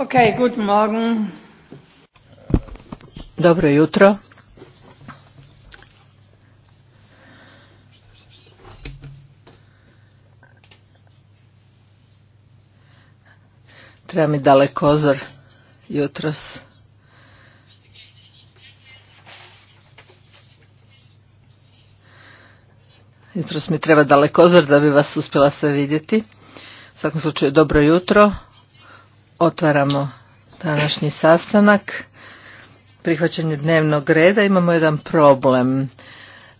Okay, guten Morgen. Dobro jutro. Treba mi dalekozor jutros. Jutros mi treba daleko ozor da bi vas uspjela sve vidjeti. U svakom slučaju dobro jutro. Otvaramo današnji sastanak. Prihvaćanje dnevnog reda. Imamo jedan problem.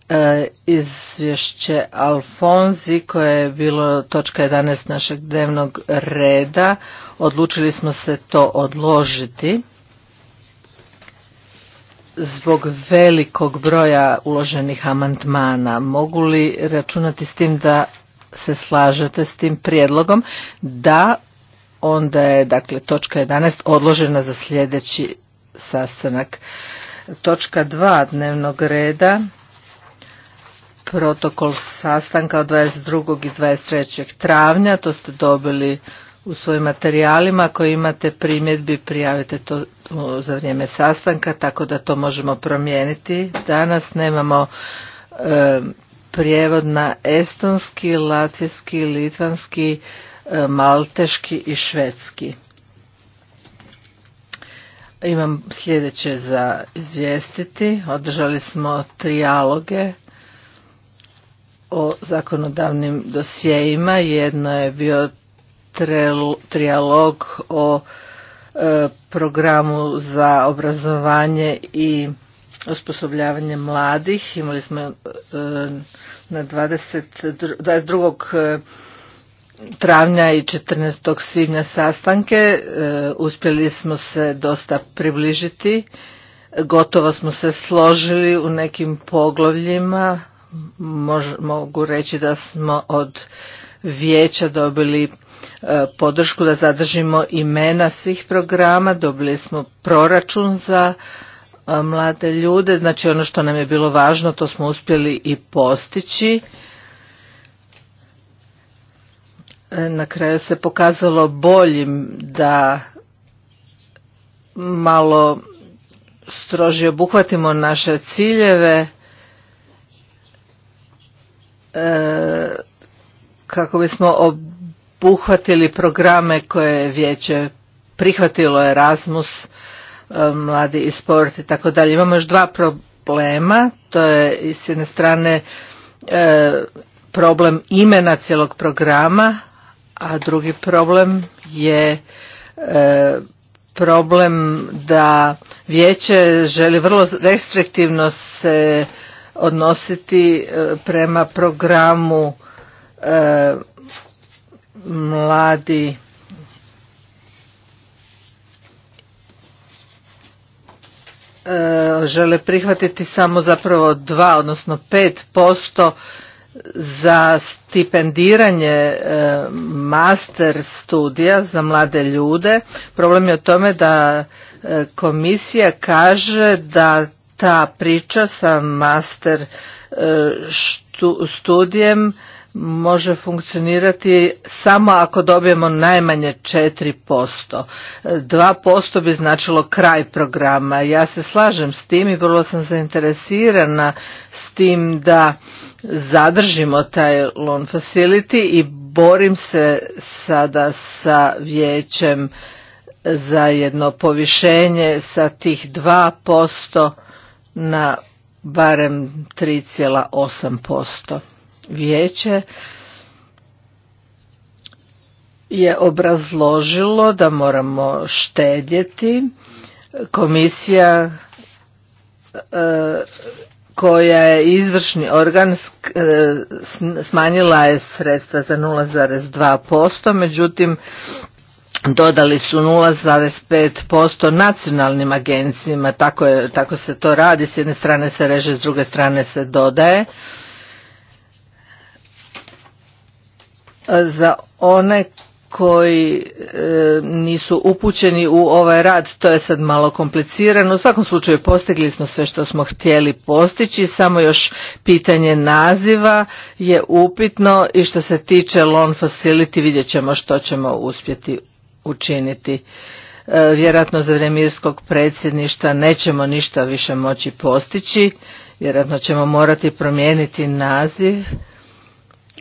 E, izvješće Alfonzi koje je bilo točka 11 našeg dnevnog reda. Odlučili smo se to odložiti zbog velikog broja uloženih amandmana. Mogu li računati s tim da se slažete s tim prijedlogom? Da, onda je dakle točka 11 odložena za sljedeći sastanak. Točka 2 dnevnog reda protokol sastanka od 22. i 23. travnja, to ste dobili u svojim materijalima. Ako imate primjedbi, prijavite to za vrijeme sastanka, tako da to možemo promijeniti. Danas nemamo eh, prijevod na estonski, latvijski, litvanski, E, malteški i švedski. Imam sljedeće za izvijestiti. Održali smo trijaloge o zakonodavnim dosjejima. Jedno je bio trijalog o e, programu za obrazovanje i osposobljavanje mladih. Imali smo e, na dvadeset 22 travnja i 14. svibnja sastanke e, uspjeli smo se dosta približiti gotovo smo se složili u nekim poglavljima mogu reći da smo od vijeća dobili e, podršku da zadržimo imena svih programa dobili smo proračun za e, mlade ljude znači ono što nam je bilo važno to smo uspjeli i postići na kraju se pokazalo boljim da malo stroži obuhvatimo naše ciljeve e, kako bismo obuhvatili programe koje je vijeće prihvatilo Erasmus, e, mladi i sport i tako dalje. Imamo još dva problema, to je s jedne strane e, problem imena cijelog programa, a drugi problem je e, problem da vijeće želi vrlo restriktivno se odnositi e, prema programu e, mladi e, žele prihvatiti samo zapravo dva odnosno pet posto za stipendiranje e, master studija za mlade ljude. Problem je u tome da e, komisija kaže da ta priča sa master e, studijem može funkcionirati samo ako dobijemo najmanje 4%. 2% bi značilo kraj programa. Ja se slažem s tim i vrlo sam zainteresirana s tim da zadržimo taj loan facility i borim se sada sa vijećem za jedno povišenje sa tih 2% na barem 3,8% vijeće je obrazložilo da moramo štedjeti komisija e, koja je izvršni organ e, smanjila je sredstva za 0,2%, međutim dodali su 0,5% nacionalnim agencijama, tako se to radi, s jedne strane se reže, s druge strane se dodaje. za one koji e, nisu upućeni u ovaj rad, to je sad malo komplicirano. U svakom slučaju postigli smo sve što smo htjeli postići, samo još pitanje naziva je upitno i što se tiče loan facility vidjet ćemo što ćemo uspjeti učiniti. E, vjerojatno za vrijeme irskog predsjedništva nećemo ništa više moći postići, vjerojatno ćemo morati promijeniti naziv.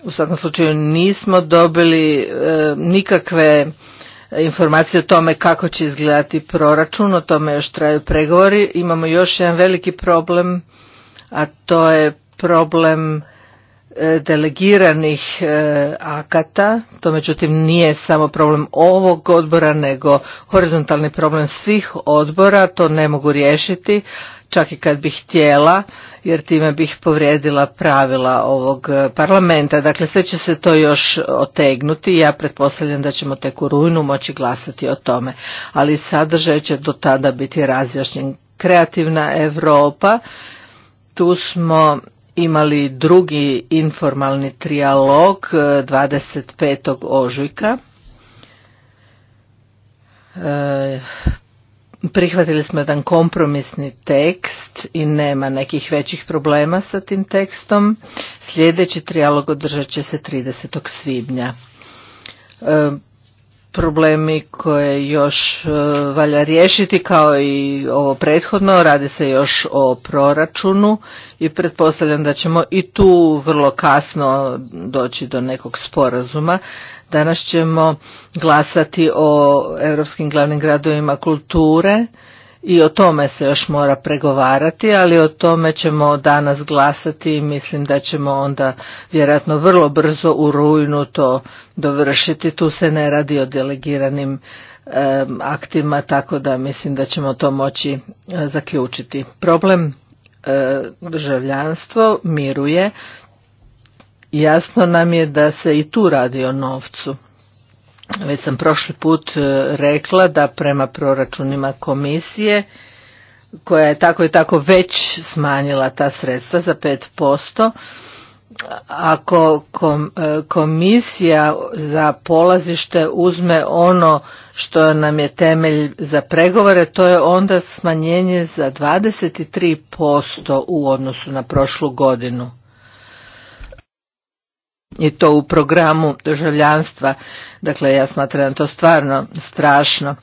U svakom slučaju nismo dobili e, nikakve informacije o tome kako će izgledati proračun, o tome još traju pregovori. Imamo još jedan veliki problem, a to je problem e, delegiranih e, akata, to međutim nije samo problem ovog odbora, nego horizontalni problem svih odbora, to ne mogu riješiti, čak i kad bih htjela, jer time bih povrijedila pravila ovog e, parlamenta. Dakle, sve će se to još otegnuti i ja pretpostavljam da ćemo tek u rujnu moći glasati o tome. Ali sadržaj će do tada biti razjašnjen. Kreativna Europa, tu smo imali drugi informalni trijalog 25. E, ožujka. E, prihvatili smo jedan kompromisni tekst i nema nekih većih problema sa tim tekstom. Sljedeći trijalog održat će se 30. svibnja. E, problemi koje još e, valja riješiti kao i ovo prethodno, radi se još o proračunu i pretpostavljam da ćemo i tu vrlo kasno doći do nekog sporazuma. Danas ćemo glasati o europskim glavnim gradovima kulture i o tome se još mora pregovarati, ali o tome ćemo danas glasati i mislim da ćemo onda vjerojatno vrlo brzo u rujnu to dovršiti. Tu se ne radi o delegiranim aktima, tako da mislim da ćemo to moći e, zaključiti. Problem e, državljanstvo miruje Jasno nam je da se i tu radi o novcu. Već sam prošli put e, rekla da prema proračunima komisije koja je tako i tako već smanjila ta sredstva za 5%, ako e, komisija za polazište uzme ono što nam je temelj za pregovore, to je onda smanjenje za 23% u odnosu na prošlu godinu i to u programu državljanstva. Dakle, ja smatram to stvarno strašno.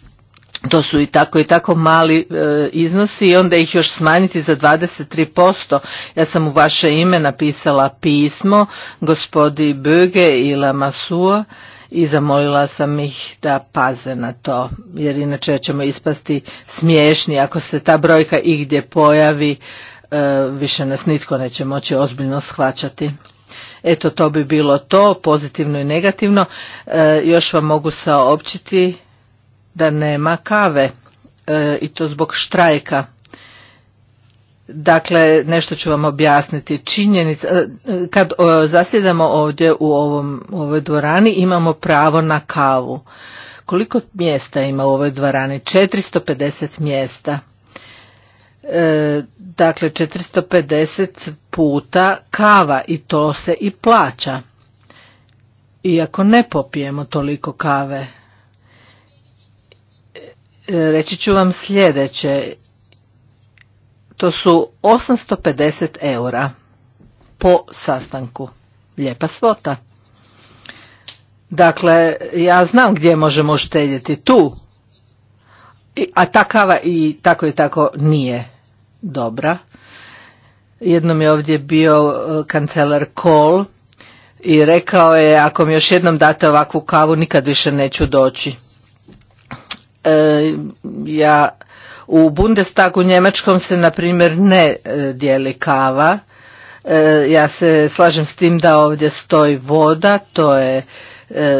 To su i tako i tako mali e, iznosi i onda ih još smanjiti za 23%. Ja sam u vaše ime napisala pismo gospodi Böge i Lamasua i zamolila sam ih da paze na to, jer inače ćemo ispasti smiješni ako se ta brojka igdje pojavi, e, više nas nitko neće moći ozbiljno shvaćati. Eto, to bi bilo to, pozitivno i negativno. E, još vam mogu saopćiti da nema kave e, i to zbog štrajka. Dakle, nešto ću vam objasniti. Činjenica, e, kad zasjedamo ovdje u ovom, ovoj dvorani, imamo pravo na kavu. Koliko mjesta ima u ovoj dvorani? 450 mjesta. E, dakle, 450 puta kava i to se i plaća. Iako ne popijemo toliko kave. E, reći ću vam sljedeće. To su 850 eura po sastanku. Lijepa svota. Dakle, ja znam gdje možemo štedjeti tu, a ta kava i tako i tako nije dobra. Jednom je ovdje bio e, kancelar Kohl i rekao je ako mi još jednom date ovakvu kavu nikad više neću doći. E, ja u Bundestagu njemačkom se na primjer ne e, dijeli kava. ja se slažem s tim da ovdje stoji voda, to je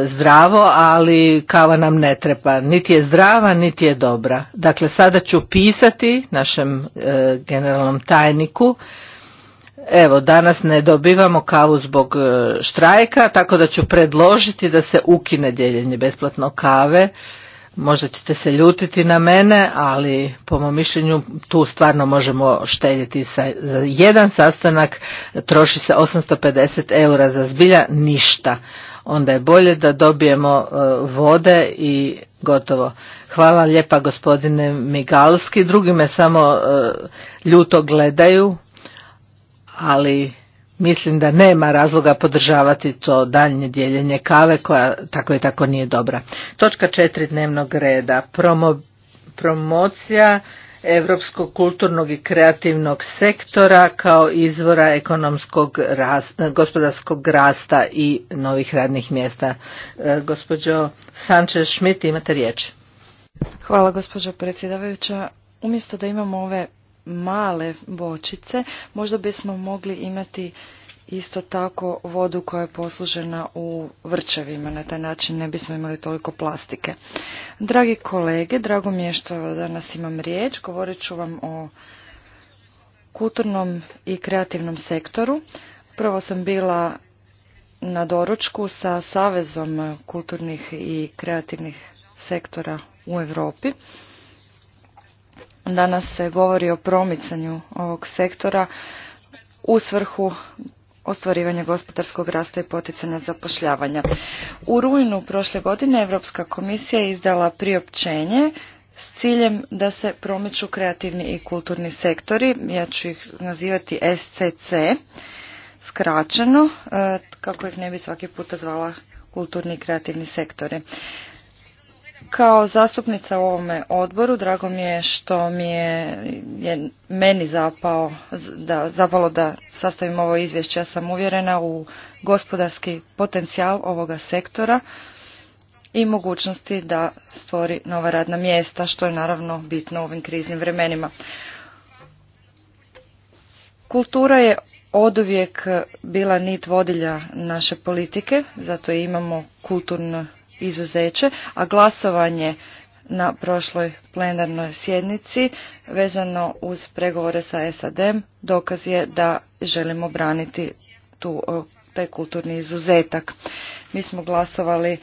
zdravo, ali kava nam ne treba. Niti je zdrava, niti je dobra. Dakle, sada ću pisati našem generalnom tajniku Evo, danas ne dobivamo kavu zbog e, štrajka, tako da ću predložiti da se ukine dijeljenje besplatno kave. Možda ćete se ljutiti na mene, ali po mom mišljenju tu stvarno možemo štedjeti sa, za jedan sastanak, troši se 850 eura za zbilja ništa. Onda je bolje da dobijemo e, vode i gotovo. Hvala lijepa gospodine Migalski, drugi me samo e, ljuto gledaju ali mislim da nema razloga podržavati to daljnje dijeljenje kave koja tako i tako nije dobra. Točka četiri dnevnog reda. Promo, promocija europskog kulturnog i kreativnog sektora kao izvora ekonomskog gospodarskog rasta i novih radnih mjesta. E, gospođo Sanče Šmit, imate riječ. Hvala gospođo predsjedavajuća. Umjesto da imamo ove male bočice, možda bismo mogli imati isto tako vodu koja je poslužena u vrčevima. Na taj način ne bismo imali toliko plastike. Dragi kolege, drago mi je što danas imam riječ. Govorit ću vam o kulturnom i kreativnom sektoru. Prvo sam bila na doručku sa Savezom kulturnih i kreativnih sektora u Europi. Danas se govori o promicanju ovog sektora u svrhu ostvarivanja gospodarskog rasta i poticanja zapošljavanja. U rujnu prošle godine Europska komisija je izdala priopćenje s ciljem da se promiču kreativni i kulturni sektori, ja ću ih nazivati SCC, skraćeno, e, kako ih ne bi svaki puta zvala kulturni i kreativni sektori. Kao zastupnica u ovome odboru, drago mi je što mi je, meni zapao, da, zapalo da sastavim ovo izvješće. Ja sam uvjerena u gospodarski potencijal ovoga sektora i mogućnosti da stvori nova radna mjesta, što je naravno bitno u ovim kriznim vremenima. Kultura je oduvijek bila nit vodilja naše politike, zato imamo kulturnu izuzeće, a glasovanje na prošloj plenarnoj sjednici vezano uz pregovore sa sad dokaz je da želimo braniti tu, taj kulturni izuzetak. Mi smo glasovali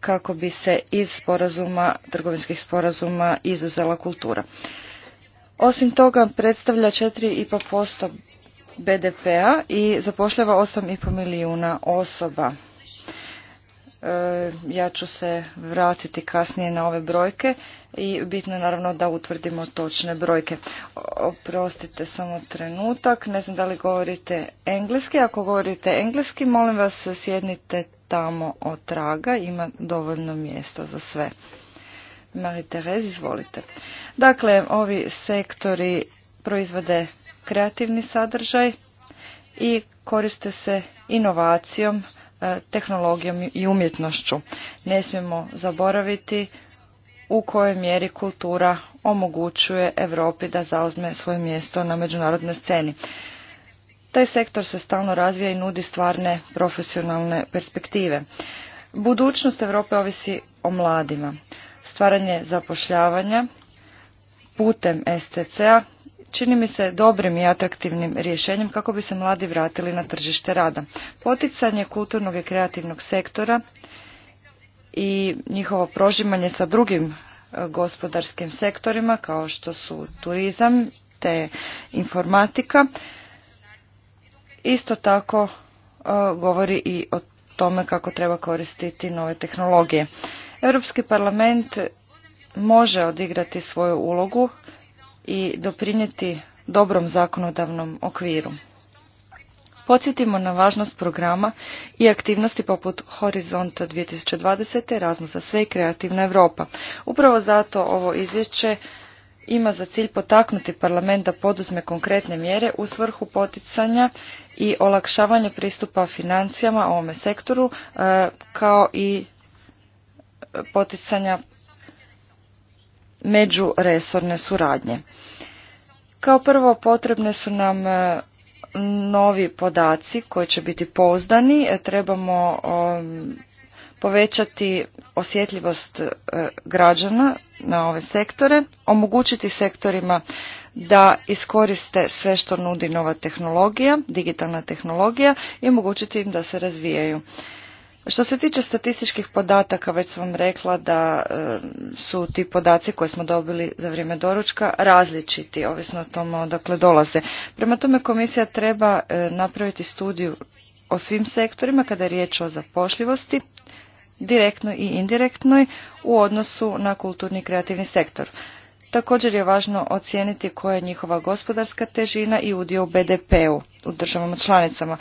kako bi se iz sporazuma, trgovinskih sporazuma izuzela kultura. Osim toga predstavlja 4,5% BDP-a i zapošljava 8,5 milijuna osoba. E, ja ću se vratiti kasnije na ove brojke i bitno je naravno da utvrdimo točne brojke. Oprostite samo trenutak, ne znam da li govorite engleski. Ako govorite engleski, molim vas sjednite tamo od traga, ima dovoljno mjesta za sve. marie vez, izvolite. Dakle, ovi sektori proizvode kreativni sadržaj i koriste se inovacijom, E, tehnologijom i umjetnošću. Ne smijemo zaboraviti u kojoj mjeri kultura omogućuje Europi da zauzme svoje mjesto na međunarodnoj sceni. Taj sektor se stalno razvija i nudi stvarne profesionalne perspektive. Budućnost Europe ovisi o mladima. Stvaranje zapošljavanja putem STC-a čini mi se dobrim i atraktivnim rješenjem kako bi se mladi vratili na tržište rada. Poticanje kulturnog i kreativnog sektora i njihovo prožimanje sa drugim e, gospodarskim sektorima kao što su turizam te informatika isto tako e, govori i o tome kako treba koristiti nove tehnologije. Europski parlament može odigrati svoju ulogu i doprinijeti dobrom zakonodavnom okviru. Podsjetimo na važnost programa i aktivnosti poput Horizonta 2020. za sve i kreativna Europa. Upravo zato ovo izvješće ima za cilj potaknuti parlament da poduzme konkretne mjere u svrhu poticanja i olakšavanja pristupa financijama ovome sektoru e, kao i poticanja međuresorne suradnje. Kao prvo potrebne su nam e, novi podaci koji će biti pozdani, e, Trebamo povećati osjetljivost e, građana na ove sektore, omogućiti sektorima da iskoriste sve što nudi nova tehnologija, digitalna tehnologija i omogućiti im da se razvijaju. Što se tiče statističkih podataka, već sam vam rekla da e, su ti podaci koje smo dobili za vrijeme doručka različiti, ovisno o tome odakle dolaze. Prema tome komisija treba e, napraviti studiju o svim sektorima kada je riječ o zapošljivosti, direktnoj i indirektnoj, u odnosu na kulturni i kreativni sektor. Također je važno ocijeniti koja je njihova gospodarska težina i udio u BDP-u u državama članicama.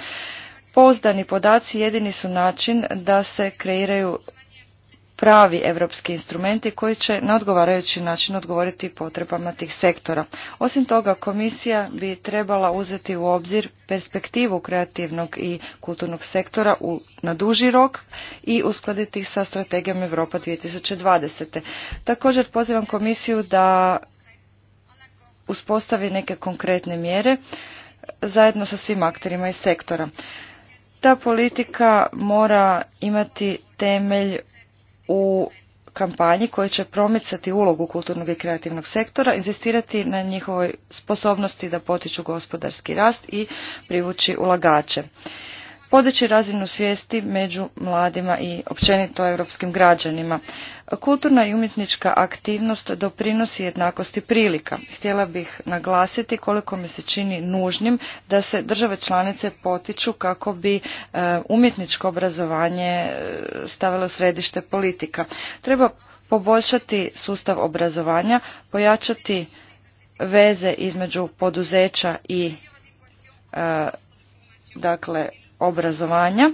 Pouzdani podaci jedini su način da se kreiraju pravi europski instrumenti koji će na odgovarajući način odgovoriti potrebama tih sektora. Osim toga, komisija bi trebala uzeti u obzir perspektivu kreativnog i kulturnog sektora na duži rok i uskladiti ih sa strategijom Europa 2020. Također pozivam komisiju da uspostavi neke konkretne mjere zajedno sa svim akterima iz sektora. Ta politika mora imati temelj u kampanji koja će promicati ulogu kulturnog i kreativnog sektora, inzistirati na njihovoj sposobnosti da potiču gospodarski rast i privući ulagače podići razinu svijesti među mladima i općenito europskim građanima. Kulturna i umjetnička aktivnost doprinosi jednakosti prilika. Htjela bih naglasiti koliko mi se čini nužnim da se države članice potiču kako bi e, umjetničko obrazovanje e, stavilo središte politika. Treba poboljšati sustav obrazovanja, pojačati veze između poduzeća i e, dakle obrazovanja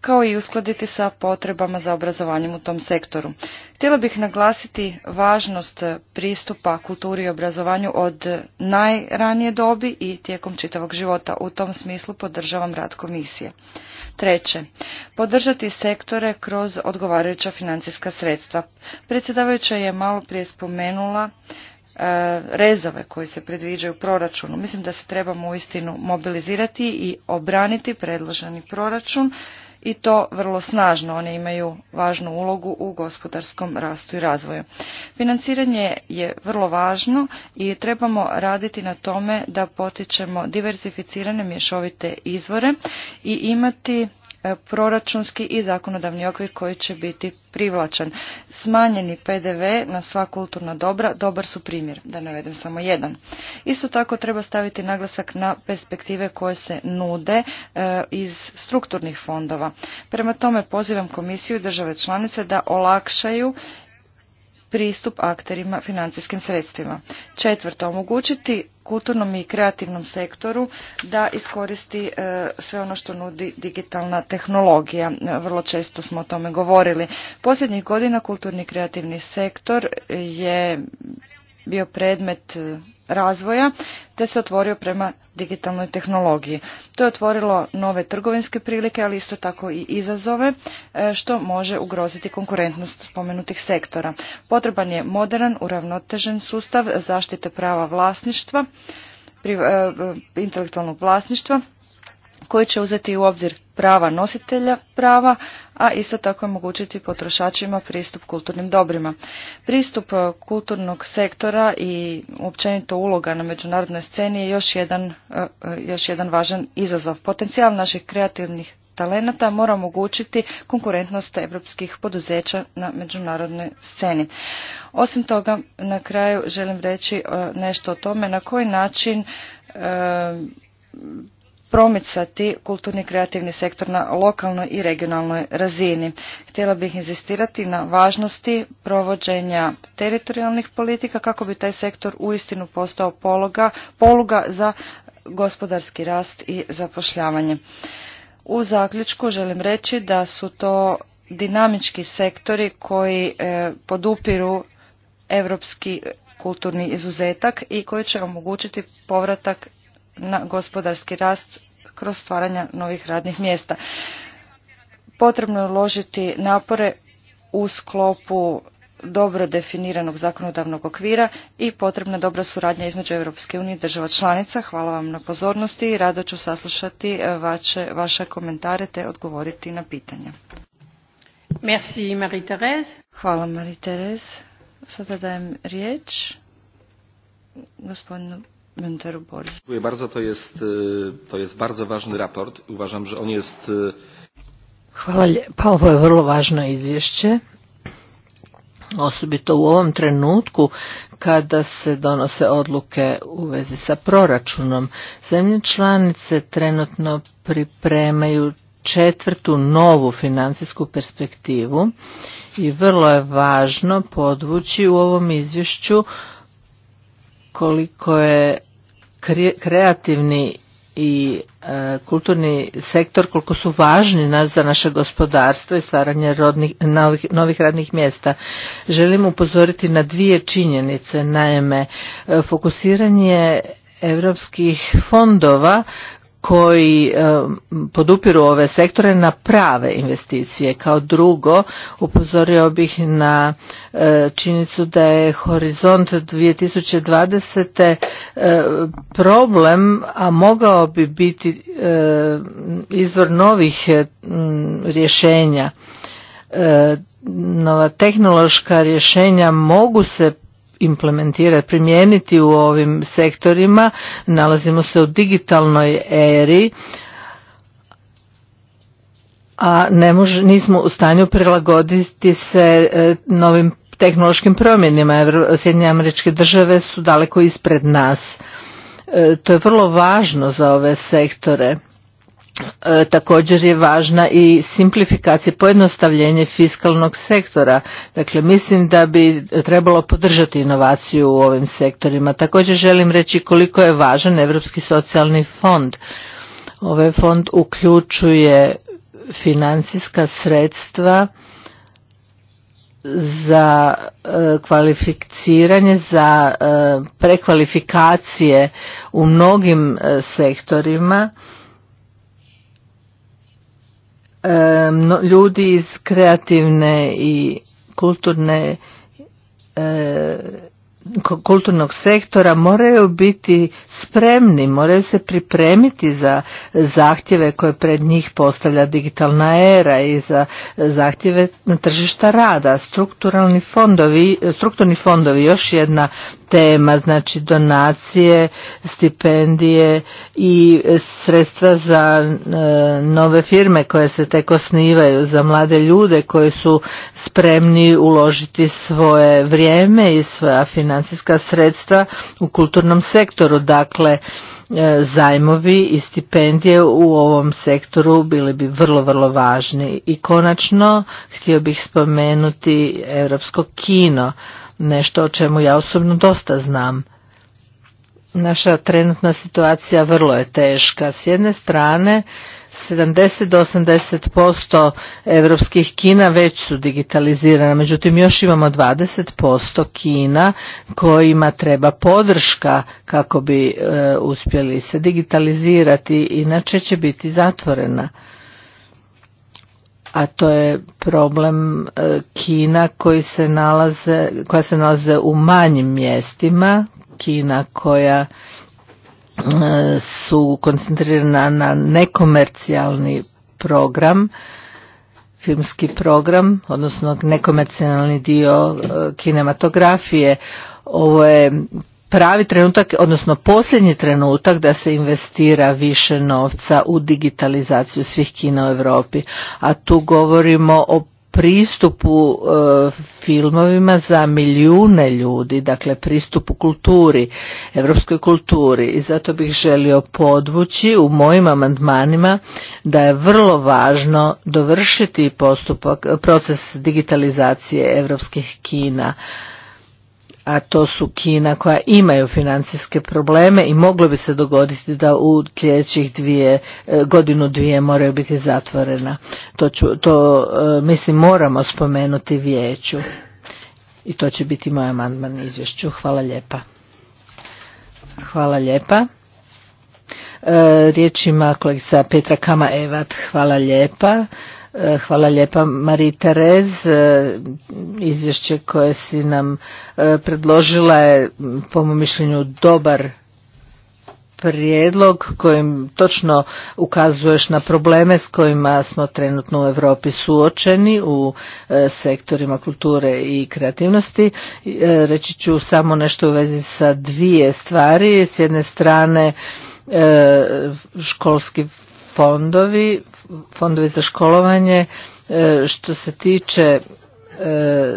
kao i uskladiti sa potrebama za obrazovanjem u tom sektoru. Htjela bih naglasiti važnost pristupa kulturi i obrazovanju od najranije dobi i tijekom čitavog života. U tom smislu podržavam rad komisije. Treće, podržati sektore kroz odgovarajuća financijska sredstva. Predsjedavajuća je malo prije spomenula E, rezove koji se predviđaju u proračunu. Mislim da se trebamo uistinu mobilizirati i obraniti predloženi proračun i to vrlo snažno. One imaju važnu ulogu u gospodarskom rastu i razvoju. Financiranje je vrlo važno i trebamo raditi na tome da potičemo diversificirane mješovite izvore i imati E, proračunski i zakonodavni okvir koji će biti privlačan. Smanjeni PDV na sva kulturna dobra dobar su primjer, da navedem samo jedan. Isto tako treba staviti naglasak na perspektive koje se nude e, iz strukturnih fondova. Prema tome pozivam komisiju i države članice da olakšaju pristup akterima financijskim sredstvima. Četvrto, omogućiti kulturnom i kreativnom sektoru da iskoristi e, sve ono što nudi digitalna tehnologija. E, vrlo često smo o tome govorili. Posljednjih godina kulturni i kreativni sektor je bio predmet e, razvoja te se otvorio prema digitalnoj tehnologiji. To je otvorilo nove trgovinske prilike, ali isto tako i izazove e, što može ugroziti konkurentnost spomenutih sektora. Potreban je modern, uravnotežen sustav zaštite prava vlasništva, e, intelektualnog vlasništva koji će uzeti u obzir prava nositelja prava, a isto tako omogućiti potrošačima pristup kulturnim dobrima. Pristup e, kulturnog sektora i općenito uloga na međunarodnoj sceni je još jedan, e, e, još jedan važan izazov. Potencijal naših kreativnih talenata mora omogućiti konkurentnost europskih poduzeća na međunarodnoj sceni. Osim toga, na kraju želim reći nešto o tome na koji način promicati kulturni kreativni sektor na lokalnoj i regionalnoj razini. Htjela bih insistirati na važnosti provođenja teritorijalnih politika kako bi taj sektor uistinu postao pologa, poluga za gospodarski rast i zapošljavanje. U zaključku želim reći da su to dinamički sektori koji e, podupiru europski kulturni izuzetak i koji će omogućiti povratak na gospodarski rast kroz stvaranje novih radnih mjesta. Potrebno je uložiti napore u sklopu dobro definiranog zakonodavnog okvira i potrebna dobra suradnja između Europske unije i država članica. Hvala vam na pozornosti i rado ću saslušati e, vaše, vaše komentare te odgovoriti na pitanja. Merci Marie-Thérèse. Hvala Marie-Thérèse. Sada dajem riječ gospodinu Dziękuję bardzo. To jest, e, to jest bardzo ważny raport. Uważam, że on jest... E, Hvala pa Ovo je vrlo važno izvješće. Osobito u ovom trenutku kada se donose odluke u vezi sa proračunom. Zemlje članice trenutno pripremaju četvrtu novu financijsku perspektivu i vrlo je važno podvući u ovom izvješću koliko je kreativni i e, kulturni sektor koliko su važni za naše gospodarstvo i stvaranje rodnih, novih, radnih mjesta. Želim upozoriti na dvije činjenice, naime, e, fokusiranje europskih fondova koji e, podupiru ove sektore na prave investicije. Kao drugo, upozorio bih na e, činjenicu da je horizont 2020. E, problem, a mogao bi biti izvor novih rješenja. Nova tehnološka rješenja mogu se implementirati, primijeniti u ovim sektorima. Nalazimo se u digitalnoj eri, a ne mož, nismo u stanju prilagoditi se e, novim tehnološkim promjenima. Sjedinje američke države su daleko ispred nas. E, to je vrlo važno za ove sektore. E, također je važna i simplifikacija, pojednostavljenje fiskalnog sektora. Dakle, mislim da bi trebalo podržati inovaciju u ovim sektorima. Također želim reći koliko je važan Europski socijalni fond. Ovaj fond uključuje financijska sredstva za e, kvalificiranje, za e, prekvalifikacije u mnogim sektorima ljudi iz kreativne i kulturne e, kulturnog sektora moraju biti spremni, moraju se pripremiti za zahtjeve koje pred njih postavlja digitalna era i za zahtjeve na tržišta rada. Strukturalni fondovi, strukturni fondovi još jedna tema, znači donacije, stipendije i sredstva za e, nove firme koje se tek osnivaju, za mlade ljude koji su spremni uložiti svoje vrijeme i svoja financija financijska sredstva u kulturnom sektoru. Dakle, e, zajmovi i stipendije u ovom sektoru bili bi vrlo, vrlo važni. I konačno, htio bih spomenuti europsko kino, nešto o čemu ja osobno dosta znam. Naša trenutna situacija vrlo je teška. S jedne strane, 70 do 80% europskih kina već su digitalizirana, međutim još imamo 20% kina kojima treba podrška kako bi e, uspjeli se digitalizirati, inače će biti zatvorena. A to je problem e, kina koji se nalaze, koja se nalaze u manjim mjestima, kina koja su koncentrirana na nekomercijalni program, filmski program, odnosno nekomercijalni dio e, kinematografije. Ovo je pravi trenutak, odnosno posljednji trenutak da se investira više novca u digitalizaciju svih kina u Europi. A tu govorimo o pristupu e, filmovima za milijune ljudi, dakle pristupu kulturi, europskoj kulturi i zato bih želio podvući u mojim amandmanima da je vrlo važno dovršiti postupak, proces digitalizacije europskih kina a to su Kina koja imaju financijske probleme i moglo bi se dogoditi da u sljedećih dvije, e, godinu dvije moraju biti zatvorena. To, to e, mislim moramo spomenuti vijeću i to će biti moj amandman izvješću. Hvala lijepa. Hvala lijepa. E, riječ ima kolegica Petra Kama-Evat. Hvala lijepa. E, hvala lijepa Mariji Terez. Izvješće koje si nam e, predložila je po mom mišljenju dobar prijedlog kojim točno ukazuješ na probleme s kojima smo trenutno u Europi suočeni u e, sektorima kulture i kreativnosti. Reći ću samo nešto u vezi sa dvije stvari. S jedne strane školski fondovi, fondovi za školovanje. E, što se tiče e,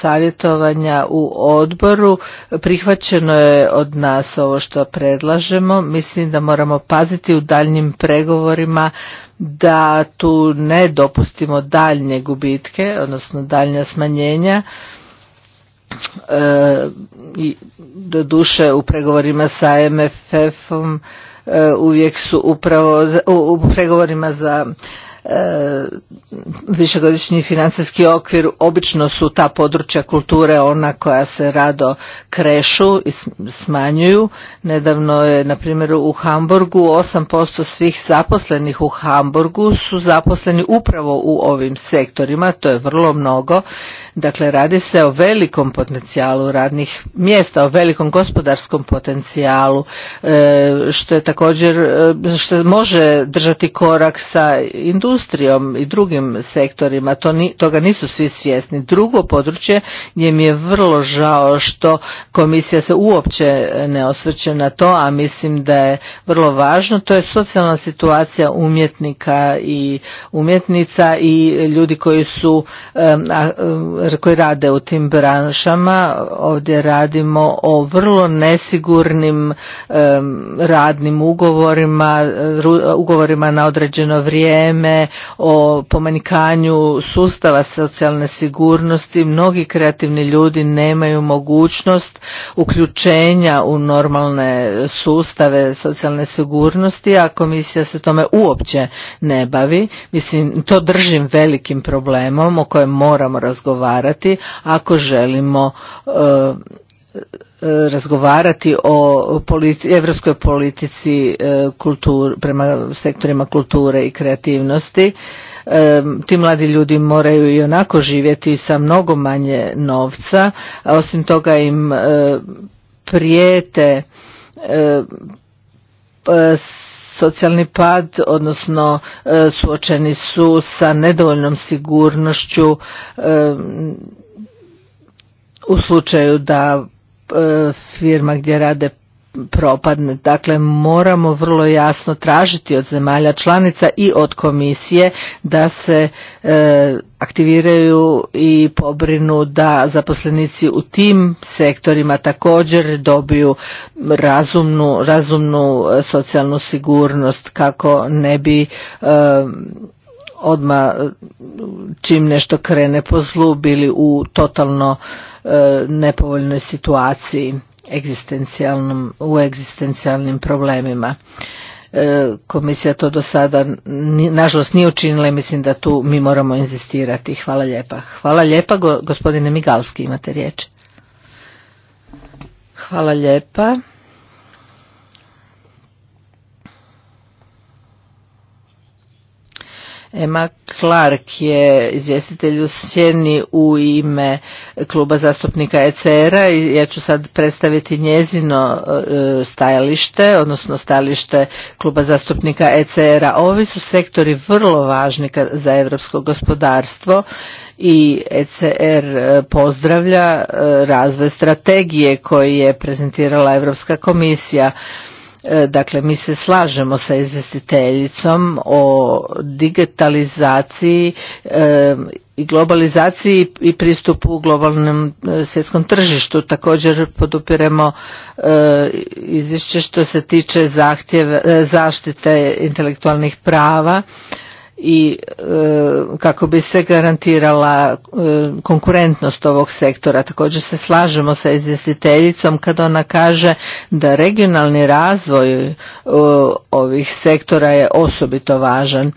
savjetovanja u odboru prihvaćeno je od nas ovo što predlažemo mislim da moramo paziti u daljnjim pregovorima da tu ne dopustimo daljnje gubitke odnosno daljnja smanjenja e, i doduše u pregovorima sa MFF-om E, uvijek su upravo u pregovorima za e, višegodišnji financijski okvir obično su ta područja kulture ona koja se rado krešu i smanjuju. Nedavno je na primjer u Hamburgu 8% svih zaposlenih u Hamburgu su zaposleni upravo u ovim sektorima, to je vrlo mnogo. Dakle, radi se o velikom potencijalu radnih mjesta, o velikom gospodarskom potencijalu, e, što je također, e, što može držati korak sa industrijom i drugim sektorima, to toga nisu svi svjesni. Drugo područje gdje mi je vrlo žao što komisija se uopće ne osvrće na to, a mislim da je vrlo važno, to je socijalna situacija umjetnika i umjetnica i ljudi koji su e, koji rade u tim branšama. Ovdje radimo o vrlo nesigurnim radnim ugovorima, ugovorima na određeno vrijeme, o pomanjkanju sustava socijalne sigurnosti. Mnogi kreativni ljudi nemaju mogućnost uključenja u normalne sustave socijalne sigurnosti, a komisija se tome uopće ne bavi. Mislim, to držim velikim problemom o kojem moramo razgovarati razgovarati ako želimo e, e, razgovarati o europskoj evropskoj politici e, prema sektorima kulture i kreativnosti. E, ti mladi ljudi moraju i onako živjeti sa mnogo manje novca, a osim toga im prijete e, socijalni pad, odnosno e, suočeni su sa nedovoljnom sigurnošću e, u slučaju da e, firma gdje rade propadne. Dakle, moramo vrlo jasno tražiti od zemalja članica i od komisije da se e, aktiviraju i pobrinu da zaposlenici u tim sektorima također dobiju razumnu, razumnu e, socijalnu sigurnost kako ne bi e, odma e, čim nešto krene po zlu bili u totalno e, nepovoljnoj situaciji egzistencijalnom, u egzistencijalnim problemima. E, komisija to do sada nažalost nije učinila i mislim da tu mi moramo inzistirati. Hvala lijepa. Hvala lijepa, gospodine Migalski imate riječ. Hvala lijepa. Emma Clark je izvjestitelj u sjeni u ime kluba zastupnika ECR-a i ja ću sad predstaviti njezino e, stajalište, odnosno stajalište kluba zastupnika ECR-a. Ovi su sektori vrlo važni za evropsko gospodarstvo i ECR e, pozdravlja e, razvoj strategije koji je prezentirala Europska komisija. E, dakle, mi se slažemo sa izvjestiteljicom o digitalizaciji e, i globalizaciji i pristupu u globalnom e, svjetskom tržištu. Također podupiremo izvješće što se tiče zahtjeva, zaštite intelektualnih prava i e, kako bi se garantirala e, konkurentnost ovog sektora. Također se slažemo sa izvjestiteljicom kad ona kaže da regionalni razvoj e, ovih sektora je osobito važan.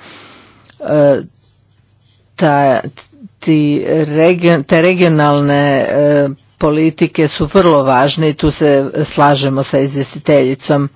Ta, ti te regionalne politike su vrlo važne i tu se slažemo sa izvjestiteljicom.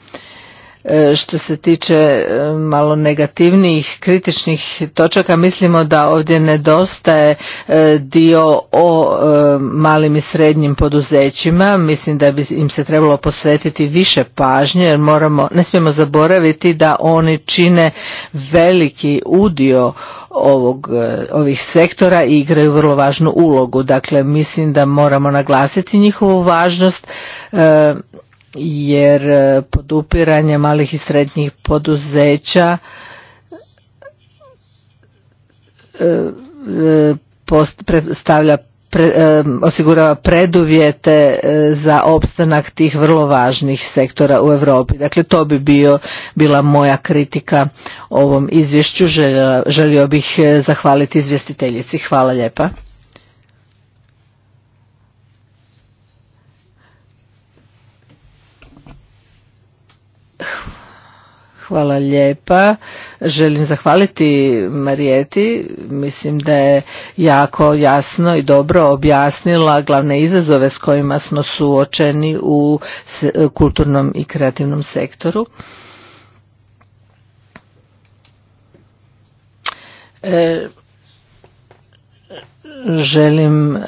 E, što se tiče e, malo negativnijih kritičnih točaka mislimo da ovdje nedostaje e, dio o malim i srednjim poduzećima mislim da bi im se trebalo posvetiti više pažnje jer moramo ne smijemo zaboraviti da oni čine veliki udio ovog, ovih sektora i igraju vrlo važnu ulogu dakle mislim da moramo naglasiti njihovu važnost jer e, podupiranje malih i srednjih poduzeća e, e, predstavlja osigurava preduvjete za opstanak tih vrlo važnih sektora u Europi. Dakle, to bi bio, bila moja kritika ovom izvješću. želio bih zahvaliti izvjestiteljici. Hvala lijepa. Hvala lijepa. Želim zahvaliti Marijeti. Mislim da je jako jasno i dobro objasnila glavne izazove s kojima smo suočeni u kulturnom i kreativnom sektoru. E, želim e,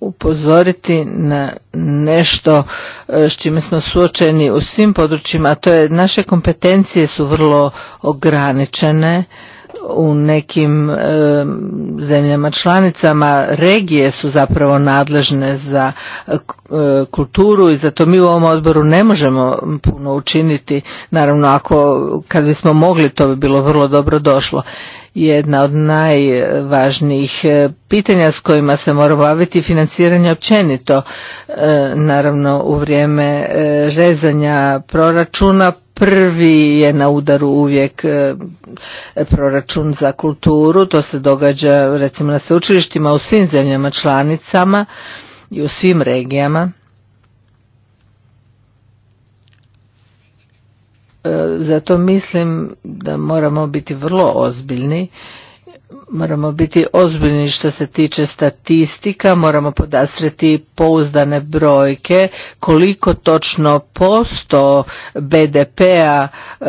upozoriti na nešto e, s čime smo suočeni u svim područjima, a to je naše kompetencije su vrlo ograničene u nekim e, zemljama članicama regije su zapravo nadležne za kulturu i zato mi u ovom odboru ne možemo puno učiniti naravno ako kad bismo mogli to bi bilo vrlo dobro došlo jedna od najvažnijih e, pitanja s kojima se mora baviti financiranje općenito. E, naravno u vrijeme e, rezanja proračuna prvi je na udaru uvijek proračun za kulturu, to se događa recimo na sveučilištima u svim zemljama članicama i u svim regijama E, zato mislim da moramo biti vrlo ozbiljni moramo biti ozbiljni što se tiče statistika, moramo podastreti pouzdane brojke koliko točno posto BDP-a e,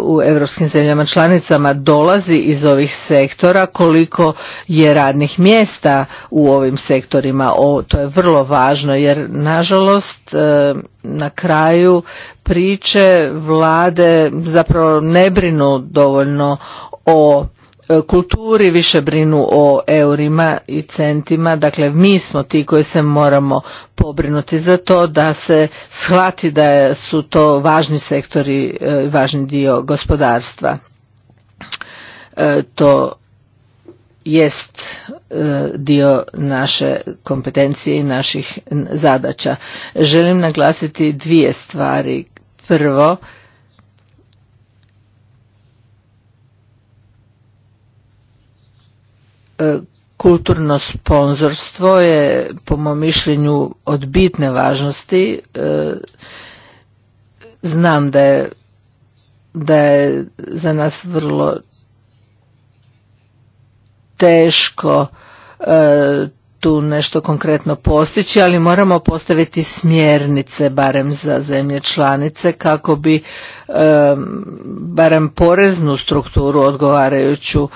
u europskim zemljama članicama dolazi iz ovih sektora, koliko je radnih mjesta u ovim sektorima. O, to je vrlo važno jer nažalost e, na kraju priče vlade zapravo ne brinu dovoljno o E, kulturi više brinu o eurima i centima, dakle mi smo ti koji se moramo pobrinuti za to da se shvati da su to važni sektori, e, važni dio gospodarstva. E, to jest dio naše kompetencije i naših zadaća. Želim naglasiti dvije stvari. Prvo, E, kulturno sponzorstvo je po mom mišljenju od bitne važnosti e, znam da je da je za nas vrlo teško e, tu nešto konkretno postići, ali moramo postaviti smjernice barem za zemlje članice kako bi barem poreznu strukturu odgovarajuću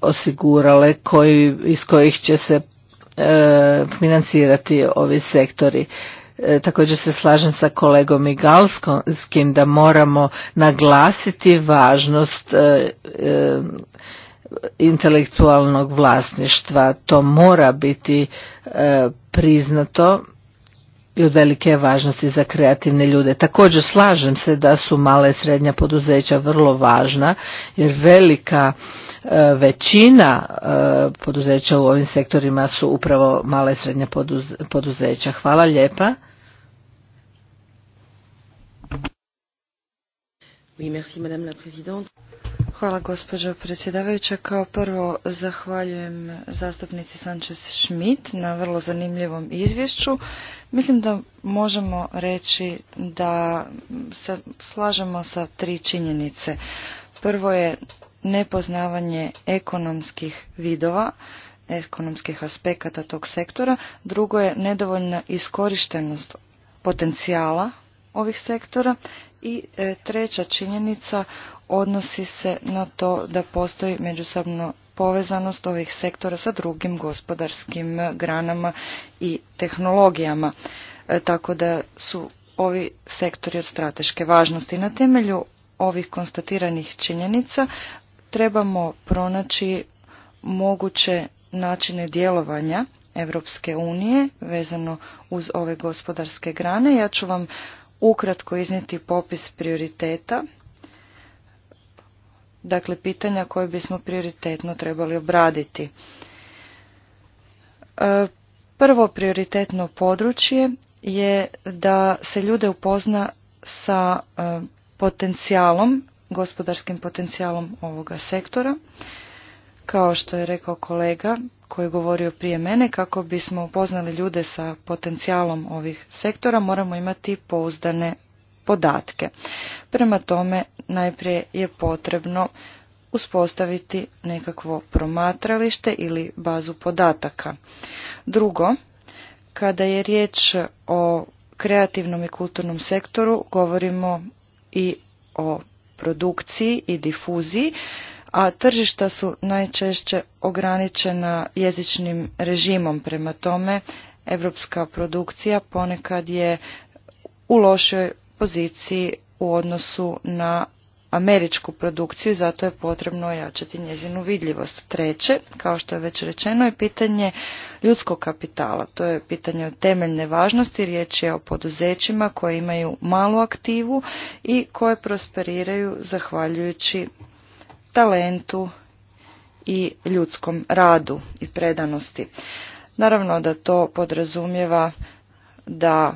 osigurale koji, iz kojih će se e, financirati ovi sektori. E, također se slažem sa kolegom Igalskim da moramo naglasiti važnost e, intelektualnog vlasništva. To mora biti priznato i od velike važnosti za kreativne ljude. Također slažem se da su mala i srednja poduzeća vrlo važna jer velika e, većina e, poduzeća u ovim sektorima su upravo mala i srednja poduzeća. Hvala lijepa. Oui, merci, madame la présidente. Hvala gospođo predsjedavajuća. Kao prvo zahvaljujem zastupnici Sanchez Schmidt na vrlo zanimljivom izvješću. Mislim da možemo reći da se slažemo sa tri činjenice. Prvo je nepoznavanje ekonomskih vidova, ekonomskih aspekata tog sektora. Drugo je nedovoljna iskorištenost potencijala ovih sektora. I e, treća činjenica odnosi se na to da postoji međusobno povezanost ovih sektora sa drugim gospodarskim granama i tehnologijama, e, tako da su ovi sektori od strateške važnosti. Na temelju ovih konstatiranih činjenica trebamo pronaći moguće načine djelovanja Europske unije vezano uz ove gospodarske grane. Ja ću vam ukratko iznijeti popis prioriteta, dakle pitanja koje bismo prioritetno trebali obraditi. E, prvo prioritetno područje je da se ljude upozna sa e, potencijalom, gospodarskim potencijalom ovoga sektora kao što je rekao kolega koji je govorio prije mene, kako bismo upoznali ljude sa potencijalom ovih sektora, moramo imati pouzdane podatke. Prema tome, najprije je potrebno uspostaviti nekakvo promatralište ili bazu podataka. Drugo, kada je riječ o kreativnom i kulturnom sektoru, govorimo i o produkciji i difuziji a tržišta su najčešće ograničena jezičnim režimom. Prema tome, evropska produkcija ponekad je u lošoj poziciji u odnosu na američku produkciju, i zato je potrebno ojačati njezinu vidljivost. Treće, kao što je već rečeno, je pitanje ljudskog kapitala. To je pitanje od temeljne važnosti, riječ je o poduzećima koje imaju malu aktivu i koje prosperiraju zahvaljujući talentu i ljudskom radu i predanosti. Naravno da to podrazumijeva da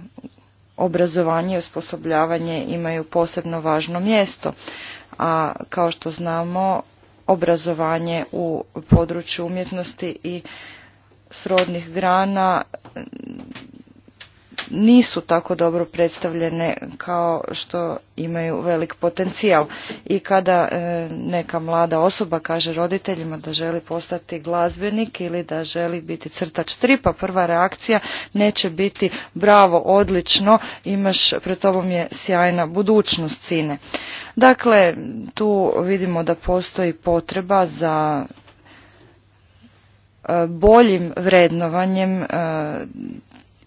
obrazovanje i osposobljavanje imaju posebno važno mjesto, a kao što znamo obrazovanje u području umjetnosti i srodnih grana nisu tako dobro predstavljene kao što imaju velik potencijal. I kada e, neka mlada osoba kaže roditeljima da želi postati glazbenik ili da želi biti crtač tripa, prva reakcija neće biti bravo, odlično, imaš, pred tobom je sjajna budućnost cine. Dakle, tu vidimo da postoji potreba za e, boljim vrednovanjem e,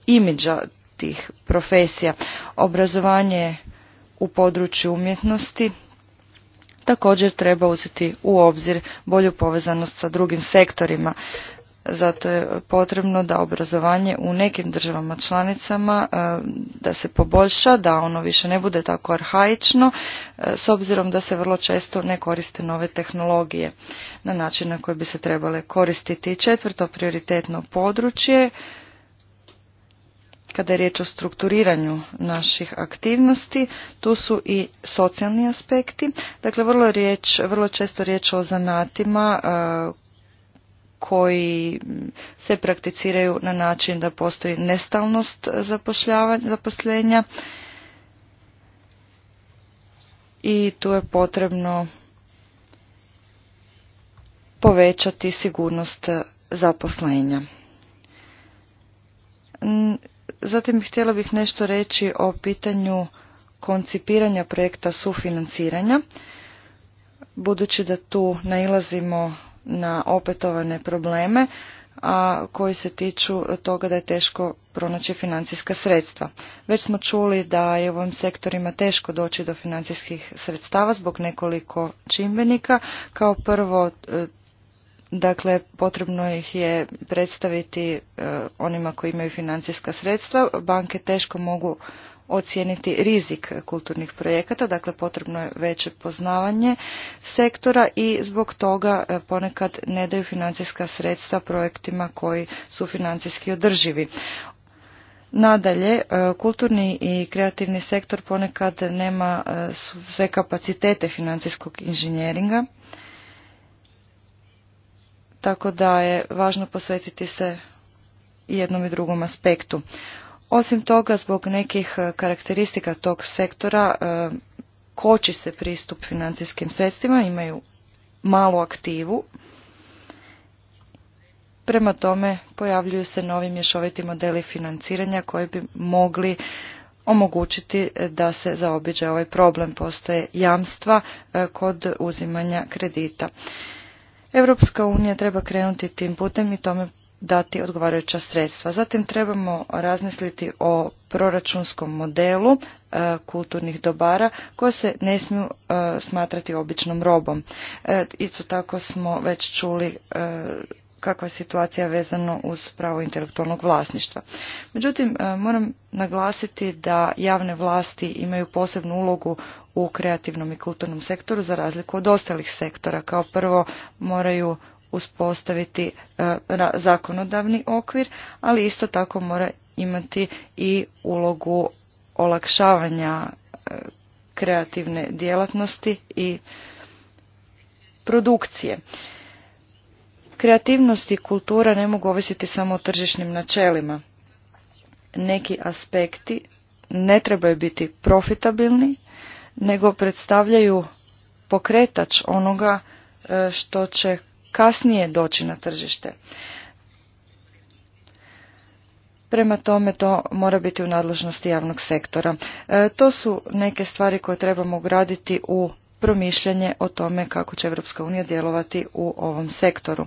imidža tih profesija. Obrazovanje u području umjetnosti također treba uzeti u obzir bolju povezanost sa drugim sektorima. Zato je potrebno da obrazovanje u nekim državama članicama e, da se poboljša, da ono više ne bude tako arhaično, e, s obzirom da se vrlo često ne koriste nove tehnologije na način na koji bi se trebale koristiti. Četvrto prioritetno područje kada je riječ o strukturiranju naših aktivnosti, tu su i socijalni aspekti. Dakle, vrlo, vrlo često riječ o zanatima koji se prakticiraju na način da postoji nestalnost zaposlenja i tu je potrebno povećati sigurnost zaposlenja. Zatim htjela bih nešto reći o pitanju koncipiranja projekta sufinanciranja, budući da tu nailazimo na opetovane probleme a koji se tiču toga da je teško pronaći financijska sredstva. Već smo čuli da je u ovim sektorima teško doći do financijskih sredstava zbog nekoliko čimbenika. Kao prvo e, Dakle, potrebno ih je predstaviti e, onima koji imaju financijska sredstva. Banke teško mogu ocijeniti rizik kulturnih projekata, dakle potrebno je veće poznavanje sektora i zbog toga e, ponekad ne daju financijska sredstva projektima koji su financijski održivi. Nadalje, e, kulturni i kreativni sektor ponekad nema sve kapacitete financijskog inženjeringa tako da je važno posvetiti se jednom i drugom aspektu. Osim toga, zbog nekih e, karakteristika tog sektora, e, koči se pristup financijskim sredstvima, imaju malu aktivu. Prema tome, pojavljuju se novi mješoviti modeli financiranja koji bi mogli omogućiti e, da se zaobiđe ovaj problem. Postoje jamstva kod uzimanja kredita. Europska unija treba krenuti tim putem i tome dati odgovarajuća sredstva. Zatim trebamo razmisliti o proračunskom modelu e, kulturnih dobara koje se ne smiju e, smatrati običnom robom. E, Isto tako smo već čuli e, kakva je situacija vezano uz pravo intelektualnog vlasništva. Međutim, e, moram naglasiti da javne vlasti imaju posebnu ulogu u kreativnom i kulturnom sektoru za razliku od ostalih sektora. Kao prvo moraju uspostaviti e, zakonodavni okvir, ali isto tako mora imati i ulogu olakšavanja e, kreativne djelatnosti i produkcije. Kreativnost i kultura ne mogu ovisiti samo o tržišnim načelima. Neki aspekti ne trebaju biti profitabilni, nego predstavljaju pokretač onoga e, što će kasnije doći na tržište. Prema tome to mora biti u nadležnosti javnog sektora. E, to su neke stvari koje trebamo ugraditi u promišljanje o tome kako će Europska unija djelovati u ovom sektoru.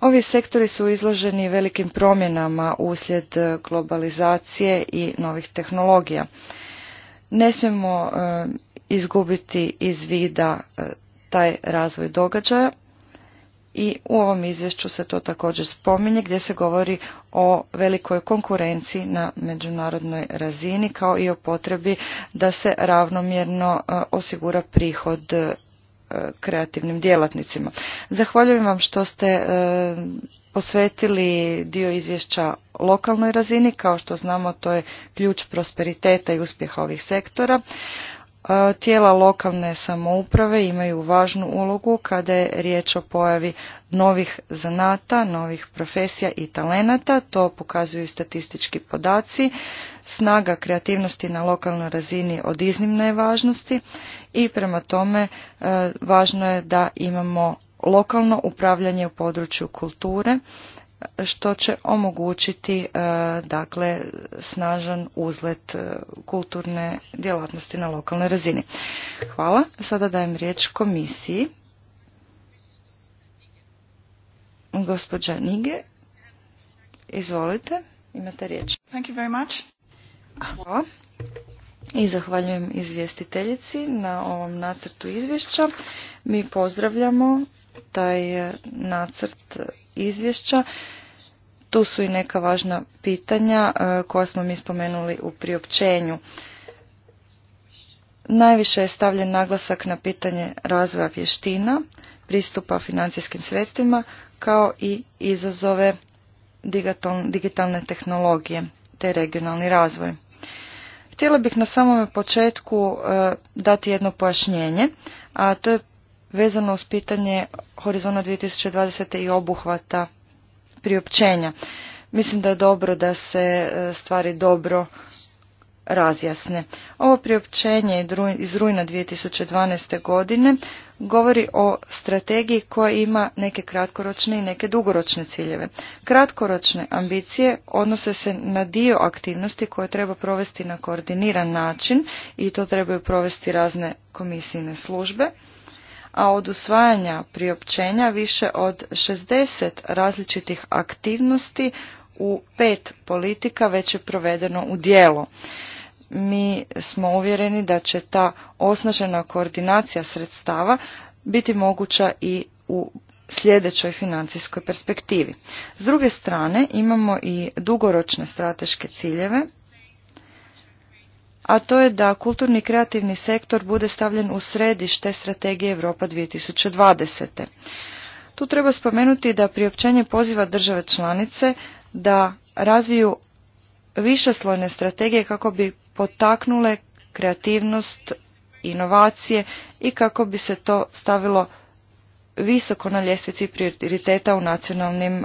Ovi sektori su izloženi velikim promjenama uslijed e, globalizacije i novih tehnologija. Ne smijemo e, izgubiti iz vida e, taj razvoj događaja i u ovom izvješću se to također spominje gdje se govori o velikoj konkurenciji na međunarodnoj razini kao i o potrebi da se ravnomjerno e, osigura prihod e, kreativnim djelatnicima. Zahvaljujem vam što ste e, posvetili dio izvješća lokalnoj razini. Kao što znamo, to je ključ prosperiteta i uspjeha ovih sektora. E, tijela lokalne samouprave imaju važnu ulogu kada je riječ o pojavi novih zanata, novih profesija i talenata, to pokazuju statistički podaci. Snaga kreativnosti na lokalnoj razini od iznimne je važnosti i prema tome e, važno je da imamo lokalno upravljanje u području kulture što će omogućiti e, dakle snažan uzlet e, kulturne djelatnosti na lokalnoj razini. Hvala. Sada dajem riječ komisiji. Gospođa Nige, izvolite, imate riječ. Thank you very much. Hvala. I zahvaljujem izvjestiteljici na ovom nacrtu izvješća. Mi pozdravljamo taj e, nacrt izvješća. Tu su i neka važna pitanja e, koja smo mi spomenuli u priopćenju. Najviše je stavljen naglasak na pitanje razvoja vještina, pristupa financijskim sredstvima, kao i izazove digitalne tehnologije te regionalni razvoj. Htjela bih na samome početku e, dati jedno pojašnjenje, a to je vezano uz pitanje Horizona 2020. i obuhvata priopćenja. Mislim da je dobro da se e, stvari dobro razjasne. Ovo priopćenje iz rujna 2012. godine govori o strategiji koja ima neke kratkoročne i neke dugoročne ciljeve. Kratkoročne ambicije odnose se na dio aktivnosti koje treba provesti na koordiniran način i to trebaju provesti razne komisijne službe a od usvajanja priopćenja više od 60 različitih aktivnosti u pet politika već je provedeno u djelo. Mi smo uvjereni da će ta osnažena koordinacija sredstava biti moguća i u sljedećoj financijskoj perspektivi. S druge strane imamo i dugoročne strateške ciljeve a to je da kulturni kreativni sektor bude stavljen u središte strategije Europa 2020. Tu treba spomenuti da priopćenje poziva države članice da razviju višeslojne strategije kako bi potaknule kreativnost, inovacije i kako bi se to stavilo visoko na ljestvici prioriteta u nacionalnim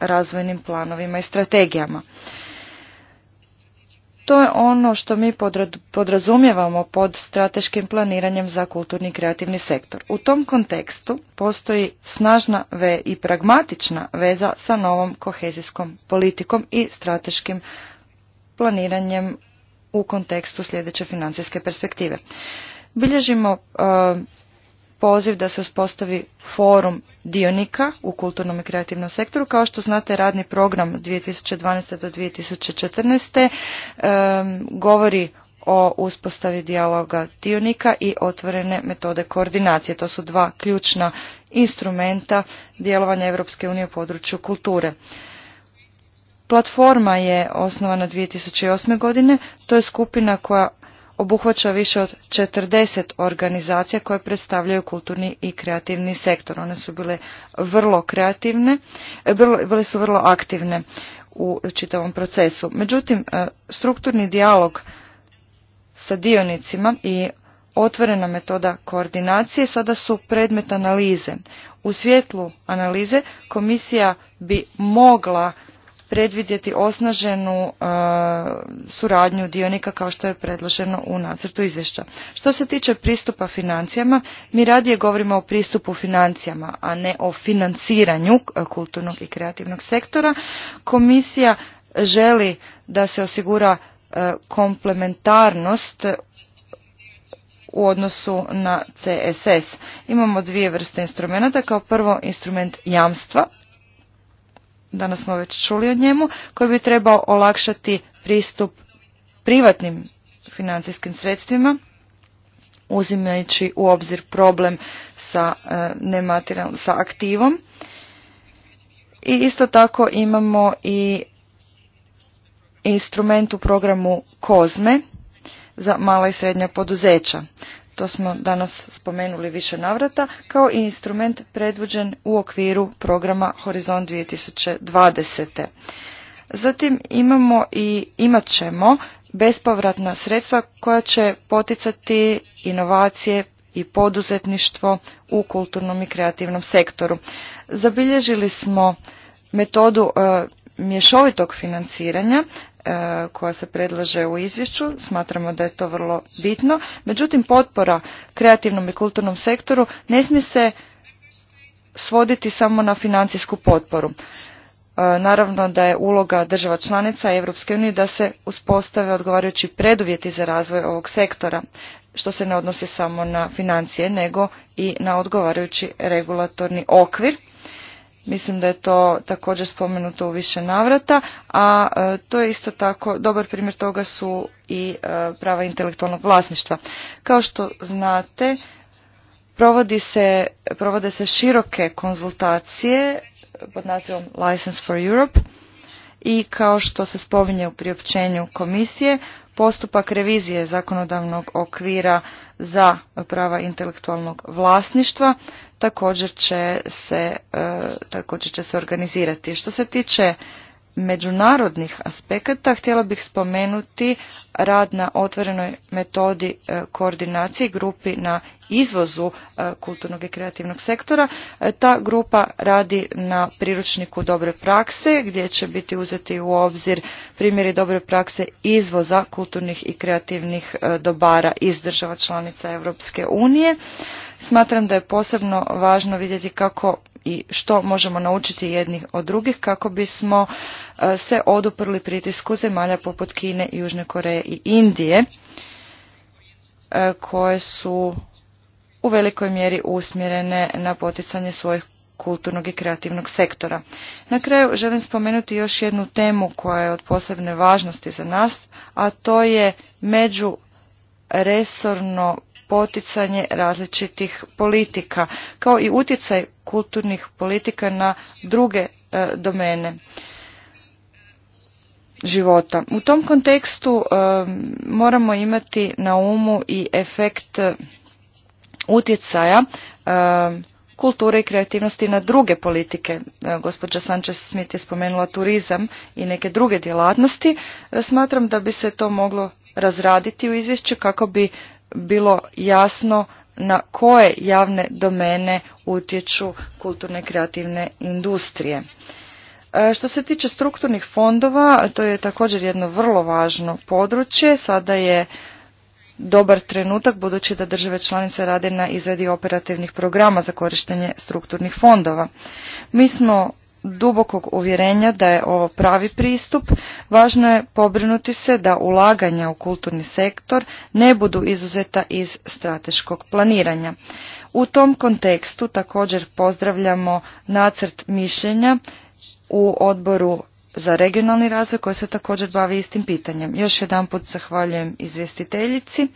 razvojnim planovima i strategijama to je ono što mi podrazumijevamo pod strateškim planiranjem za kulturni i kreativni sektor. U tom kontekstu postoji snažna ve i pragmatična veza sa novom kohezijskom politikom i strateškim planiranjem u kontekstu sljedeće financijske perspektive. Bilježimo eh, poziv da se uspostavi forum dionika u kulturnom i kreativnom sektoru. Kao što znate, radni program 2012. do 2014. govori o uspostavi dijaloga dionika i otvorene metode koordinacije. To su dva ključna instrumenta djelovanja Europske unije u području kulture. Platforma je osnovana 2008. godine. To je skupina koja obuhvaća više od 40 organizacija koje predstavljaju kulturni i kreativni sektor. One su bile vrlo kreativne, e, bile su vrlo aktivne u čitavom procesu. Međutim, e, strukturni dijalog sa dionicima i otvorena metoda koordinacije sada su predmet analize. U svjetlu analize komisija bi mogla predvidjeti osnaženu e, suradnju dionika kao što je predloženo u nacrtu izvješća. Što se tiče pristupa financijama, mi radije govorimo o pristupu financijama, a ne o financiranju e, kulturnog i kreativnog sektora. Komisija želi da se osigura e, komplementarnost u odnosu na CSS. Imamo dvije vrste instrumenta, kao prvo instrument jamstva danas smo već čuli o njemu, koji bi trebao olakšati pristup privatnim financijskim sredstvima, uzimajući u obzir problem sa, e, sa aktivom. I isto tako imamo i instrument u programu COSME za mala i srednja poduzeća to smo danas spomenuli više navrata, kao i instrument predvođen u okviru programa Horizon 2020. Zatim imamo i imat ćemo bespovratna sredstva koja će poticati inovacije i poduzetništvo u kulturnom i kreativnom sektoru. Zabilježili smo metodu e, mješovitog financiranja e, koja se predlaže u izvješću. Smatramo da je to vrlo bitno. Međutim, potpora kreativnom i kulturnom sektoru ne smije se svoditi samo na financijsku potporu. E, naravno da je uloga država članica Europske unije da se uspostave odgovarajući preduvjeti za razvoj ovog sektora, što se ne odnosi samo na financije, nego i na odgovarajući regulatorni okvir Mislim da je to također spomenuto u više navrata, a e, to je isto tako, dobar primjer toga su i e, prava intelektualnog vlasništva. Kao što znate, provodi se, provode se široke konzultacije pod nazivom License for Europe i kao što se spominje u priopćenju komisije, postupak revizije zakonodavnog okvira za prava intelektualnog vlasništva također će se, e, također će se organizirati. Što se tiče međunarodnih aspekata htjela bih spomenuti rad na otvorenoj metodi e, koordinacije grupi na izvozu e, kulturnog i kreativnog sektora. E, ta grupa radi na priručniku dobre prakse gdje će biti uzeti u obzir primjeri dobre prakse izvoza kulturnih i kreativnih e, dobara iz država članica Europske unije. Smatram da je posebno važno vidjeti kako i što možemo naučiti jednih od drugih kako bismo se oduprli pritisku zemalja poput Kine, Južne Koreje i Indije koje su u velikoj mjeri usmjerene na poticanje svojih kulturnog i kreativnog sektora. Na kraju želim spomenuti još jednu temu koja je od posebne važnosti za nas, a to je međuresorno poticanje različitih politika, kao i utjecaj kulturnih politika na druge e, domene života. U tom kontekstu e, moramo imati na umu i efekt utjecaja e, kulture i kreativnosti na druge politike. E, gospođa Sanchez-Smith je spomenula turizam i neke druge djelatnosti. E, smatram da bi se to moglo razraditi u izvješću kako bi bilo jasno na koje javne domene utječu kulturne kreativne industrije. Što se tiče strukturnih fondova, to je također jedno vrlo važno područje. Sada je dobar trenutak budući da države članice rade na izradi operativnih programa za korištenje strukturnih fondova. Mi smo dubokog uvjerenja da je ovo pravi pristup, važno je pobrinuti se da ulaganja u kulturni sektor ne budu izuzeta iz strateškog planiranja. U tom kontekstu također pozdravljamo nacrt mišljenja u odboru za regionalni razvoj koja se također bavi istim pitanjem. Još jedan put zahvaljujem izvjestiteljici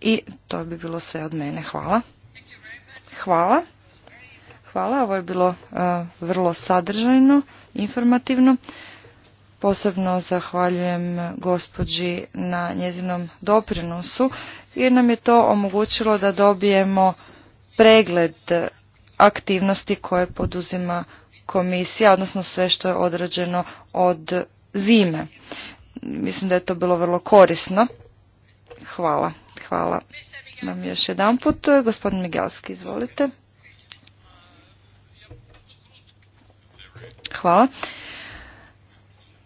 i to bi bilo sve od mene. Hvala. Hvala. Hvala, ovo je bilo e, vrlo sadržajno, informativno. Posebno zahvaljujem gospođi na njezinom doprinosu jer nam je to omogućilo da dobijemo pregled aktivnosti koje poduzima komisija, odnosno sve što je odrađeno od zime. Mislim da je to bilo vrlo korisno. Hvala. Hvala nam još jedan put. Gospodin Migelski, izvolite. Hvala.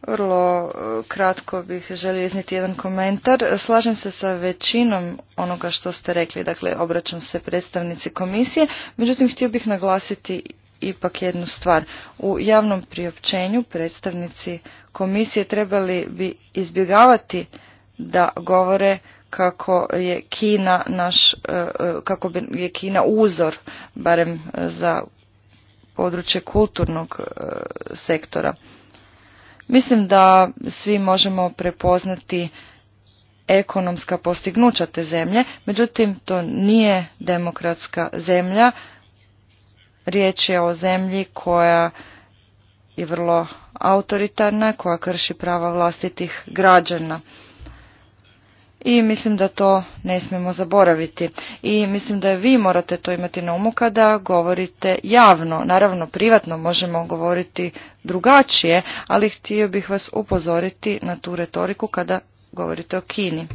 Vrlo e, kratko bih želio izniti jedan komentar. Slažem se sa većinom onoga što ste rekli, dakle obraćam se predstavnici komisije, međutim htio bih naglasiti ipak jednu stvar. U javnom priopćenju predstavnici komisije trebali bi izbjegavati da govore kako je Kina naš, e, e, kako je Kina uzor, barem e, za područje kulturnog sektora. Mislim da svi možemo prepoznati ekonomska postignuća te zemlje, međutim to nije demokratska zemlja Riječ je o zemlji koja je vrlo autoritarna, koja krši prava vlastitih građana. I mislim da to ne smijemo zaboraviti. I mislim da vi morate to imati na umu kada govorite javno. Naravno, privatno možemo govoriti drugačije, ali htio bih vas upozoriti na tu retoriku kada govorite o Kini.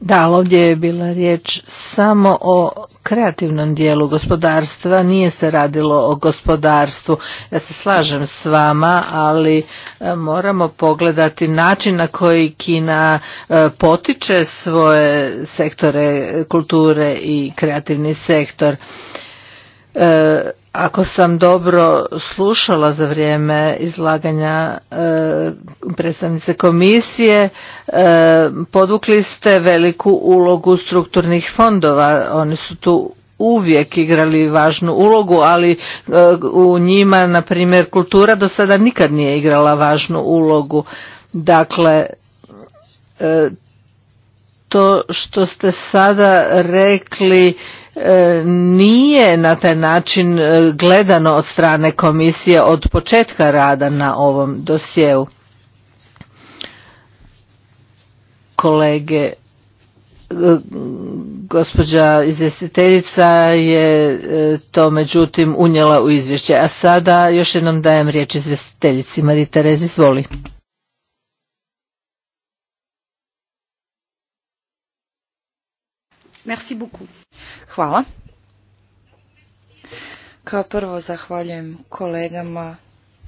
Da, ovdje je bila riječ samo o kreativnom dijelu gospodarstva, nije se radilo o gospodarstvu. Ja se slažem s vama, ali e, moramo pogledati način na koji Kina e, potiče svoje sektore kulture i kreativni sektor. E, ako sam dobro slušala za vrijeme izlaganja e, predstavnice komisije, e, podvukli ste veliku ulogu strukturnih fondova. Oni su tu uvijek igrali važnu ulogu, ali u njima, na primjer, kultura do sada nikad nije igrala važnu ulogu. Dakle, to što ste sada rekli E, nije na taj način e, gledano od strane komisije od početka rada na ovom dosjeu. Kolege, e, gospođa izvjestiteljica je to međutim unijela u izvješće. A sada još jednom dajem riječ izvjestiteljici. Marija Terezi, izvoli. Merci beaucoup. Hvala. Kao prvo zahvaljujem kolegama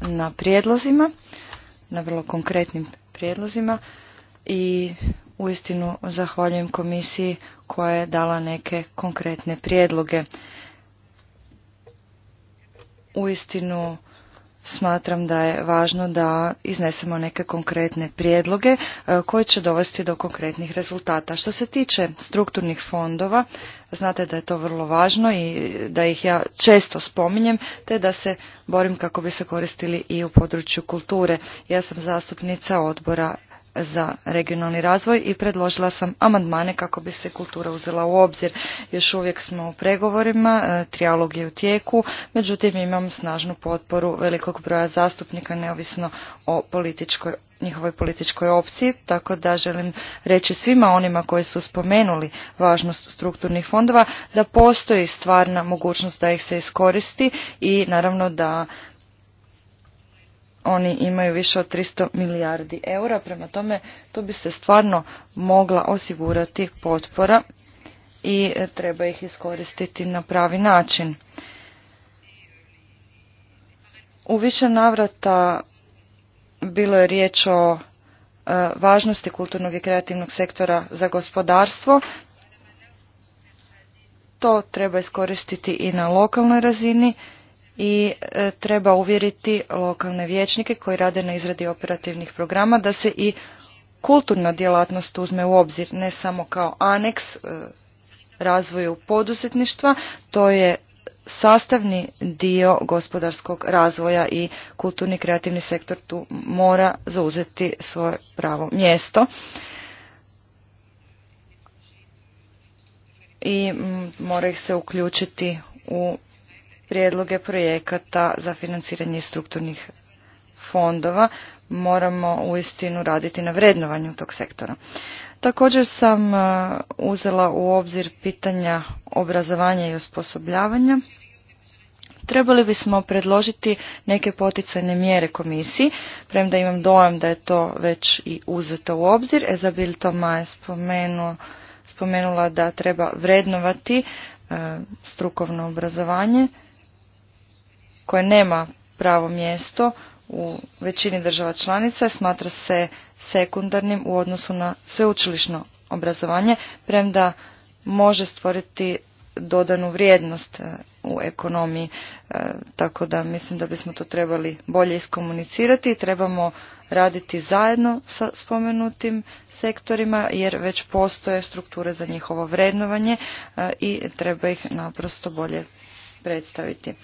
na prijedlozima, na vrlo konkretnim prijedlozima i uistinu zahvaljujem komisiji koja je dala neke konkretne prijedloge. Uistinu smatram da je važno da iznesemo neke konkretne prijedloge eh, koji će dovesti do konkretnih rezultata. Što se tiče strukturnih fondova, Znate da je to vrlo važno i da ih ja često spominjem, te da se borim kako bi se koristili i u području kulture. Ja sam zastupnica odbora za regionalni razvoj i predložila sam amandmane kako bi se kultura uzela u obzir. Još uvijek smo u pregovorima, e, trijalog je u tijeku, međutim imam snažnu potporu velikog broja zastupnika neovisno o političkoj njihovoj političkoj opciji, tako da želim reći svima onima koji su spomenuli važnost strukturnih fondova da postoji stvarna mogućnost da ih se iskoristi i naravno da oni imaju više od 300 milijardi eura, prema tome tu bi se stvarno mogla osigurati potpora i e, treba ih iskoristiti na pravi način. U više navrata bilo je riječ o e, važnosti kulturnog i kreativnog sektora za gospodarstvo. To treba iskoristiti i na lokalnoj razini i e, treba uvjeriti lokalne vijećnike koji rade na izradi operativnih programa da se i kulturna djelatnost uzme u obzir ne samo kao aneks e, razvoju poduzetništva, to je sastavni dio gospodarskog razvoja i kulturni kreativni sektor tu mora zauzeti svoje pravo mjesto. I mora ih se uključiti u prijedloge projekata za financiranje strukturnih fondova. Moramo uistinu raditi na vrednovanju tog sektora. Također sam e, uzela u obzir pitanja obrazovanja i osposobljavanja. Trebali bismo predložiti neke poticajne mjere komisiji, premda imam dojam da je to već i uzeto u obzir. Ezabil Toma je spomenula da treba vrednovati e, strukovno obrazovanje koje nema pravo mjesto u većini država članica smatra se sekundarnim u odnosu na sveučilišno obrazovanje, premda može stvoriti dodanu vrijednost e, u ekonomiji, e, tako da mislim da bismo to trebali bolje iskomunicirati i trebamo raditi zajedno sa spomenutim sektorima jer već postoje strukture za njihovo vrednovanje e, i treba ih naprosto bolje predstaviti.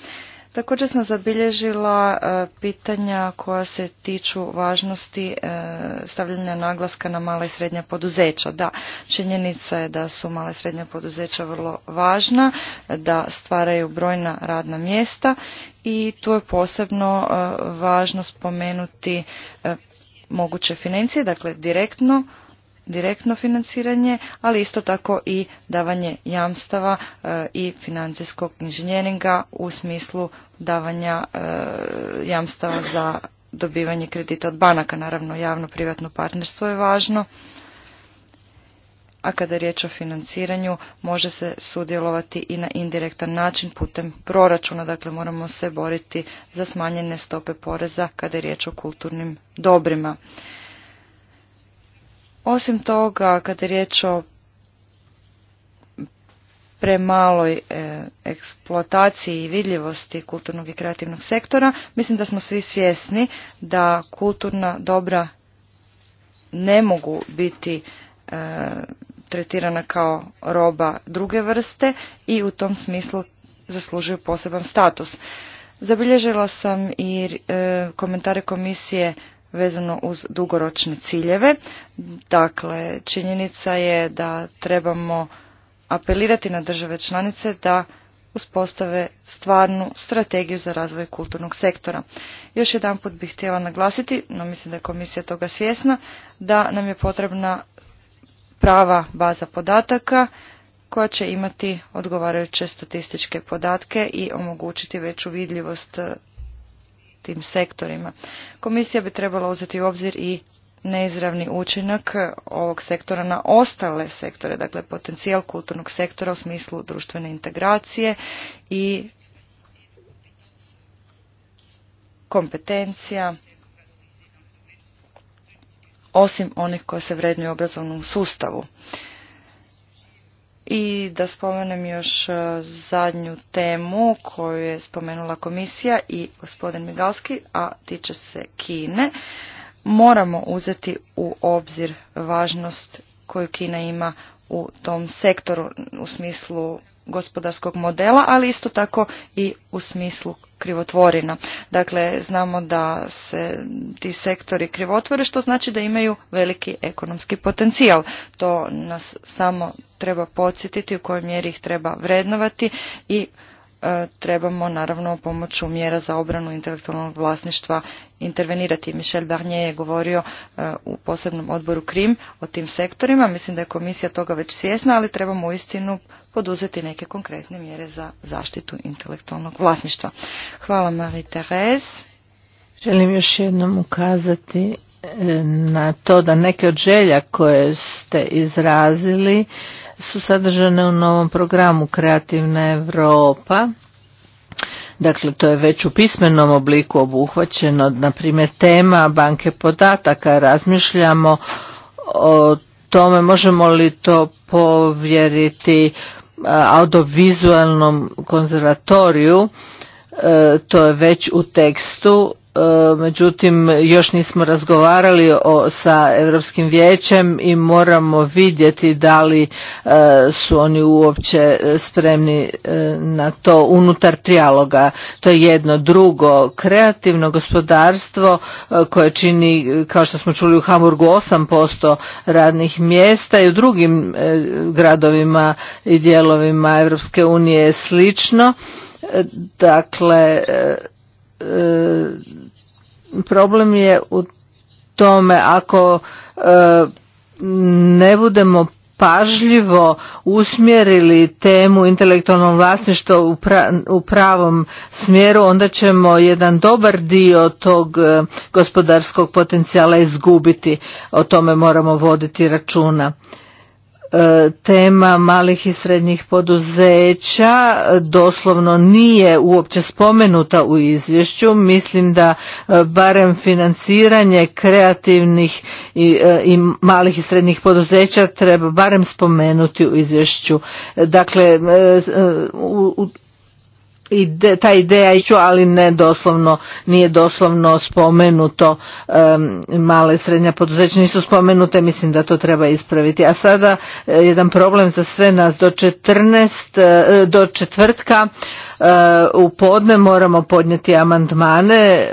Također sam zabilježila e, pitanja koja se tiču važnosti e, stavljanja naglaska na mala i srednja poduzeća. Da, činjenica je da su mala i srednja poduzeća vrlo važna, da stvaraju brojna radna mjesta i tu je posebno e, važno spomenuti moguće financije, dakle direktno direktno financiranje, ali isto tako i davanje jamstava e, i financijskog inženjeringa u smislu davanja e, jamstava za dobivanje kredita od banaka. Naravno, javno-privatno partnerstvo je važno. A kada je riječ o financiranju, može se sudjelovati i na indirektan način putem proračuna. Dakle, moramo se boriti za smanjene stope poreza kada je riječ o kulturnim dobrima. Osim toga, kad je riječ o premaloj e, eksploataciji i vidljivosti kulturnog i kreativnog sektora, mislim da smo svi svjesni da kulturna dobra ne mogu biti e, tretirana kao roba druge vrste i u tom smislu zaslužuju poseban status. Zabilježila sam i e, komentare komisije vezano uz dugoročne ciljeve. Dakle, činjenica je da trebamo apelirati na države članice da uspostave stvarnu strategiju za razvoj kulturnog sektora. Još jedan put bih htjela naglasiti, no mislim da je komisija toga svjesna, da nam je potrebna prava baza podataka koja će imati odgovarajuće statističke podatke i omogućiti veću vidljivost tim sektorima. Komisija bi trebala uzeti u obzir i neizravni učinak ovog sektora na ostale sektore, dakle potencijal kulturnog sektora u smislu društvene integracije i kompetencija osim onih koje se vrednuju u obrazovnom sustavu. I da spomenem još e, zadnju temu koju je spomenula komisija i gospodin Migalski, a tiče se Kine. Moramo uzeti u obzir važnost koju Kina ima u tom sektoru u smislu gospodarskog modela, ali isto tako i u smislu krivotvorina. Dakle, znamo da se ti sektori krivotvore, što znači da imaju veliki ekonomski potencijal. To nas samo treba podsjetiti u kojoj mjeri ih treba vrednovati i e, trebamo naravno pomoću mjera za obranu intelektualnog vlasništva intervenirati. Michel Barnier je govorio e, u posebnom odboru Krim o tim sektorima. Mislim da je komisija toga već svjesna, ali trebamo uistinu poduzeti neke konkretne mjere za zaštitu intelektualnog vlasništva. Hvala Marie-Therese. Želim još jednom ukazati e, na to da neke od želja koje ste izrazili su sadržane u novom programu Kreativna Europa. Dakle, to je već u pismenom obliku obuhvaćeno, na primjer, tema banke podataka. Razmišljamo o tome možemo li to povjeriti Eh, audiovizualnom konzervatoriju, eh, to je već u tekstu E, međutim još nismo razgovarali o, sa Europskim vijećem i moramo vidjeti da li e, su oni uopće spremni e, na to unutar trijaloga. To je jedno drugo kreativno gospodarstvo koje čini, kao što smo čuli u Hamburgu, 8% radnih mjesta i u drugim gradovima i dijelovima Europske unije je slično. Dakle, problem je u tome ako e, ne budemo pažljivo usmjerili temu intelektualnog vlasništva u pravom smjeru onda ćemo jedan dobar dio tog e, gospodarskog potencijala izgubiti o tome moramo voditi računa E, tema malih i srednjih poduzeća doslovno nije uopće spomenuta u izvješću. Mislim da e, barem financiranje kreativnih e, i, malih i srednjih poduzeća treba barem spomenuti u izvješću. Dakle, u ide, ta ideja iću, ali ne doslovno, nije doslovno spomenuto um, male i srednja poduzeća nisu spomenute, mislim da to treba ispraviti. A sada e, jedan problem za sve nas do 14, e, do četvrtka e, u podne moramo podnijeti amandmane,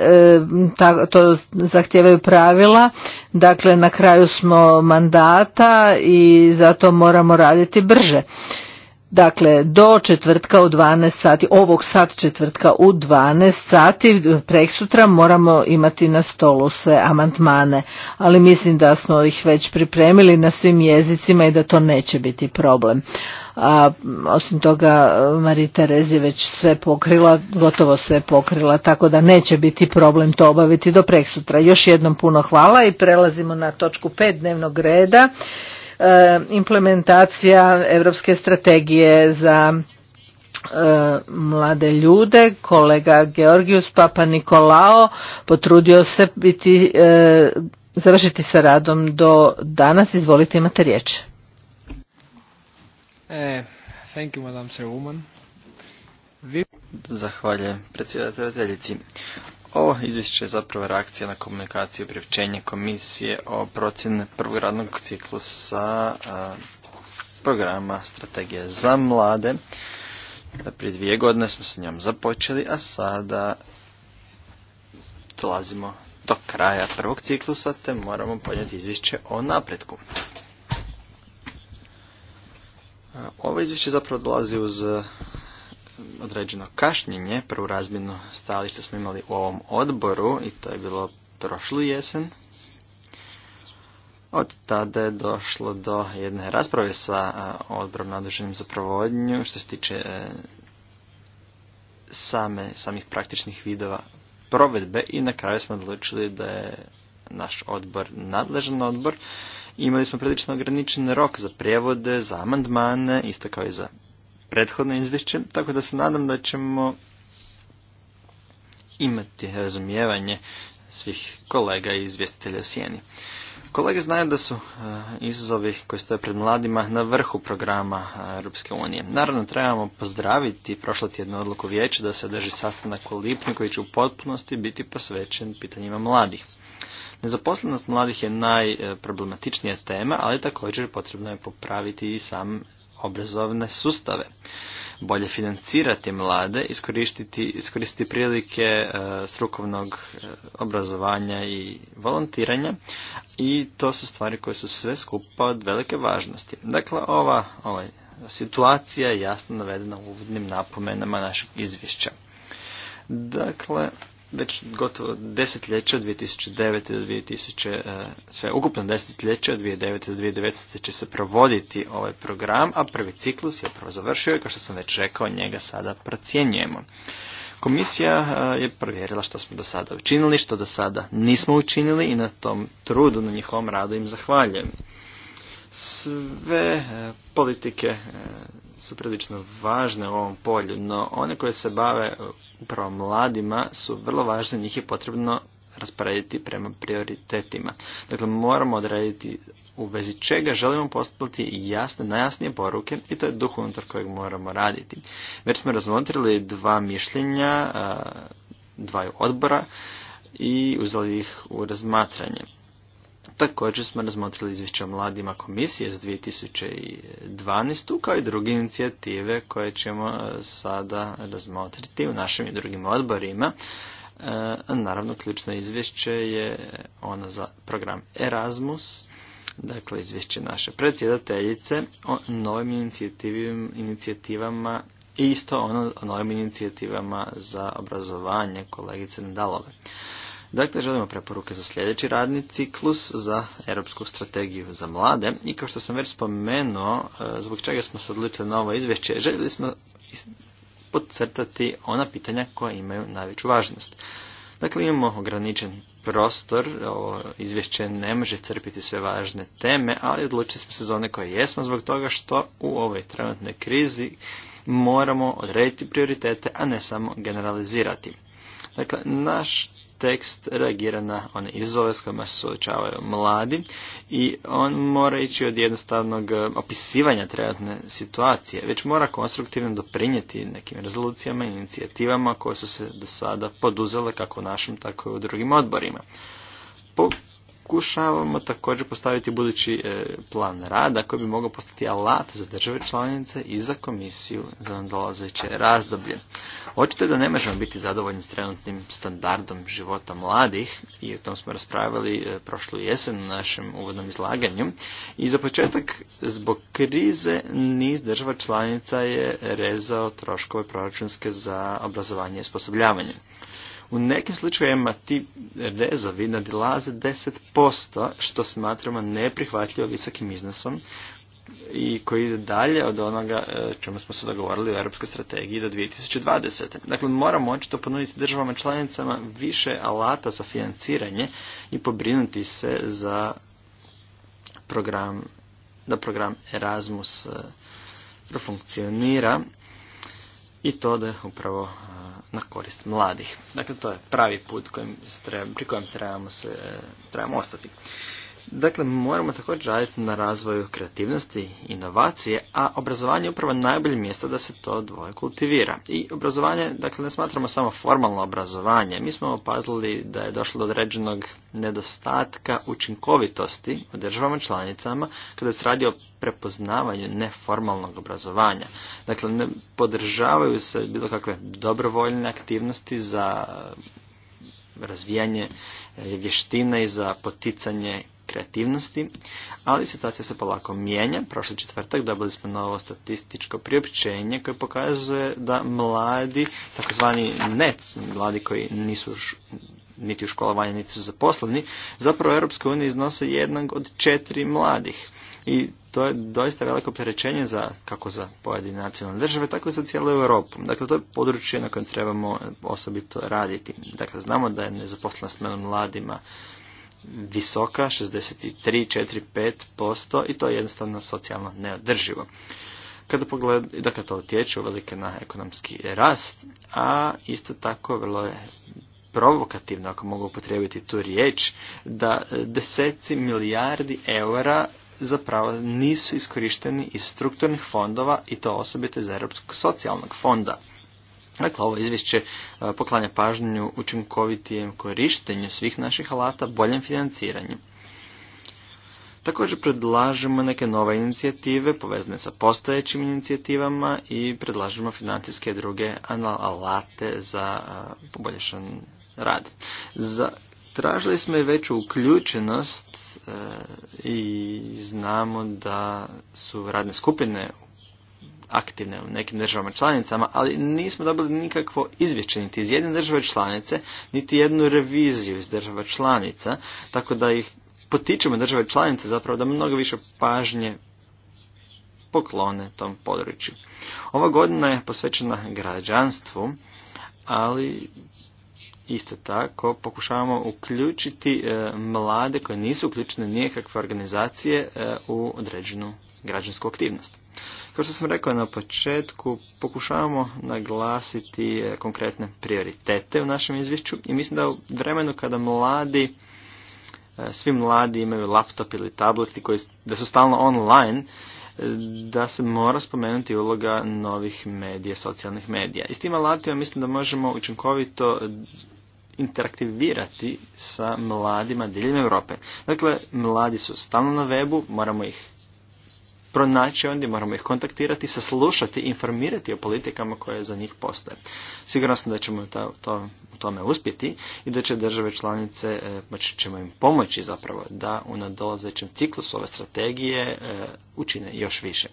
to zahtijevaju pravila, dakle na kraju smo mandata i zato moramo raditi brže. Dakle, do četvrtka u 12 sati, ovog sat četvrtka u 12 sati, preksutra moramo imati na stolu sve amantmane, ali mislim da smo ih već pripremili na svim jezicima i da to neće biti problem. A, osim toga, Marija Terezi je već sve pokrila, gotovo sve pokrila, tako da neće biti problem to obaviti do preksutra. Još jednom puno hvala i prelazimo na točku pet dnevnog reda. Eh, implementacija europske strategije za eh, mlade ljude, kolega Georgius Papa Nikolao potrudio se biti, eh, završiti sa radom do danas. Izvolite, imate riječ. thank you, madam Zahvaljujem predsjedateljici. Ovo izvješće je zapravo reakcija na komunikaciju i priopćenje komisije o procjeni prvog radnog ciklusa programa strategije za mlade. Prije dvije godine smo s njom započeli, a sada dolazimo do kraja prvog ciklusa te moramo podnijeti izvješće o napretku. Ovo izvješće zapravo dolazi uz određeno kašnjenje, prvu razmjenu stajališta smo imali u ovom odboru i to je bilo prošlu jesen. Od tada je došlo do jedne rasprave sa e, odborom naduženim za provodnju što se tiče e, same, samih praktičnih vidova provedbe i na kraju smo odlučili da je naš odbor nadležan odbor. Imali smo prilično ograničen rok za prijevode, za amandmane, isto kao i za prethodno izvješće, tako da se nadam da ćemo imati razumijevanje svih kolega i izvjestitelja Sijeni. Kolege znaju da su e, izazovi koji stoje pred mladima na vrhu programa e, Europske unije. Naravno, trebamo pozdraviti prošlati tjednu odluku vijeća da se drži sastanak u lipnju koji će u potpunosti biti posvećen pitanjima mladih. Nezaposlenost mladih je najproblematičnija tema, ali također potrebno je popraviti i sam obrazovne sustave, bolje financirati mlade, iskoristiti, iskoristiti prilike e, strukovnog e, obrazovanja i volontiranja i to su stvari koje su sve skupa od velike važnosti. Dakle, ova, ovaj, situacija je jasno navedena u uvodnim napomenama našeg izvješća. Dakle, već gotovo desetljeće od 2009. do 2000, e, sve ukupno desetljeće od 2009. do 2019. će se provoditi ovaj program, a prvi ciklus je prvo završio i kao što sam već rekao, njega sada procjenjujemo. Komisija e, je provjerila što smo do sada učinili, što do sada nismo učinili i na tom trudu, na njihovom radu im zahvaljujem. Sve e, politike su prilično važne u ovom polju, no one koje se bave upravo mladima su vrlo važne, njih je potrebno rasporediti prema prioritetima. Dakle, moramo odrediti u vezi čega želimo postaviti jasne, najjasnije poruke i to je duh unutar kojeg moramo raditi. Već smo razmotrili dva mišljenja, dvaju odbora i uzeli ih u razmatranje. Također smo razmotrili izvješće o mladima komisije za 2012. kao i druge inicijative koje ćemo e, sada razmotriti u našim i drugim odborima. E, naravno, ključno izvješće je ono za program Erasmus, dakle izvješće naše predsjedateljice o novim inicijativama i isto ono o novim inicijativama za obrazovanje kolegice Ndalove. Dakle, želimo preporuke za sljedeći radni ciklus za Europsku strategiju za mlade i kao što sam već spomenuo, e, zbog čega smo se odlučili na ovo izvješće, željeli smo podcrtati ona pitanja koja imaju najveću važnost. Dakle, imamo ograničen prostor, ovo izvješće ne može crpiti sve važne teme, ali odlučili smo se za one koje jesmo zbog toga što u ovoj trenutnoj krizi moramo odrediti prioritete, a ne samo generalizirati. Dakle, naš tekst reagira na one izazove s kojima se suočavaju mladi i on mora ići od jednostavnog e, opisivanja trenutne situacije, već mora konstruktivno doprinijeti nekim rezolucijama i inicijativama koje su se do sada poduzele kako u našem, tako i u drugim odborima. Po pokušavamo također postaviti budući e, plan rada koji bi mogao postati alat za države članice i za komisiju za nadolazeće razdoblje. Očito je da ne možemo biti zadovoljni s trenutnim standardom života mladih i o tom smo raspravili e, prošlu jesen u našem uvodnom izlaganju. I za početak, zbog krize niz država članica je rezao troškove proračunske za obrazovanje i osposobljavanje. U nekim slučajevima ti rezovi nadilaze 10%, što smatramo neprihvatljivo visokim iznosom i koji ide dalje od onoga e, čemu smo se dogovorili u Europskoj strategiji do 2020. Dakle, moramo očito ponuditi državama članicama više alata za financiranje i pobrinuti se za program, da program Erasmus e, profunkcionira i to da je upravo na korist mladih. Dakle, to je pravi put kojim, pri kojem trebamo, se, trebamo ostati. Dakle, moramo također raditi na razvoju kreativnosti, inovacije, a obrazovanje je upravo najbolje mjesto da se to dvoje kultivira. I obrazovanje, dakle, ne smatramo samo formalno obrazovanje. Mi smo opazili da je došlo do određenog nedostatka učinkovitosti u državama članicama kada se radi o prepoznavanju neformalnog obrazovanja. Dakle, ne podržavaju se bilo kakve dobrovoljne aktivnosti za razvijanje vještina i za poticanje kreativnosti, ali situacija se polako mijenja. Prošli četvrtak dobili smo novo statističko priopćenje koje pokazuje da mladi, takozvani net, mladi koji nisu niti u školovanju, niti su zaposleni, zapravo u EU iznose jednog od četiri mladih. I to je doista veliko opterećenje za, kako za pojedine nacionalne države, tako i za cijelu Europu. Dakle, to je područje na kojem trebamo osobito raditi. Dakle, znamo da je nezaposlenost među mladima visoka, 63 45 posto i to je jednostavno socijalno neodrživo. Kada pogled, dakle to utječe velike na ekonomski rast, a isto tako vrlo je provokativno, ako mogu upotrijebiti tu riječ, da deseci milijardi eura zapravo nisu iskorišteni iz strukturnih fondova i to osobito iz Europskog socijalnog fonda. Dakle, ovo izvješće e, poklanja pažnju učinkovitijem korištenju svih naših alata, boljem financiranju. Također predlažemo neke nove inicijative povezane sa postojećim inicijativama i predlažemo financijske druge alate za e, poboljšan rad. Za, tražili smo i veću uključenost e, i znamo da su radne skupine aktivne u nekim državama članicama, ali nismo dobili nikakvo izvješće niti iz jedne države članice, niti jednu reviziju iz država članica, tako da ih potičemo države članice zapravo da mnogo više pažnje poklone tom području. Ova godina je posvećena građanstvu, ali isto tako pokušavamo uključiti e, mlade koji nisu uključene nikakve organizacije e, u određenu građansku aktivnost. Kao što sam rekao na početku, pokušavamo naglasiti e, konkretne prioritete u našem izvješću i mislim da u vremenu kada mladi, e, svi mladi imaju laptop ili tableti koji da su stalno online, e, da se mora spomenuti uloga novih medija, socijalnih medija. I s tim alatima mislim da možemo učinkovito interaktivirati sa mladima diljem Europe. Dakle, mladi su stalno na webu, moramo ih pronaći ondje, moramo ih kontaktirati, saslušati, informirati o politikama koje za njih postoje. Sigurno sam da ćemo to, u tome uspjeti i da će države članice, e, moći ćemo im pomoći zapravo da u nadolazećem ciklusu ove strategije e, učine još više.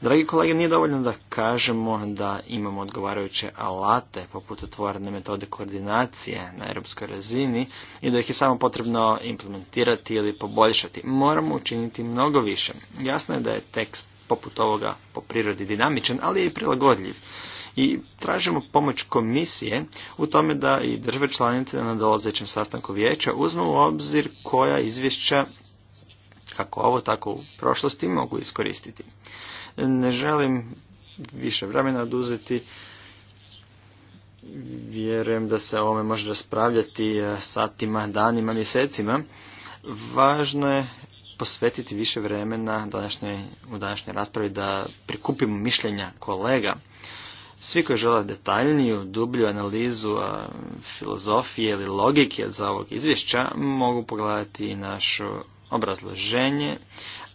Dragi kolege, nije dovoljno da kažemo da imamo odgovarajuće alate poput otvorene metode koordinacije na europskoj razini i da ih je samo potrebno implementirati ili poboljšati. Moramo učiniti mnogo više. Jasno je da je tekst poput ovoga po prirodi dinamičan, ali je i prilagodljiv i tražimo pomoć komisije u tome da i države članice na dolazećem sastanku vijeća uzmu u obzir koja izvješća kako ovo tako u prošlosti mogu iskoristiti. Ne želim više vremena oduzeti. Vjerujem da se o ovome može raspravljati e, satima, danima, mjesecima. Važno je posvetiti više vremena u današnjoj raspravi da prikupimo mišljenja kolega. Svi koji žele detaljniju, dublju analizu a, filozofije ili logike za ovog izvješća mogu pogledati i naše obrazloženje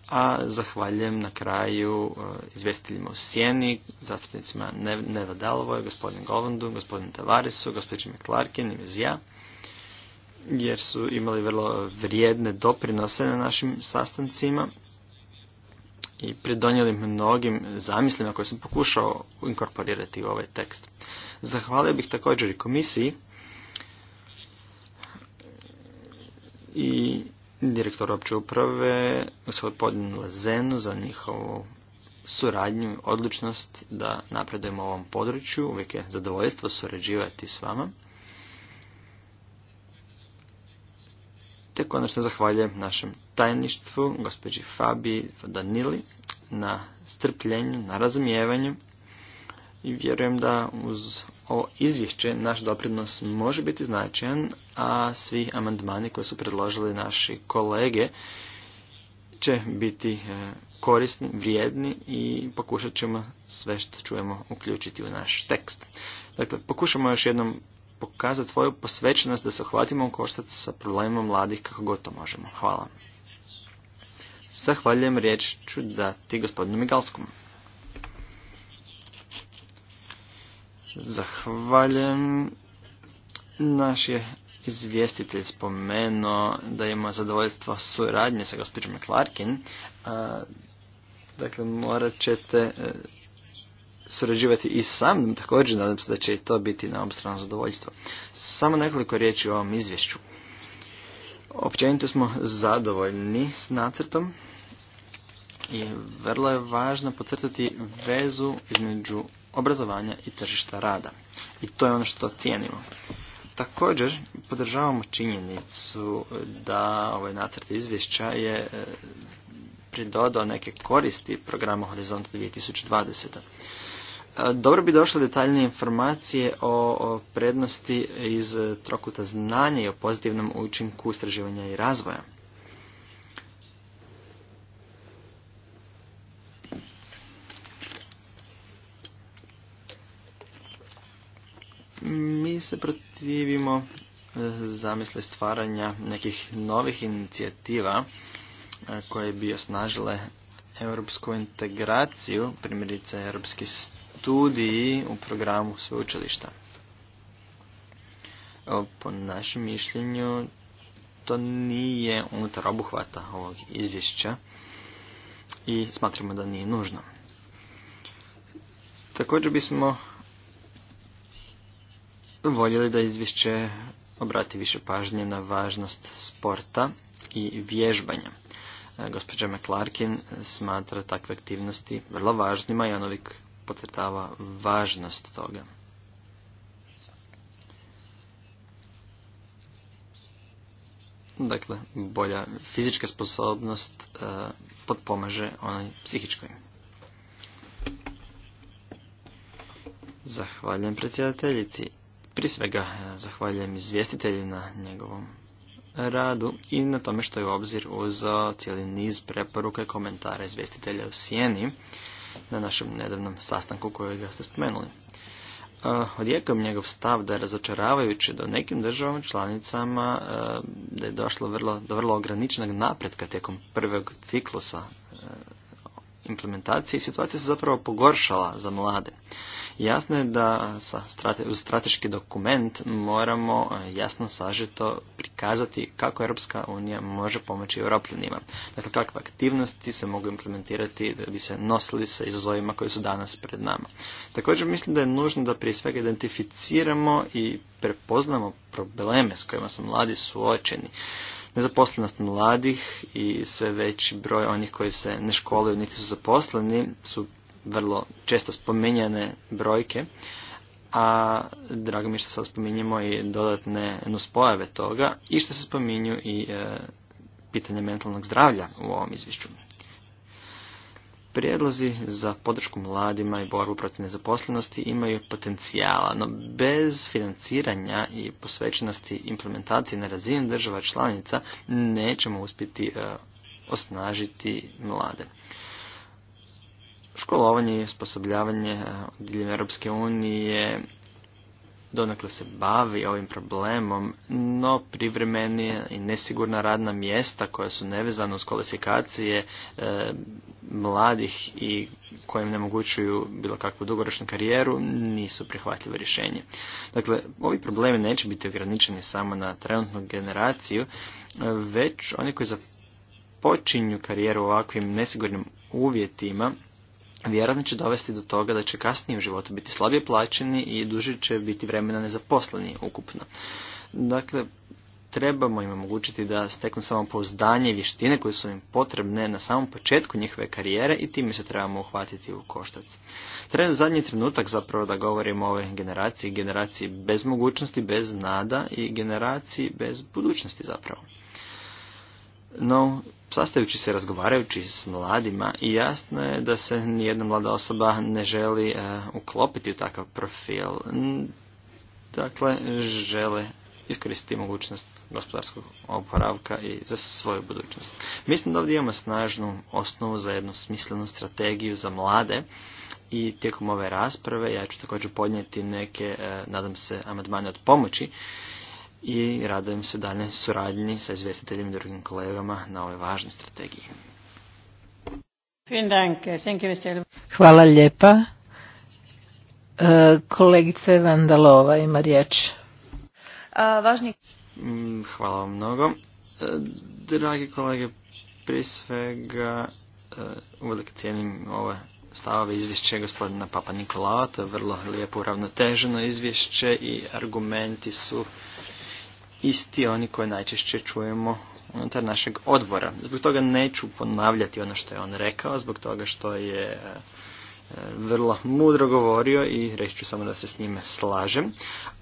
a zahvaljujem na kraju e, izvjestiteljima u Sjeni, zastupnicima Neva Dalovoj, gospodin Govondu, gospodin Tavarisu, gospođi McClarkin i Mezija, jer su imali vrlo vrijedne doprinose na našim sastancima i pridonijeli mnogim zamislima koje sam pokušao inkorporirati u ovaj tekst. Zahvalio bih također i komisiji i direktor opće uprave gospodin Lazenu Zenu za njihovu suradnju i odlučnost da napredujemo u ovom području. Uvijek je zadovoljstvo surađivati s vama. Te konačno zahvaljujem našem tajništvu, gospođi Fabi Danili, na strpljenju, na razumijevanju i vjerujem da uz ovo izvješće naš doprinos može biti značajan, a svi amandmani koje su predložili naši kolege će biti e, korisni, vrijedni i pokušat ćemo sve što čujemo uključiti u naš tekst. Dakle, pokušamo još jednom pokazati svoju posvećenost da se ohvatimo u koštac sa problemima mladih kako god to možemo. Hvala. Zahvaljujem riječ ću dati gospodinu Migalskom. Zahvaljujem. Naš je izvjestitelj spomenuo da ima zadovoljstvo suradnje sa gospođom Clarkin. Dakle, morat ćete e, surađivati i sam, također nadam se da će i to biti na obostrano zadovoljstvo. Samo nekoliko riječi o ovom izvješću. Općenito smo zadovoljni s nacrtom i vrlo je važno potvrtati vezu između obrazovanja i tržišta rada. I to je ono što cijenimo. Također podržavamo činjenicu da ovaj nacrt izvješća je e, pridodao neke koristi programa Horizont 2020. E, dobro bi došle detaljne informacije o prednosti iz trokuta znanja i o pozitivnom učinku istraživanja i razvoja. Mi se protivimo e, zamisli stvaranja nekih novih inicijativa e, koje bi osnažile europsku integraciju, primjerice europski studiji u programu sveučilišta. Po našem mišljenju to nije unutar obuhvata ovog izvješća i smatramo da nije nužno. Također bismo voljeli da izvješće obrati više pažnje na važnost sporta i vježbanja. E, gospođa McClarkin smatra takve aktivnosti vrlo važnima i on uvijek važnost toga. Dakle, bolja fizička sposobnost e, potpomaže onoj psihičkoj. Zahvaljujem predsjedateljici. Prije svega e, zahvaljujem izvjestitelju na njegovom radu i na tome što je u obzir uzao cijeli niz preporuka i komentara izvjestitelja u Sijeni na našem nedavnom sastanku ga ste spomenuli. E, Odjekom njegov stav da je razočaravajuće da u nekim državama članicama e, da je došlo vrlo, do vrlo ograničenog napretka tijekom prvog ciklusa implementacije i situacija se zapravo pogoršala za mlade. Jasno je da uz strateški dokument moramo e, jasno sažeto prikazati kako Europska unija može pomoći europljanima. Dakle, kakve aktivnosti se mogu implementirati da bi se nosili sa izazovima koji su danas pred nama. Također mislim da je nužno da prije svega identificiramo i prepoznamo probleme s kojima su mladi suočeni nezaposlenost mladih i sve veći broj onih koji se ne školuju niti su zaposleni su vrlo često spominjane brojke, a drago mi je što sad spominjemo i dodatne nuspojave toga i što se spominju i e, pitanje mentalnog zdravlja u ovom izvješću. Prijedlozi za podršku mladima i borbu protiv nezaposlenosti imaju potencijala, no bez financiranja i posvećenosti implementacije na razini država članica nećemo uspjeti e, osnažiti mlade školovanje i osposobljavanje eh, diljem Europske unije donakle se bavi ovim problemom, no privremeni i nesigurna radna mjesta koja su nevezana uz kvalifikacije eh, mladih i kojim mogućuju bilo kakvu dugoročnu karijeru nisu prihvatljivo rješenje. Dakle, ovi problemi neće biti ograničeni samo na trenutnu generaciju, eh, već oni koji započinju karijeru u ovakvim nesigurnim uvjetima vjerojatno će dovesti do toga da će kasnije u životu biti slabije plaćeni i duže će biti vremena nezaposleni ukupno. Dakle, trebamo im omogućiti da steknu pouzdanje i vještine koje su im potrebne na samom početku njihove karijere i time se trebamo uhvatiti u koštac. Treba zadnji trenutak zapravo da govorimo o ovoj generaciji, generaciji bez mogućnosti, bez nada i generaciji bez budućnosti zapravo. No, sastajući se razgovarajući s mladima i jasno je da se nijedna mlada osoba ne želi e, uklopiti u takav profil. Dakle, žele iskoristiti mogućnost gospodarskog oporavka i za svoju budućnost. Mislim da ovdje imamo snažnu osnovu za jednu smislenu strategiju za mlade i tijekom ove rasprave ja ću također podnijeti neke, e, nadam se, amandmane od pomoći i radujem se dalje suradnji sa izvjestiteljima i drugim kolegama na ovoj važnoj strategiji. Hvala lijepa. E, kolegice Vandalova ima riječ. Mm, hvala vam mnogo. E, dragi kolege, prije svega e, uvijek cijenim ove stavove izvješće gospodina Papa Nikolava, to je vrlo lijepo uravnoteženo izvješće i argumenti su isti oni koje najčešće čujemo unutar našeg odbora. Zbog toga neću ponavljati ono što je on rekao, zbog toga što je e, vrlo mudro govorio i reći ću samo da se s njime slažem,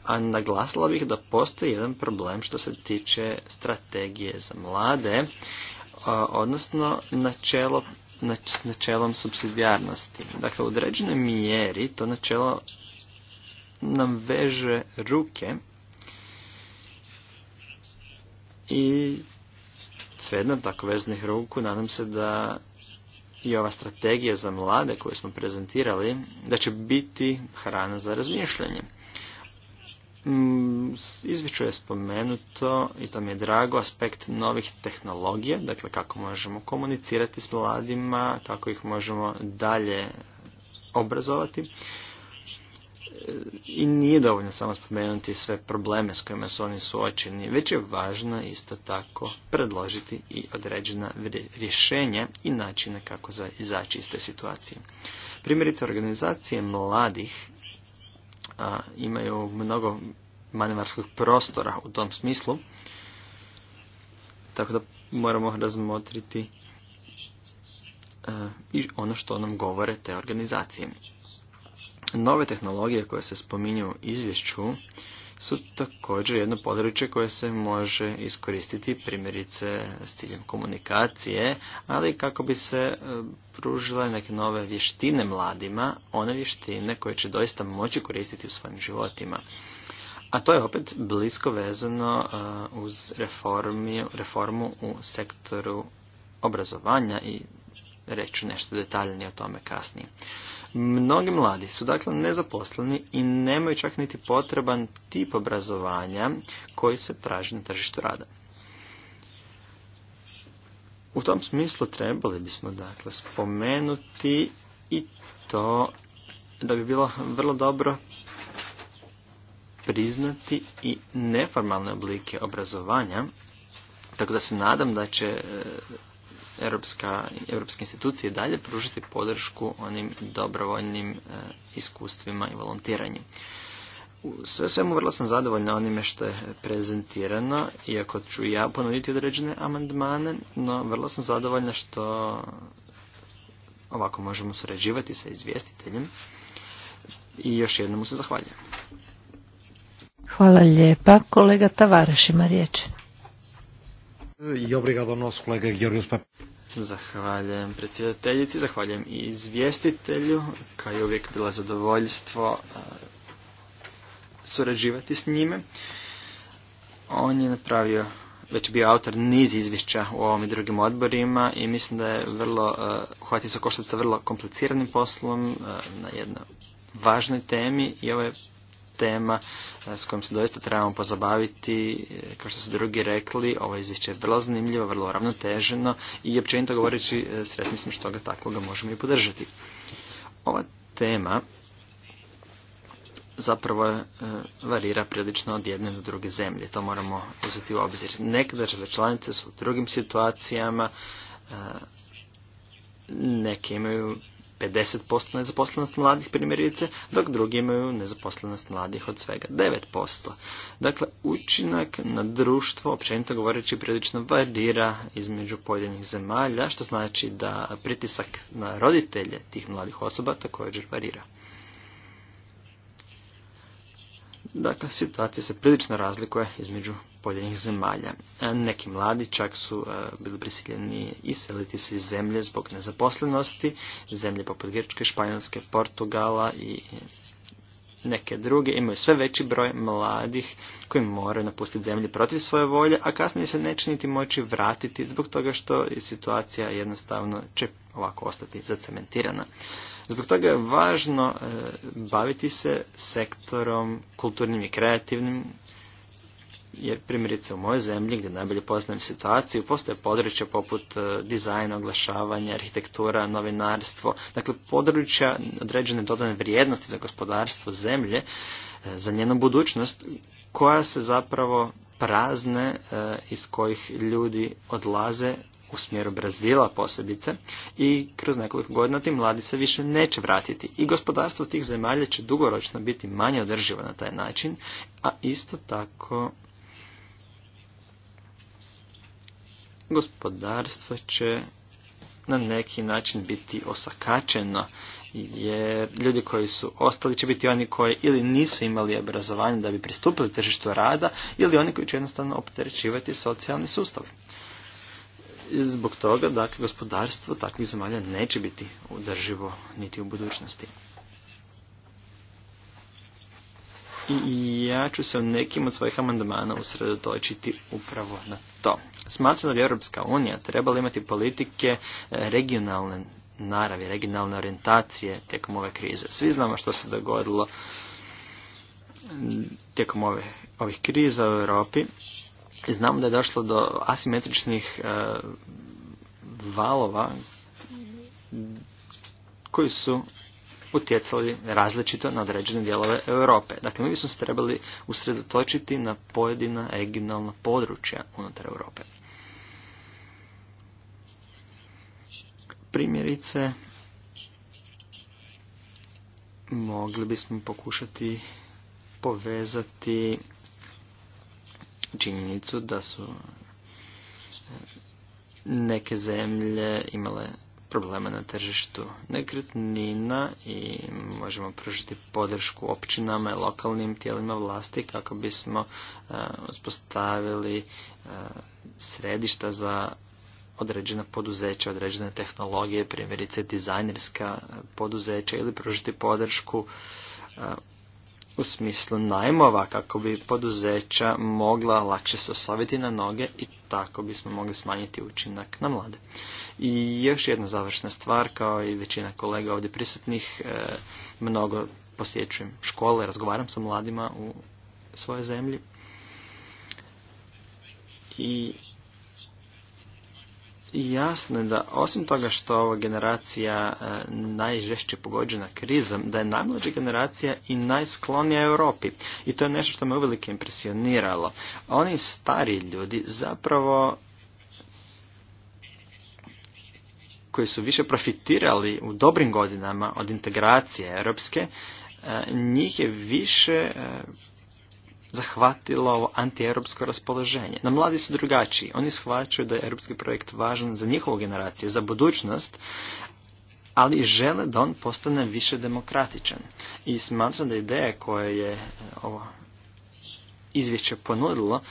a naglasila bih da postoji jedan problem što se tiče strategije za mlade, e, odnosno načelo načelom subsidijarnosti. Dakle, u određenoj mjeri to načelo nam veže ruke i svejedno tako veznih ruku, nadam se da i ova strategija za mlade koju smo prezentirali, da će biti hrana za razmišljanje. Mm, Izvješću je spomenuto, i to mi je drago, aspekt novih tehnologija, dakle kako možemo komunicirati s mladima, kako ih možemo dalje obrazovati i nije dovoljno samo spomenuti sve probleme s kojima su oni suočeni, već je važno isto tako predložiti i određena rješenja i načine kako za izaći iz te situacije. Primjerice, organizacije mladih a, imaju mnogo manevarskog prostora u tom smislu, tako da moramo razmotriti e, i ono što nam govore te organizacije. Nove tehnologije koje se spominju u izvješću su također jedno područje koje se može iskoristiti primjerice s ciljem komunikacije, ali kako bi se e, pružile neke nove vještine mladima, one vještine koje će doista moći koristiti u svojim životima. A to je opet blisko vezano e, uz reformi, reformu u sektoru obrazovanja i reću nešto detaljnije o tome kasnije. Mnogi mladi su dakle nezaposleni i nemaju čak niti potreban tip obrazovanja koji se traži na tržištu rada. U tom smislu trebali bismo dakle spomenuti i to da bi bilo vrlo dobro priznati i neformalne oblike obrazovanja, tako da se nadam da će europska, europske institucije dalje pružiti podršku onim dobrovoljnim e, iskustvima i volontiranju. Sve svemu vrlo sam zadovoljna onime što je prezentirano, iako ću ja ponuditi određene amandmane, no vrlo sam zadovoljna što ovako možemo surađivati sa izvjestiteljem i još jednom mu se zahvaljujem. Hvala lijepa. Kolega Tavareš ima i obrigado nos kolega Georgios Zahvaljujem predsjedateljici, zahvaljujem i izvjestitelju, kao je uvijek bila zadovoljstvo e, surađivati s njime. On je napravio, već bio autor niz izvješća u ovom i drugim odborima i mislim da je vrlo, e, hvati se koštac sa vrlo kompliciranim poslom e, na jednoj važnoj temi i ovo je tema e, s kojom se doista trebamo pozabaviti. E, kao što su drugi rekli, ovo izvješće je vrlo zanimljivo, vrlo ravnoteženo i općenito govoreći e, sretni smo što ga takvoga možemo i podržati. Ova tema zapravo varira prilično od jedne do druge zemlje. To moramo uzeti u obzir. Neke države članice su u drugim situacijama, neki imaju 50% nezaposlenost mladih primjerice, dok drugi imaju nezaposlenost mladih od svega 9%. Dakle, učinak na društvo, općenito govoreći, prilično varira između pojedinih zemalja, što znači da pritisak na roditelje tih mladih osoba također varira. Dakle, situacija se prilično razlikuje između pojedinih zemalja. E, neki mladi čak su e, bili prisiljeni iseliti se iz zemlje zbog nezaposlenosti, zemlje poput Grčke, Španjolske, Portugala i neke druge imaju sve veći broj mladih koji moraju napustiti zemlje protiv svoje volje, a kasnije se neće niti moći vratiti zbog toga što je situacija jednostavno će ovako ostati zacementirana. Zbog toga je važno e, baviti se sektorom kulturnim i kreativnim jer primjerice u mojoj zemlji gdje najbolje poznajem situaciju postoje područja poput e, dizajna, oglašavanja, arhitektura, novinarstvo. Dakle, područja određene dodane vrijednosti za gospodarstvo zemlje, e, za njenu budućnost koja se zapravo prazne e, iz kojih ljudi odlaze u smjeru Brazila posebice i kroz nekoliko godina ti mladi se više neće vratiti i gospodarstvo tih zemalja će dugoročno biti manje održivo na taj način, a isto tako gospodarstvo će na neki način biti osakačeno jer ljudi koji su ostali će biti oni koji ili nisu imali obrazovanje da bi pristupili tržištu rada ili oni koji će jednostavno opterećivati socijalni sustav. zbog toga, dakle, gospodarstvo takvih zemalja neće biti održivo niti u budućnosti. I ja ću se u nekim od svojih amandmana usredotočiti upravo na to. Smatram da bi Europska unija trebala imati politike e, regionalne naravi, regionalne orijentacije tijekom ove krize. Svi znamo što se dogodilo tijekom ovih kriza u Europi. Znamo da je došlo do asimetričnih e, valova koji su utjecali različito na određene dijelove Europe. Dakle, mi bismo se trebali usredotočiti na pojedina regionalna područja unutar Europe. Primjerice, mogli bismo pokušati povezati činjenicu da su neke zemlje imale problema na tržištu nekretnina i možemo pružiti podršku općinama i lokalnim tijelima vlasti kako bismo e, uspostavili e, središta za određena poduzeća, određene tehnologije, primjerice dizajnerska e, poduzeća ili pružiti podršku u smislu najmova kako bi poduzeća mogla lakše se na noge i tako bismo mogli smanjiti učinak na mlade. I još jedna završna stvar, kao i većina kolega ovdje prisutnih, e, mnogo posjećujem škole, razgovaram sa mladima u svojoj zemlji i jasno je da osim toga što ova generacija e, najžešće pogođena krizom, da je najmlađa generacija i najsklonija Europi. I to je nešto što me uvelike impresioniralo. Oni stari ljudi zapravo koji su više profitirali u dobrim godinama od integracije europske, e, njih je više e, zahvatilo ovo antieuropsko raspoloženje. Na mladi su drugačiji. Oni shvaćaju da je europski projekt važan za njihovu generaciju, za budućnost, ali žele da on postane više demokratičan. I smatram da ideja koja je e, ovo izvješće ponudilo,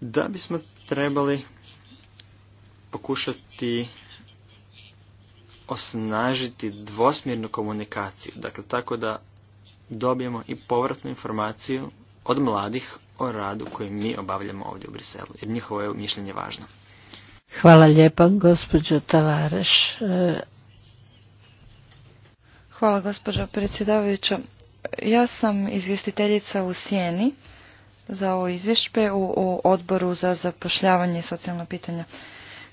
da bismo trebali pokušati osnažiti dvosmjernu komunikaciju. Dakle, tako da dobijemo i povratnu informaciju od mladih o radu koji mi obavljamo ovdje u Briselu, jer njihovo je mišljenje važno. Hvala lijepa, gospođo Tavareš. E, Hvala, gospođo predsjedavajuća. Ja sam izvjestiteljica u Sjeni za ovo izvješće u, odboru za zapošljavanje i socijalno pitanja.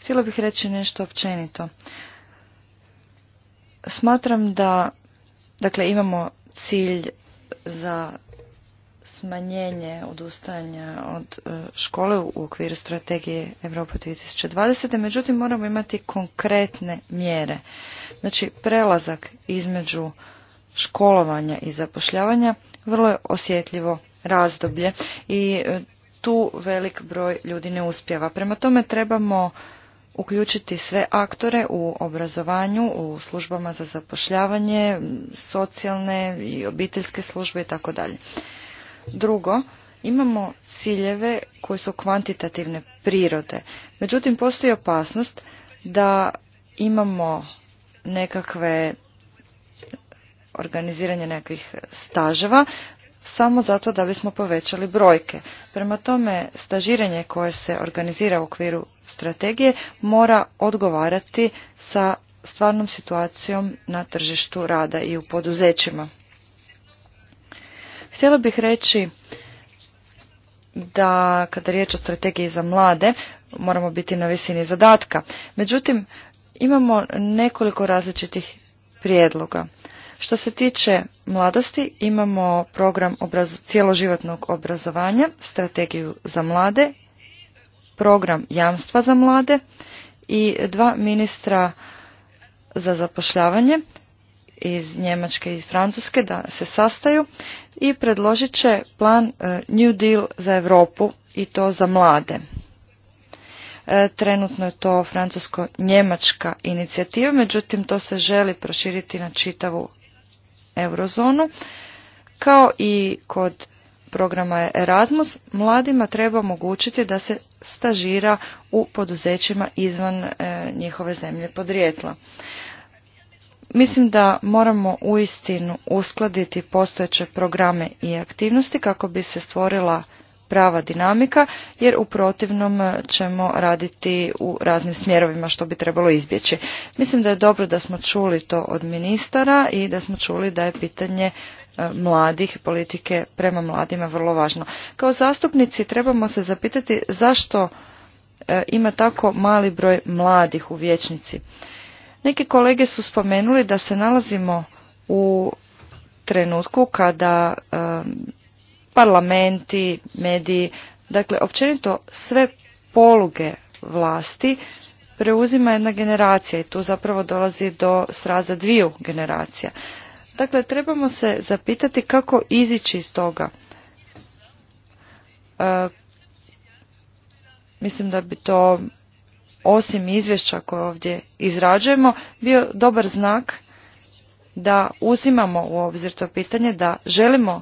Htjela bih reći nešto općenito. Smatram da, dakle, imamo cilj za smanjenje odustajanja od e, škole u okviru strategije Europa 2020. Međutim, moramo imati konkretne mjere. Znači, prelazak između školovanja i zapošljavanja vrlo je osjetljivo razdoblje i e, tu velik broj ljudi ne uspjeva. Prema tome trebamo uključiti sve aktore u obrazovanju, u službama za zapošljavanje, socijalne i obiteljske službe i tako dalje. Drugo, imamo ciljeve koji su kvantitativne prirode. Međutim, postoji opasnost da imamo nekakve organiziranje nekakvih staževa samo zato da bismo povećali brojke. Prema tome, stažiranje koje se organizira u okviru strategije mora odgovarati sa stvarnom situacijom na tržištu rada i u poduzećima. Htjela bih reći da kada je riječ o strategiji za mlade, moramo biti na visini zadatka. Međutim, imamo nekoliko različitih prijedloga. Što se tiče mladosti, imamo program cijeloživotnog cjeloživotnog obrazovanja, strategiju za mlade, program jamstva za mlade i dva ministra za zapošljavanje iz Njemačke i iz Francuske da se sastaju i predložit će plan e, New Deal za Europu i to za mlade. E, trenutno je to francusko-njemačka inicijativa, međutim to se želi proširiti na čitavu eurozonu. Kao i kod programa Erasmus, mladima treba omogućiti da se stažira u poduzećima izvan e, njihove zemlje podrijetla. Mislim da moramo uistinu uskladiti postojeće programe i aktivnosti kako bi se stvorila prava dinamika, jer u protivnom ćemo raditi u raznim smjerovima što bi trebalo izbjeći. Mislim da je dobro da smo čuli to od ministara i da smo čuli da je pitanje e, mladih, politike prema mladima vrlo važno. Kao zastupnici trebamo se zapitati zašto e, ima tako mali broj mladih u vječnici. Neki kolege su spomenuli da se nalazimo u trenutku kada parlamenti, mediji, dakle općenito sve poluge vlasti preuzima jedna generacija i tu zapravo dolazi do sraza dviju generacija. Dakle, trebamo se zapitati kako izići iz toga. mislim da bi to osim izvješća koje ovdje izrađujemo, bio dobar znak da uzimamo u obzir to pitanje, da želimo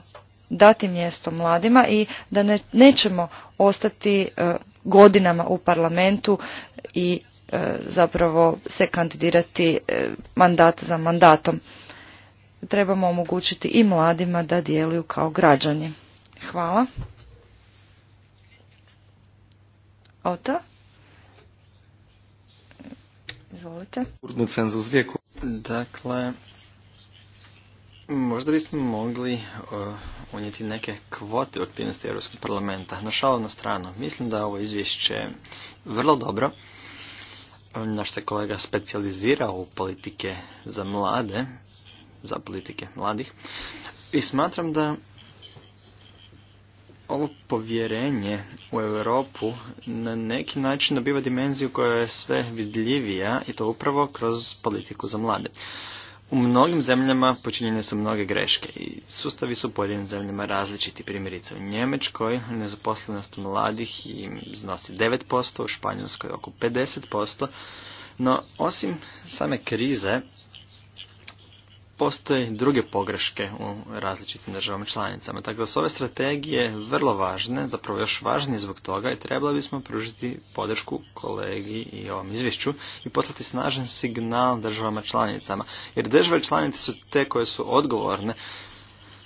dati mjesto mladima i da ne, nećemo ostati e, godinama u parlamentu i e, zapravo se kandidirati e, mandat za mandatom. Trebamo omogućiti i mladima da djeluju kao građani. Hvala. Ota? Izvolite. Cenzus vijeku. Dakle, možda bismo mogli e, unijeti neke kvote u aktivnosti Europskog parlamenta. Na šalu na stranu. Mislim da je ovo izvješće vrlo dobro. Naš se kolega specijalizira u politike za mlade, za politike mladih. I smatram da ovo povjerenje u Europu na neki način dobiva dimenziju koja je sve vidljivija i to upravo kroz politiku za mlade. U mnogim zemljama počinjene su mnoge greške i sustavi su u pojedinim zemljama različiti. Primjerice u Njemačkoj nezaposlenost mladih iznosi 9%, u Španjolskoj oko 50%, no osim same krize postoje druge pogreške u različitim državama članicama. Tako da su ove strategije vrlo važne, zapravo još važnije zbog toga i trebali bismo pružiti podršku kolegi i ovom izvješću i poslati snažan signal državama članicama. Jer države članice su te koje su odgovorne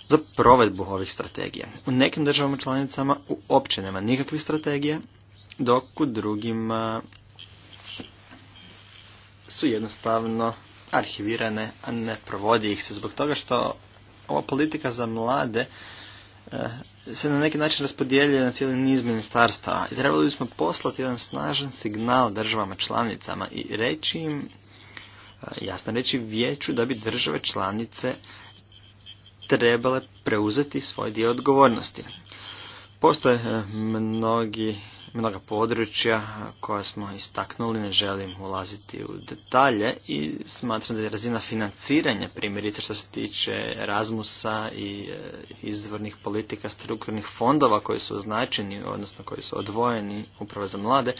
za provedbu ovih strategija. U nekim državama članicama uopće nema nikakvih strategije, dok u drugima su jednostavno arhivirane, a ne provodi ih se zbog toga što ova politika za mlade eh, se na neki način raspodijeljuje na cijeli niz ministarstava i trebali bismo poslati jedan snažan signal državama članicama i reći im, eh, jasno reći vijeću da bi države članice trebale preuzeti svoj dio odgovornosti. Postoje eh, mnogi mnoga područja koja smo istaknuli, ne želim ulaziti u detalje i smatram da je razina financiranja primjerice što se tiče Erasmusa i eh, izvornih politika strukturnih fondova koji su označeni, odnosno koji su odvojeni upravo za mlade,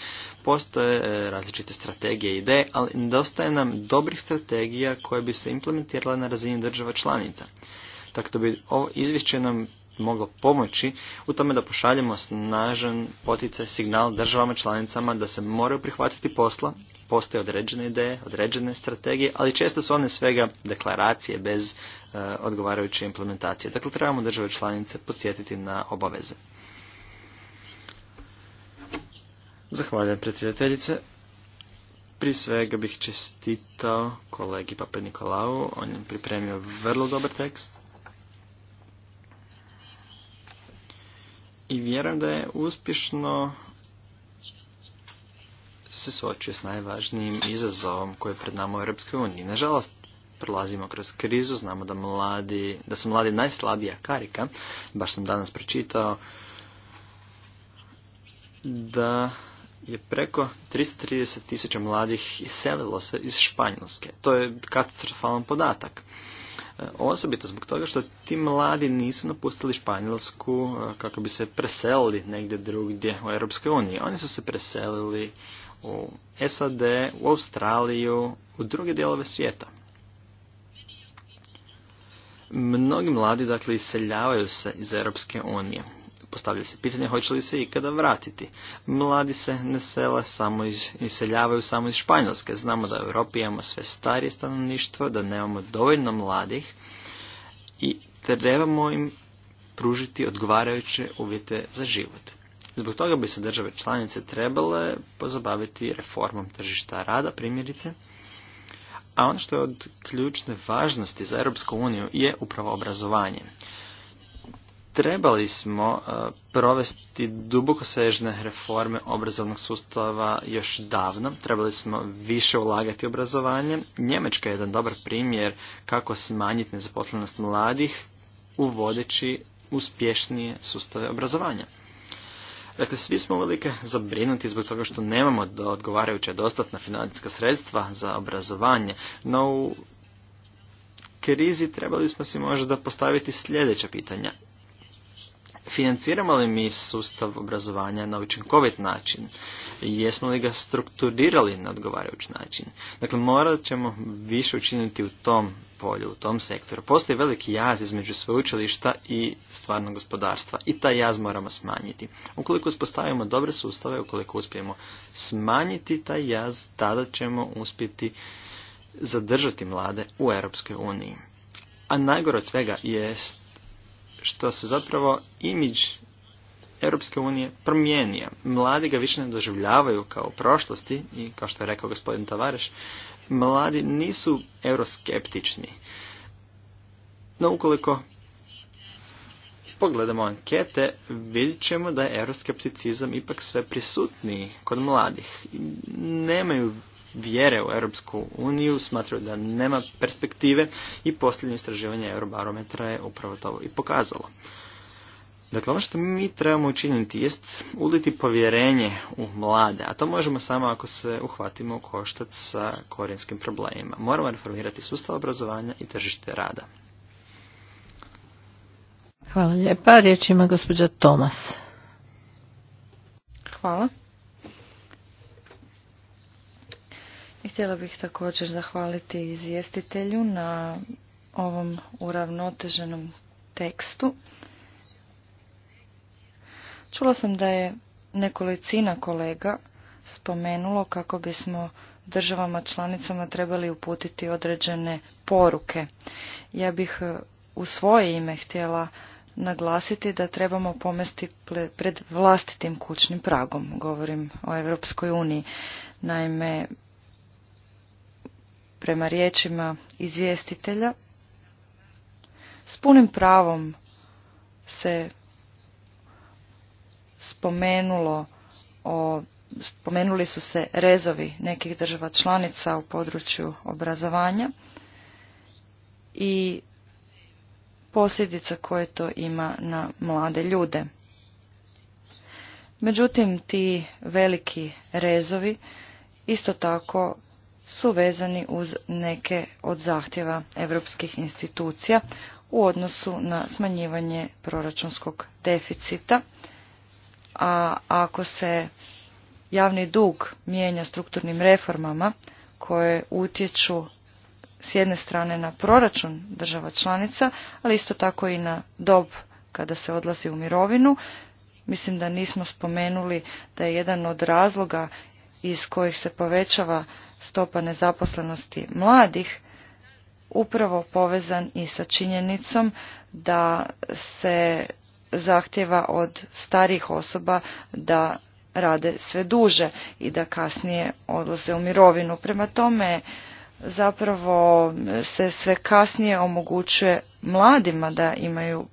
postoje eh, različite strategije i ideje, ali nedostaje nam dobrih strategija koje bi se implementirale na razini država članica. Tako da bi ovo izvješće nam moglo pomoći u tome da pošaljemo snažan poticaj signal državama članicama da se moraju prihvatiti posla, postoje određene ideje, određene strategije, ali često su one svega deklaracije bez e, odgovarajuće implementacije. Dakle, trebamo države članice podsjetiti na obaveze. Zahvaljujem predsjedateljice. Prije svega bih čestitao kolegi Pape Nikolau, on je pripremio vrlo dobar tekst. i vjerujem da je uspješno se suočio s najvažnijim izazovom koji je pred nama u Europskoj uniji. Nažalost, prolazimo kroz krizu, znamo da, mladi, da su mladi najslabija karika, baš sam danas pročitao, da je preko 330 tisuća mladih iselilo se iz Španjolske. To je katastrofalan podatak. Osobito zbog toga što ti mladi nisu napustili Španjolsku e, kako bi se preselili negdje drugdje u Europskoj uniji. Oni su se preselili u SAD, u Australiju, u druge dijelove svijeta. Mnogi mladi dakle iseljavaju se iz Europske unije. Postavlja se pitanje hoće li se ikada vratiti. Mladi se ne sele, samo iz, iseljavaju samo iz Španjolske. Znamo da u Europi imamo sve starije stanovništvo, da nemamo dovoljno mladih i trebamo im pružiti odgovarajuće uvjete za život. Zbog toga bi se države članice trebale pozabaviti reformom tržišta rada, primjerice. A ono što je od ključne važnosti za Europsku uniju je upravo obrazovanje trebali smo e, provesti dubokosežne reforme obrazovnog sustava još davno. Trebali smo više ulagati u obrazovanje. Njemačka je jedan dobar primjer kako smanjiti nezaposlenost mladih uvodeći uspješnije sustave obrazovanja. Dakle, svi smo uvelike zabrinuti zbog toga što nemamo do odgovarajuća dostatna financijska sredstva za obrazovanje, no u krizi trebali smo si možda postaviti sljedeća pitanja. Financiramo li mi sustav obrazovanja na učinkovit način? Jesmo li ga strukturirali na odgovarajući način? Dakle, morat ćemo više učiniti u tom polju, u tom sektoru. Postoji veliki jaz između sveučilišta i stvarnog gospodarstva i taj jaz moramo smanjiti. Ukoliko uspostavimo dobre sustave, ukoliko uspijemo smanjiti taj jaz, tada ćemo uspjeti zadržati mlade u Europskoj uniji. A najgore od svega jest što se zapravo imidž Europske unije promijenio. Mladi ga više ne doživljavaju kao u prošlosti i kao što je rekao gospodin Tavareš, mladi nisu euroskeptični. No ukoliko pogledamo ankete, vidjet ćemo da je euroskepticizam ipak sve prisutniji kod mladih. Nemaju vjere u Europsku uniju, smatraju da nema perspektive i posljednje istraživanje Eurobarometra je upravo to i pokazalo. Dakle, ono što mi trebamo učiniti jest uliti povjerenje u mlade, a to možemo samo ako se uhvatimo u koštac sa korijenskim problemima. Moramo reformirati sustav obrazovanja i tržište rada. Hvala lijepa. Riječ ima gospođa Tomas. Hvala. Htjela bih također zahvaliti izvjestitelju na ovom uravnoteženom tekstu. Čula sam da je nekolicina kolega spomenulo kako bismo državama članicama trebali uputiti određene poruke. Ja bih e, u svoje ime htjela naglasiti da trebamo pomesti pred vlastitim kućnim pragom, govorim o Europskoj uniji. Naime, prema riječima izvjestitelja, s punim pravom se spomenulo spomenuli su se rezovi nekih država članica u području obrazovanja i posljedica koje to ima na mlade ljude. Međutim, ti veliki rezovi isto tako su vezani uz neke od zahtjeva europskih institucija u odnosu na smanjivanje proračunskog deficita. A ako se javni dug mijenja strukturnim reformama koje utječu s jedne strane na proračun država članica, ali isto tako i na dob kada se odlazi u mirovinu. Mislim da nismo spomenuli da je jedan od razloga iz kojih se povećava stopa nezaposlenosti mladih upravo povezan i sa činjenicom da se zahtjeva od starijih osoba da rade sve duže i da kasnije odlaze u mirovinu. Prema tome zapravo se sve kasnije omogućuje mladima da imaju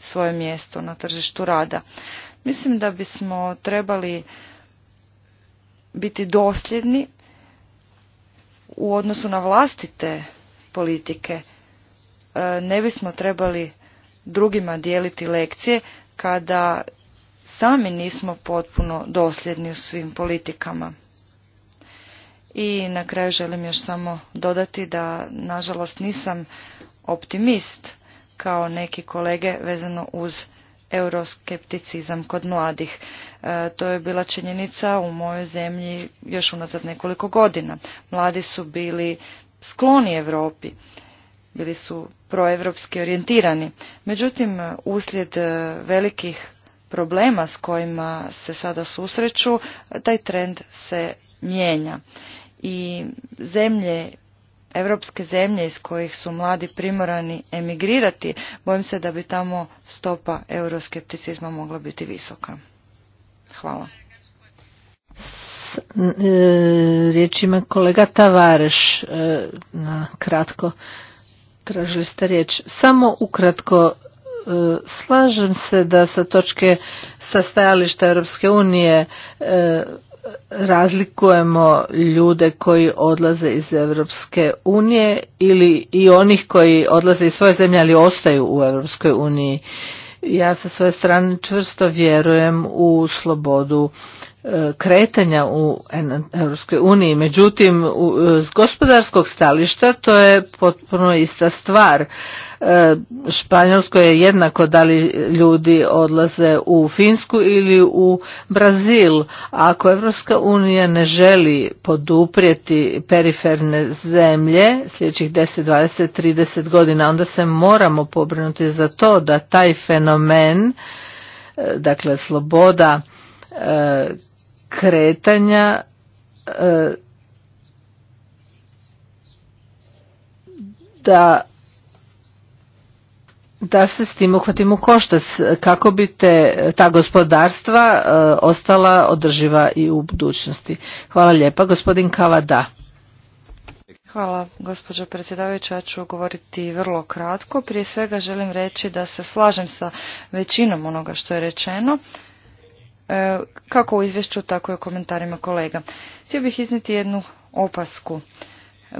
svoje mjesto na tržištu rada. Mislim da bismo trebali biti dosljedni u odnosu na vlastite politike. E, ne bismo trebali drugima dijeliti lekcije kada sami nismo potpuno dosljedni u svim politikama. I na kraju želim još samo dodati da nažalost nisam optimist kao neki kolege vezano uz euroskepticizam kod mladih. E, to je bila činjenica u mojoj zemlji još unazad nekoliko godina. Mladi su bili skloni Europi, bili su proevropski orijentirani. Međutim, uslijed e, velikih problema s kojima se sada susreću, e, taj trend se mijenja. I zemlje europske zemlje iz kojih su mladi primorani emigrirati, bojim se da bi tamo stopa euroskepticizma mogla biti visoka. Hvala. S, e, riječ ima kolega Tavareš e, na kratko. Tražili ste riječ. Samo ukratko e, slažem se da sa točke sa stajališta Europske unije razlikujemo ljude koji odlaze iz Europske unije ili i onih koji odlaze iz svoje zemlje ali ostaju u Europskoj uniji. Ja sa svoje strane čvrsto vjerujem u slobodu kretanja u Europskoj uniji. Međutim, s gospodarskog stališta to je potpuno ista stvar. E, Španjolsko je jednako da li ljudi odlaze u Finsku ili u Brazil. Ako EU unija ne želi poduprijeti periferne zemlje sljedećih 10, 20, 30 godina, onda se moramo pobrinuti za to da taj fenomen, e, dakle sloboda e, kretanja e, da da se s tim uhvatimo koštac kako bi te, ta gospodarstva e, ostala održiva i u budućnosti. Hvala lijepa. Gospodin Kavada. Hvala gospođo predsjedavajuća, ja ću govoriti vrlo kratko. Prije svega želim reći da se slažem sa većinom onoga što je rečeno. E, kako u izvješću, tako i u komentarima kolega. Htio bih izniti jednu opasku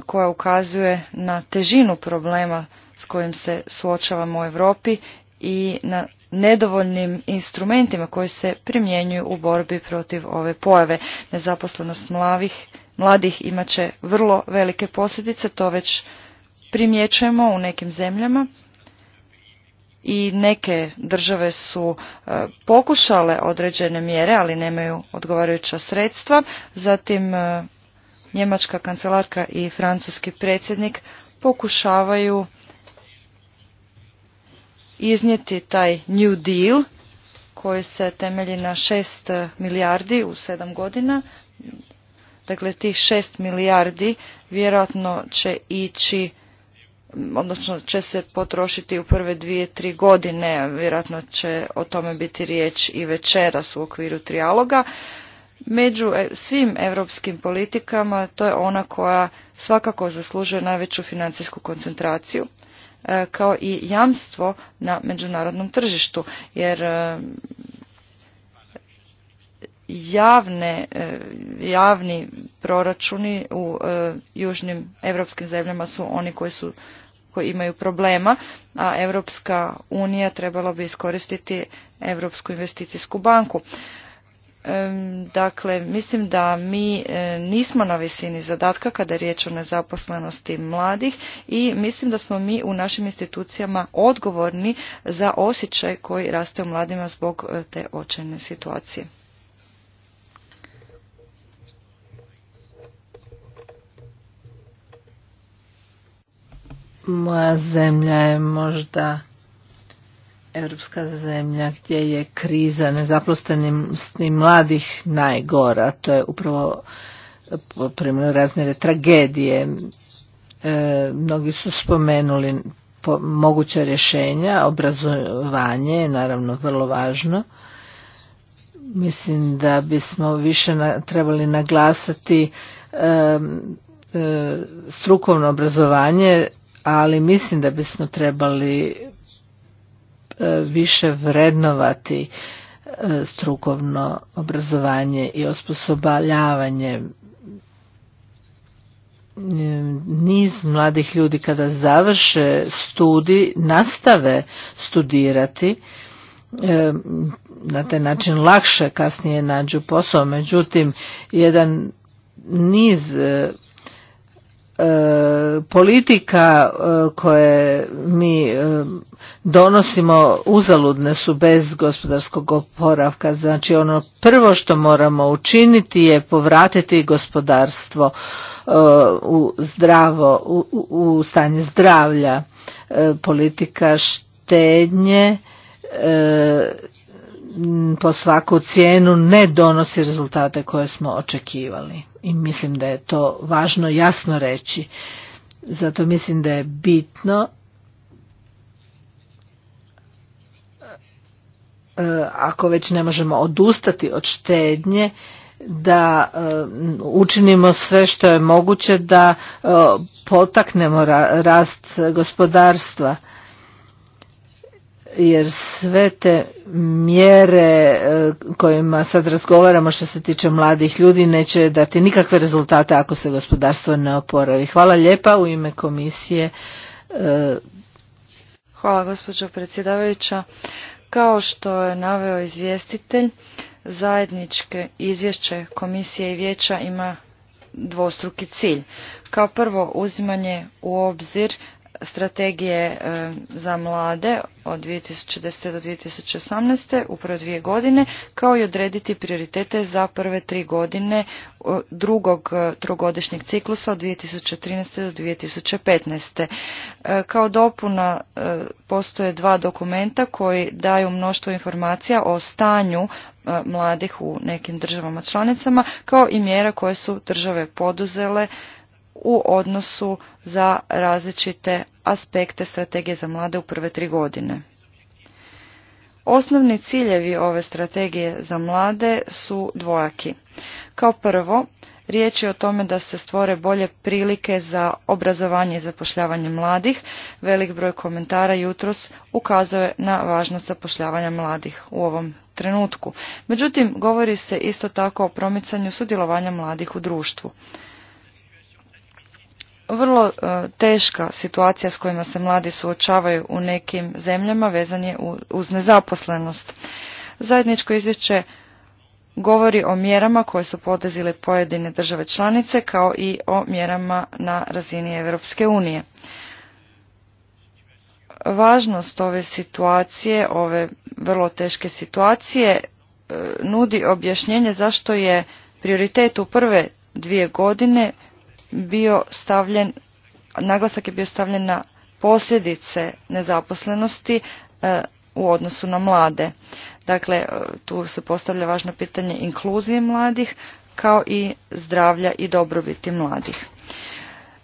koja ukazuje na težinu problema s kojim se suočavamo u Europi i na nedovoljnim instrumentima koji se primjenjuju u borbi protiv ove pojave. Nezaposlenost mladih, mladih imat će vrlo velike posljedice, to već primjećujemo u nekim zemljama i neke države su e, pokušale određene mjere, ali nemaju odgovarajuća sredstva. Zatim e, njemačka kancelarka i francuski predsjednik pokušavaju iznijeti taj New Deal koji se temelji na 6 milijardi u 7 godina. Dakle, tih 6 milijardi vjerojatno će ići odnosno će se potrošiti u prve dvije, tri godine, vjerojatno će o tome biti riječ i večeras u okviru trijaloga. Među e, svim europskim politikama to je ona koja svakako zaslužuje najveću financijsku koncentraciju e, kao i jamstvo na međunarodnom tržištu, jer e, javne, e, javni proračuni u e, južnim europskim zemljama su oni koji su koji imaju problema, a Europska unija trebala bi iskoristiti Europsku investicijsku banku. E, dakle, mislim da mi nismo na visini zadatka kada je riječ o nezaposlenosti mladih i mislim da smo mi u našim institucijama odgovorni za osjećaj koji raste u mladima zbog te očajne situacije. Moja zemlja je možda europska zemlja gdje je kriza nezaposlenosti mladih najgora. To je upravo primjer razmjere tragedije. E, mnogi su spomenuli po, moguća rješenja, obrazovanje je naravno vrlo važno. Mislim da bismo više na, trebali naglasati e, e, strukovno obrazovanje ali mislim da bismo trebali e, više vrednovati e, strukovno obrazovanje i osposobljavanje niz mladih ljudi kada završe studij nastave studirati e, na taj način lakše kasnije nađu posao međutim jedan niz E, politika e, koje mi e, donosimo uzaludne su bez gospodarskog oporavka. Znači ono prvo što moramo učiniti je povratiti gospodarstvo u zdravo, u, stanje zdravlja politika štednje po svaku cijenu ne donosi rezultate koje smo očekivali. I mislim da je to važno jasno reći. Zato mislim da je bitno e, ako već ne možemo odustati od štednje, da e, učinimo sve što je moguće da e, potaknemo rast gospodarstva jer sve te mjere e, kojima sad razgovaramo što se tiče mladih ljudi neće dati nikakve rezultate ako se gospodarstvo ne oporavi. Hvala lijepa u ime komisije. E, Hvala gospođo predsjedavajuća. Kao što je naveo izvjestitelj, zajedničke izvješće komisije i vijeća ima dvostruki cilj. Kao prvo uzimanje u obzir strategije e, za mlade od 2010. do 2018. upravo dvije godine, kao i odrediti prioritete za prve tri godine e, drugog e, trogodišnjeg ciklusa od 2013. do 2015. Kao dopuna postoje dva dokumenta koji daju mnoštvo informacija o stanju mladih u nekim državama članicama, kao i mjera koje su države poduzele u odnosu za različite aspekte strategije za mlade u prve tri godine. Osnovni ciljevi ove strategije za mlade su dvojaki. Kao prvo, riječ je o tome da se stvore bolje prilike za obrazovanje i zapošljavanje mladih. Velik broj komentara jutros ukazuje na važnost zapošljavanja mladih u ovom trenutku. Međutim, govori se isto tako o promicanju sudjelovanja mladih u društvu vrlo e, teška situacija s kojima se mladi suočavaju u nekim zemljama vezan je uz nezaposlenost. Zajedničko izvješće govori o mjerama koje su podezile pojedine države članice kao i o mjerama na razini Europske unije. Važnost ove situacije, ove vrlo teške situacije, e, nudi objašnjenje zašto je prioritet u prve dvije godine bio stavljen, naglasak je bio stavljen na posljedice nezaposlenosti e, u odnosu na mlade. Dakle, e, tu se postavlja važno pitanje inkluzije mladih kao i zdravlja i dobrobiti mladih.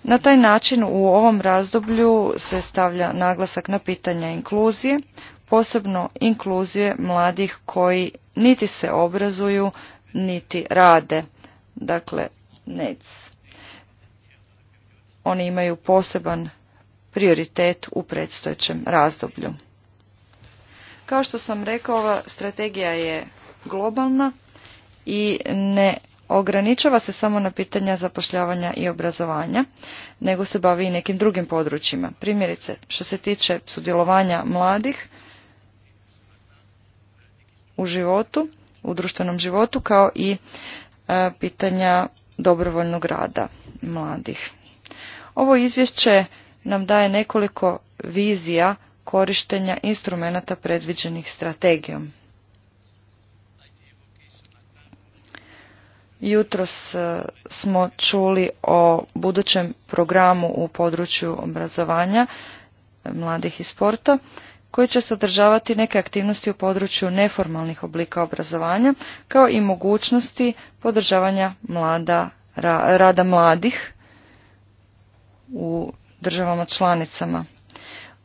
Na taj način u ovom razdoblju se stavlja naglasak na pitanja inkluzije, posebno inkluzije mladih koji niti se obrazuju, niti rade. Dakle, NEC. Oni imaju poseban prioritet u predstojećem razdoblju. Kao što sam rekao, ova strategija je globalna i ne ograničava se samo na pitanja zapošljavanja i obrazovanja, nego se bavi i nekim drugim područjima. Primjerice, što se tiče sudjelovanja mladih u životu, u društvenom životu, kao i e, pitanja dobrovoljnog rada mladih. Ovo izvješće nam daje nekoliko vizija korištenja instrumenata predviđenih strategijom. Jutros e, smo čuli o budućem programu u području obrazovanja e, mladih i sporta koji će sadržavati neke aktivnosti u području neformalnih oblika obrazovanja kao i mogućnosti podržavanja rada mladih u državama članicama.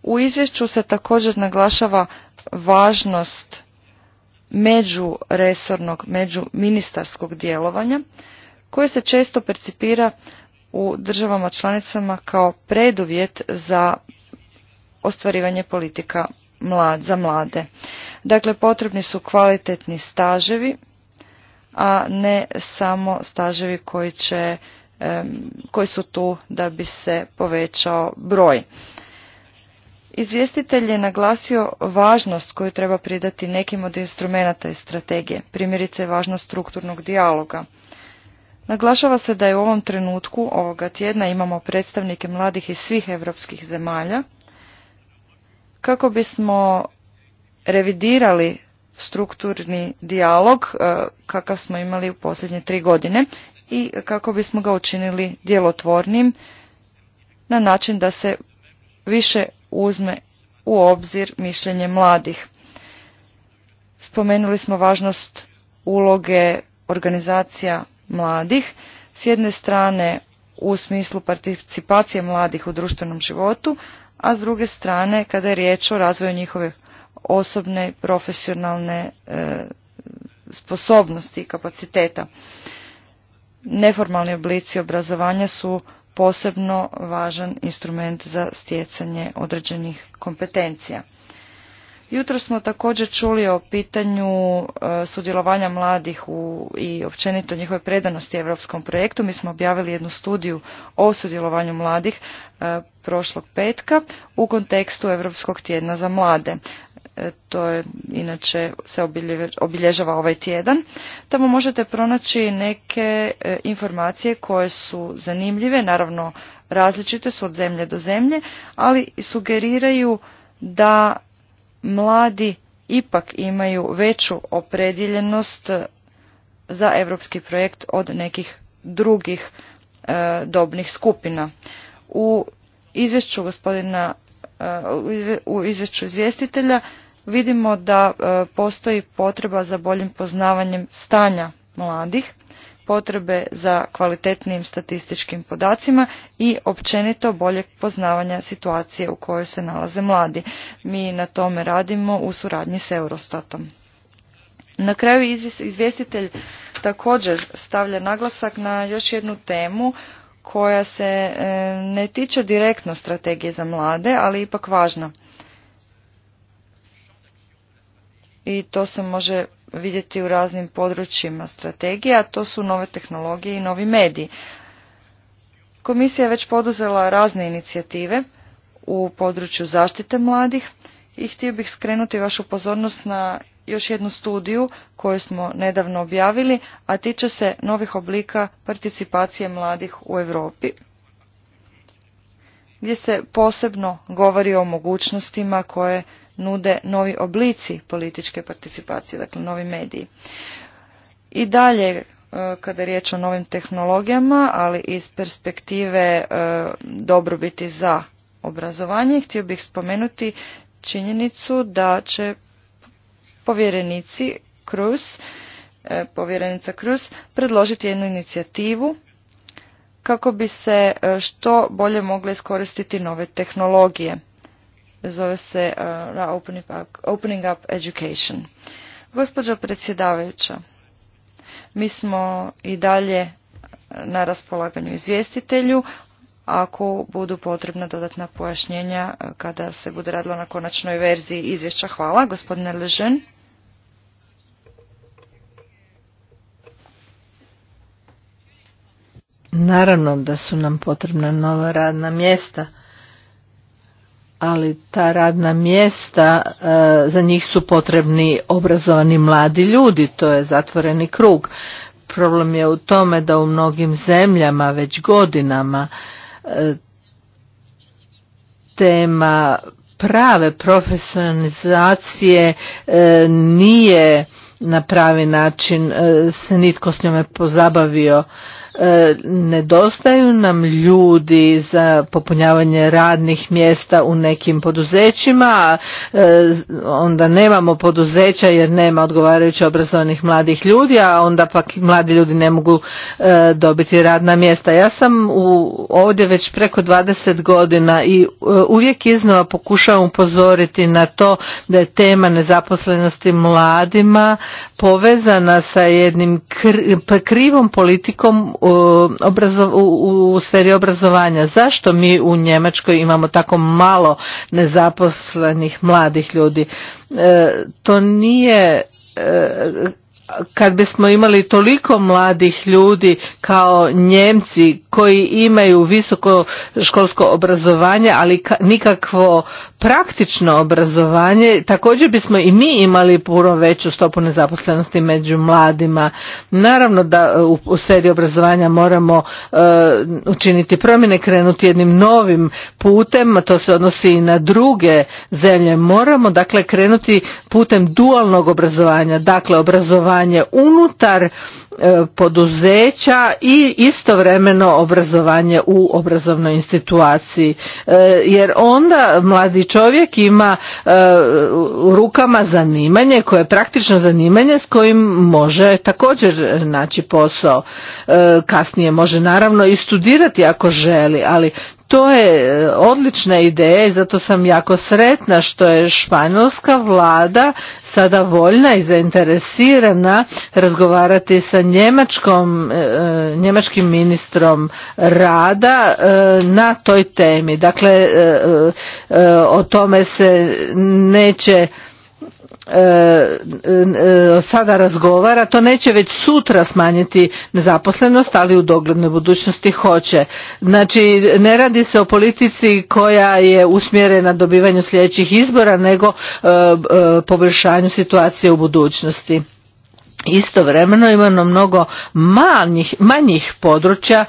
U izvješću se također naglašava važnost međuresornog, međuministarskog djelovanja koje se često percipira u državama članicama kao preduvjet za ostvarivanje politika mlad, za mlade. Dakle, potrebni su kvalitetni staževi, a ne samo staževi koji će koji su tu da bi se povećao broj. Izvjestitelj je naglasio važnost koju treba pridati nekim od instrumenata i strategije, primjerice važnost strukturnog dijaloga. Naglašava se da je u ovom trenutku ovoga tjedna imamo predstavnike mladih iz svih europskih zemalja kako bismo revidirali strukturni dijalog eh, kakav smo imali u posljednje tri godine i kako bismo ga učinili djelotvornim na način da se više uzme u obzir mišljenje mladih. Spomenuli smo važnost uloge organizacija mladih. S jedne strane u smislu participacije mladih u društvenom životu, a s druge strane kada je riječ o razvoju njihove osobne, profesionalne e, sposobnosti i kapaciteta neformalni oblici obrazovanja su posebno važan instrument za stjecanje određenih kompetencija. Jutro smo također čuli o pitanju e, sudjelovanja mladih u, i općenito njihove predanosti europskom projektu. Mi smo objavili jednu studiju o sudjelovanju mladih e, prošlog petka u kontekstu Europskog tjedna za mlade. E, to je inače se obilježava ovaj tjedan. Tamo možete pronaći neke e, informacije koje su zanimljive, naravno različite su od zemlje do zemlje, ali sugeriraju da mladi ipak imaju veću opredjeljenost za europski projekt od nekih drugih e, dobnih skupina. U izvješću gospodina u izvješću izvjestitelja vidimo da e, postoji potreba za boljim poznavanjem stanja mladih, potrebe za kvalitetnijim statističkim podacima i općenito boljeg poznavanja situacije u kojoj se nalaze mladi. Mi na tome radimo u suradnji s Eurostatom. Na kraju izvjestitelj također stavlja naglasak na još jednu temu koja se e, ne tiče direktno strategije za mlade, ali ipak važna. i to se može vidjeti u raznim područjima strategija, a to su nove tehnologije i novi mediji. Komisija je već poduzela razne inicijative u području zaštite mladih i htio bih skrenuti vašu pozornost na još jednu studiju koju smo nedavno objavili, a tiče se novih oblika participacije mladih u Europi, gdje se posebno govori o mogućnostima koje nude novi oblici političke participacije, dakle novi mediji. I dalje e, kada je riječ o novim tehnologijama, ali iz perspektive e, dobrobiti za obrazovanje, htio bih spomenuti činjenicu da će povjerenici Cruz, e, povjerenica Cruz predložiti jednu inicijativu kako bi se što bolje mogle iskoristiti nove tehnologije zove se uh, Opening Up Education. Gospođo predsjedavajuća, mi smo i dalje na raspolaganju izvjestitelju, ako budu potrebna dodatna pojašnjenja uh, kada se bude radilo na konačnoj verziji izvješća. Hvala, gospodine Ležen. Naravno da su nam potrebna nova radna mjesta ali ta radna mjesta e, za njih su potrebni obrazovani mladi ljudi to je zatvoreni krug problem je u tome da u mnogim zemljama već godinama e, tema prave profesionalizacije e, nije na pravi način se nitko s njome pozabavio E, nedostaju nam ljudi za popunjavanje radnih mjesta u nekim poduzećima, e, onda nemamo poduzeća jer nema odgovarajuće obrazovanih mladih ljudi, a onda pak mladi ljudi ne mogu e, dobiti radna mjesta. Ja sam ovdje već preko 20 godina i uvijek iznova pokušavam upozoriti na to da je tema nezaposlenosti mladima povezana sa jednim pa krivom politikom u, sferi obrazovanja. Zašto mi u Njemačkoj imamo tako malo nezaposlenih mladih ljudi? E, to nije e, kad bismo imali toliko mladih ljudi kao Njemci koji imaju visoko školsko obrazovanje, ali nikakvo praktično obrazovanje, također bismo i mi imali puno veću stopu nezaposlenosti među mladima. Naravno da e, u, u sferi obrazovanja moramo e, učiniti promjene, krenuti jednim novim putem, a to se odnosi i na druge zemlje. Moramo dakle krenuti putem dualnog obrazovanja, dakle obrazovanja obrazovanje unutar e, poduzeća i istovremeno obrazovanje u obrazovnoj instituciji e, jer onda mladi čovjek ima e, u rukama zanimanje koje je praktično zanimanje s kojim može također naći posao kasnije može naravno i studirati ako želi ali to je e, odlična ideja i zato sam jako sretna što je španjolska vlada sada voljna i zainteresirana razgovarati sa njemačkom, e, e, njemačkim ministrom rada na toj temi. Dakle, o tome se neće E, e, e, sada razgovara, to neće već sutra smanjiti nezaposlenost, ali u doglednoj budućnosti hoće. Znači, ne radi se o politici koja je usmjerena dobivanju sljedećih izbora, nego poboljšanju situacije u budućnosti. Istovremeno imamo mnogo manjih, manjih područja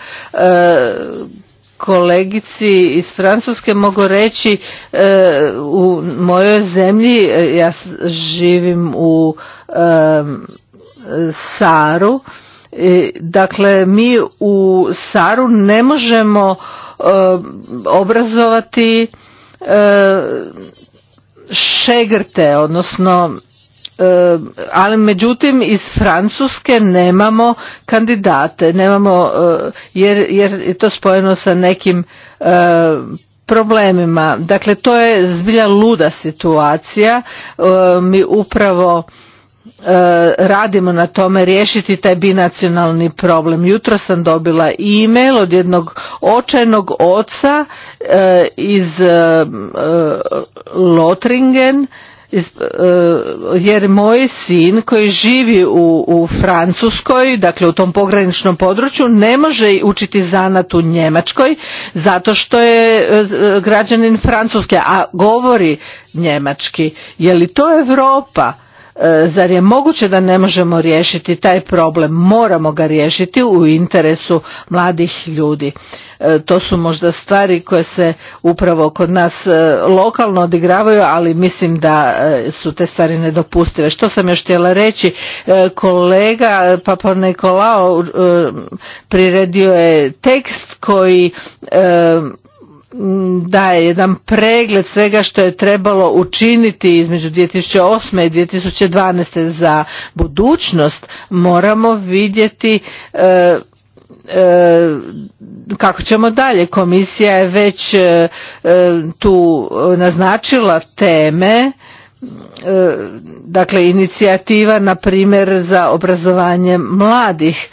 kolegici iz Francuske mogu reći e, u mojoj zemlji, e, ja živim u e, Saru, dakle mi u Saru ne možemo obrazovati šegrte, odnosno Eh, ali međutim iz Francuske nemamo kandidate, nemamo eh, jer, jer je to spojeno sa nekim eh, problemima. Dakle, to je zbilja luda situacija. Mi upravo radimo na tome riješiti taj binacionalni problem. Jutro sam dobila e-mail od jednog očajnog oca iz Lotringen E, jer moj sin koji živi u, Francuskoj, dakle u tom pograničnom području, ne može učiti zanat u Njemačkoj zato što je e, e, građanin Francuske, a govori njemački. Je li to Europa? E, zar je moguće da ne možemo riješiti taj problem? Moramo ga riješiti u interesu mladih ljudi. E, to su možda stvari koje se upravo kod nas e, lokalno odigravaju, ali mislim da su te stvari nedopustive. Što sam još htjela reći? Kolega Papa Nikolao priredio je tekst koji daje jedan pregled svega što je trebalo učiniti između 2008. i 2012. za budućnost, moramo vidjeti e, e, kako ćemo dalje. Komisija je već e, tu naznačila teme, dakle inicijativa na primjer za obrazovanje mladih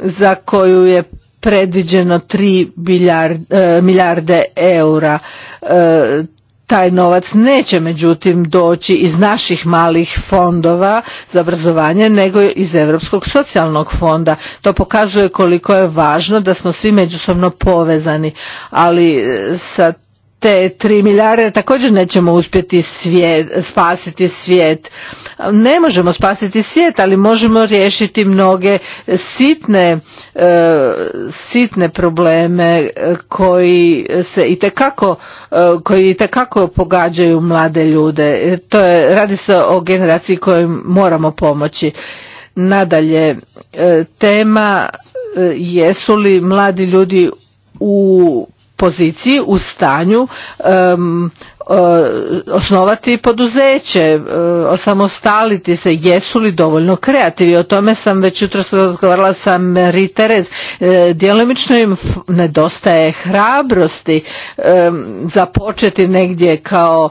za koju je predviđeno 3 milijarde, milijarde eura. E, taj novac neće međutim doći iz naših malih fondova za obrazovanje nego iz Europskog socijalnog fonda. To pokazuje koliko je važno da smo svi međusobno povezani, ali e, sa te tri milijarde također nećemo uspjeti spasiti svijet. Ne možemo spasiti svijet, ali možemo riješiti mnoge sitne, e, sitne probleme e, koji se i tekako, e, koji i pogađaju mlade ljude. To je, radi se o generaciji kojoj moramo pomoći. Nadalje, tema jesu li mladi ljudi u poziciji u stanju e, osnovati poduzeće, e, osamostaliti se, jesu li dovoljno kreativi. O tome sam već jutro razgovarala sa Marie e, Djelomično im nedostaje hrabrosti započeti negdje kao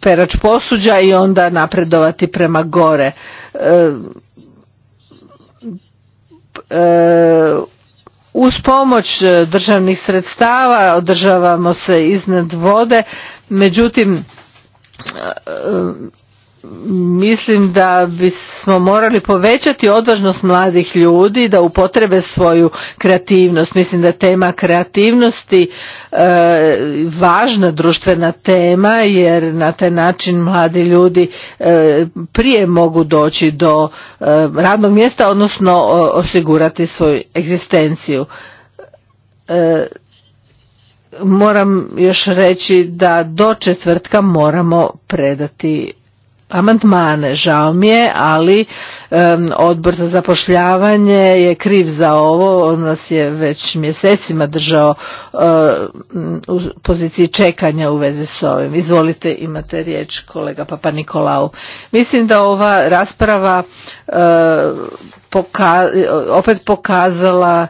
perač posuđa i onda napredovati prema gore uz pomoć e, državnih sredstava održavamo se iznad vode međutim e, mislim da bismo morali povećati odvažnost mladih ljudi da upotrebe svoju kreativnost. Mislim da tema kreativnosti e, važna društvena tema jer na taj način mladi ljudi e, prije mogu doći do e, radnog mjesta odnosno osigurati svoju egzistenciju moram još reći da do četvrtka moramo predati amandmane. Žao mi je, ali odbor za zapošljavanje je kriv za ovo. On nas je već mjesecima držao u poziciji čekanja u vezi s ovim. Izvolite, imate riječ kolega Papa Nikolau. Mislim da ova rasprava opet pokazala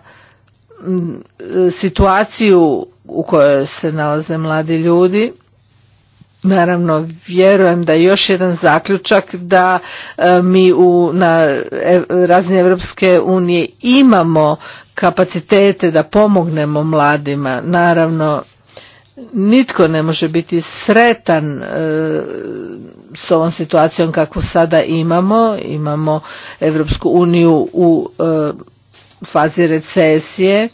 situaciju u kojoj se nalaze mladi ljudi Naravno, vjerujem da je još jedan zaključak da e, mi u, na e, razini Europske unije imamo kapacitete da pomognemo mladima. Naravno, nitko ne može biti sretan e, s ovom situacijom kakvu sada imamo. Imamo Europsku uniju u fazi recesije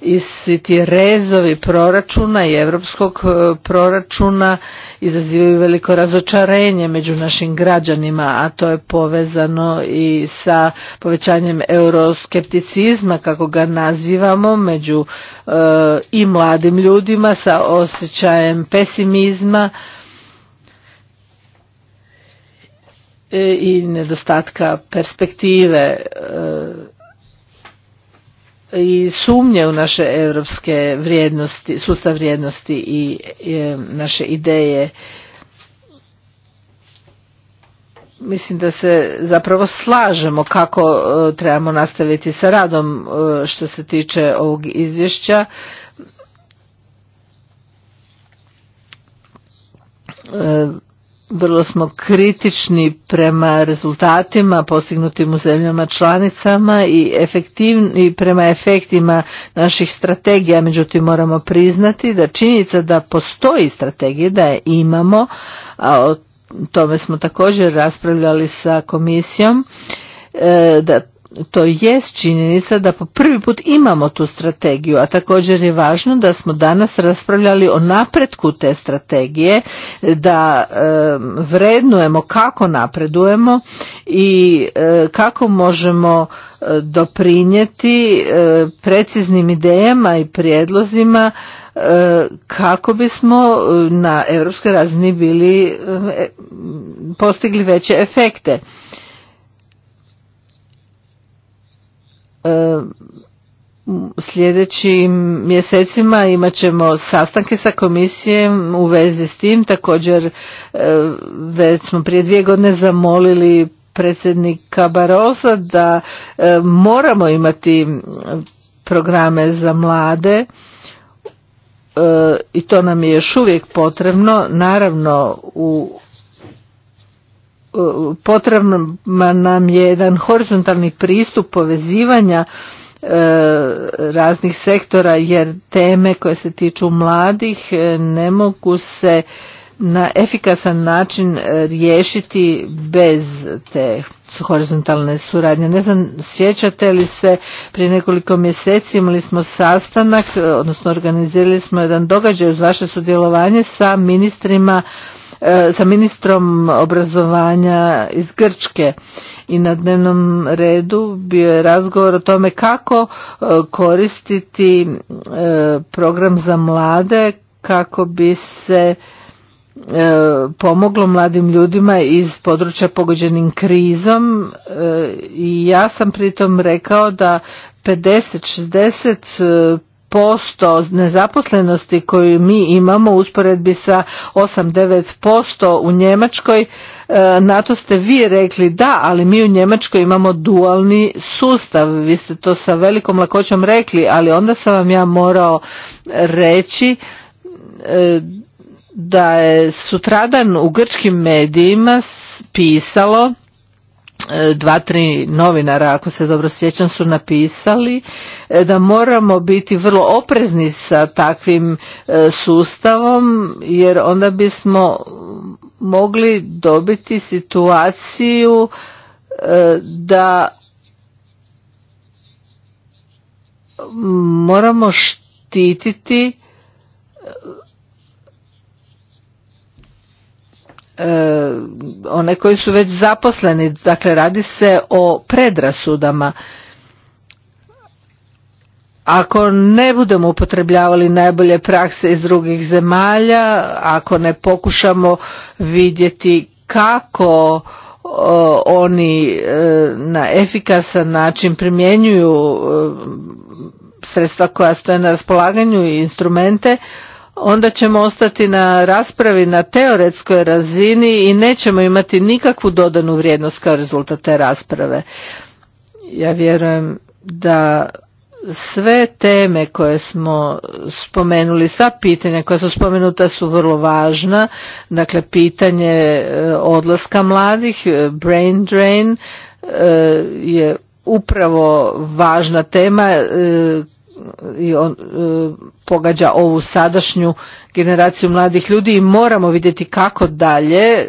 i svi ti rezovi proračuna i europskog e, proračuna izazivaju veliko razočarenje među našim građanima, a to je povezano i sa povećanjem euroskepticizma, kako ga nazivamo, među e, i mladim ljudima sa osjećajem pesimizma e, i nedostatka perspektive i sumnje u naše europske vrijednosti, sustav vrijednosti i, e, naše ideje. Mislim da se zapravo slažemo kako e, trebamo nastaviti sa radom e, što se tiče ovog izvješća vrlo smo kritični prema rezultatima postignutim u zemljama članicama i, prema efektima naših strategija međutim moramo priznati da činjenica da postoji strategija da je imamo a o tome smo također raspravljali sa komisijom e, da to jest činjenica da po prvi put imamo tu strategiju, a također je važno da smo danas raspravljali o napretku te strategije, da vrednujemo kako napredujemo i e, kako možemo doprinjeti doprinijeti e, preciznim idejama i prijedlozima e, kako bismo na europskoj razini bili postigli veće efekte E, sljedećim mjesecima imat ćemo sastanke sa komisijom u vezi s tim. Također e, već smo prije dvije godine zamolili predsjednika Barosa da e, moramo imati programe za mlade i to nam je još uvijek potrebno. Naravno u potrebno nam je jedan horizontalni pristup povezivanja e, raznih sektora jer teme koje se tiču mladih e, ne mogu se na efikasan način e, riješiti bez te horizontalne suradnje. Ne znam, sjećate li se, prije nekoliko mjeseci imali smo sastanak, odnosno organizirali smo jedan događaj uz vaše sudjelovanje sa ministrima E, sa ministrom obrazovanja iz Grčke i na dnevnom redu bio je razgovor o tome kako e, koristiti e, program za mlade kako bi se pomoglo mladim ljudima iz područja pogođenim krizom i ja sam pritom rekao da 50 posto nezaposlenosti koju mi imamo usporedbi sa 8-9% u Njemačkoj, e, na to ste vi rekli da, ali mi u Njemačkoj imamo dualni sustav, vi ste to sa velikom lakoćom rekli, ali onda sam vam ja morao reći e, da je sutradan u grčkim medijima pisalo dva, tri novinara, ako se dobro sjećam, su napisali e, da moramo biti vrlo oprezni sa takvim e, sustavom, jer onda bismo mogli dobiti situaciju e, da moramo štititi E, one koji su već zaposleni, dakle radi se o predrasudama. Ako ne budemo upotrebljavali najbolje prakse iz drugih zemalja, ako ne pokušamo vidjeti kako e, oni e, na efikasan način primjenjuju sredstva koja stoje na raspolaganju i instrumente, onda ćemo ostati na raspravi na teoretskoj razini i nećemo imati nikakvu dodanu vrijednost kao rezultat te rasprave. Ja vjerujem da sve teme koje smo spomenuli, sva pitanja koja su spomenuta su vrlo važna, dakle pitanje e, odlaska mladih, e, brain drain e, je upravo važna tema i on, e, pogađa ovu sadašnju generaciju mladih ljudi i moramo vidjeti kako dalje, e,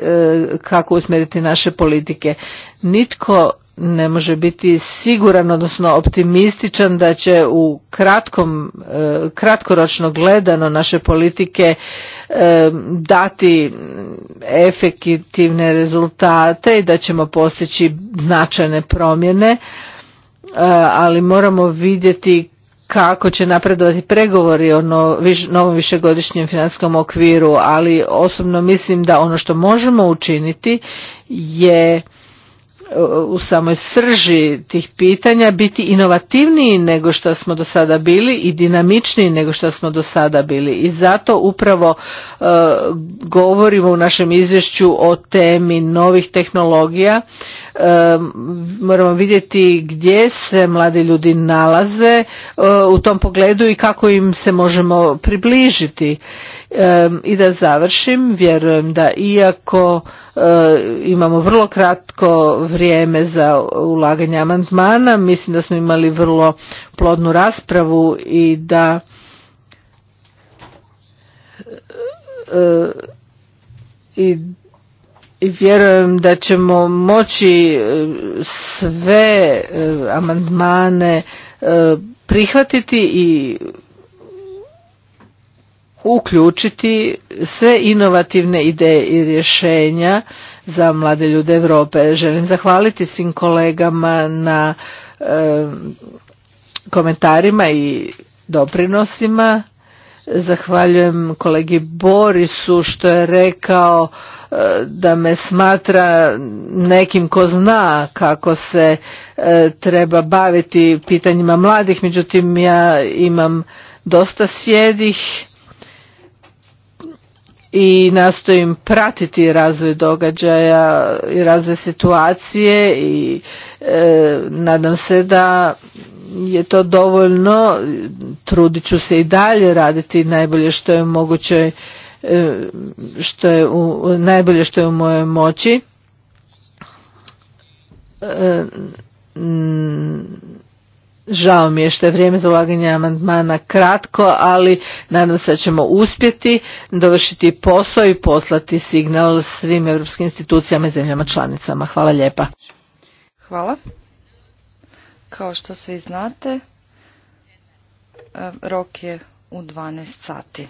kako usmjeriti naše politike. Nitko ne može biti siguran, odnosno optimističan da će u kratkom, e, kratkoročno gledano naše politike dati efektivne rezultate i da ćemo postići značajne promjene ali moramo vidjeti kako će napredovati pregovori o novom višegodišnjem financijskom okviru, ali osobno mislim da ono što možemo učiniti je e, u samoj srži tih pitanja biti inovativniji nego što smo do sada bili i dinamičniji nego što smo do sada bili i zato upravo e, govorimo u našem izvješću o temi novih tehnologija moramo vidjeti gdje se mladi ljudi nalaze e, u tom pogledu i kako im se možemo približiti i da završim vjerujem da iako e, imamo vrlo kratko vrijeme za ulaganje amandmana mislim da smo imali vrlo plodnu raspravu i da e, i vjerujem da ćemo moći e, sve e, amandmane e, prihvatiti i uključiti sve inovativne ideje i rješenja za mlade ljude Europe. Želim zahvaliti svim kolegama na komentarima i doprinosima. Zahvaljujem kolegi Borisu što je rekao da me smatra nekim ko zna kako se e, treba baviti pitanjima mladih, međutim ja imam dosta sjedih i nastojim pratiti razvoj događaja i razvoj situacije i e, nadam se da je to dovoljno trudit ću se i dalje raditi najbolje što je moguće E, što je najbolje što je u mojoj moći e, žao mi je što je vrijeme za ulaganje amandmana kratko, ali nadam se da ćemo uspjeti dovršiti posao i poslati signal svim europskim institucijama i zemljama članicama. Hvala lijepa. Hvala. Kao što svi znate, e, rok je u 12 sati.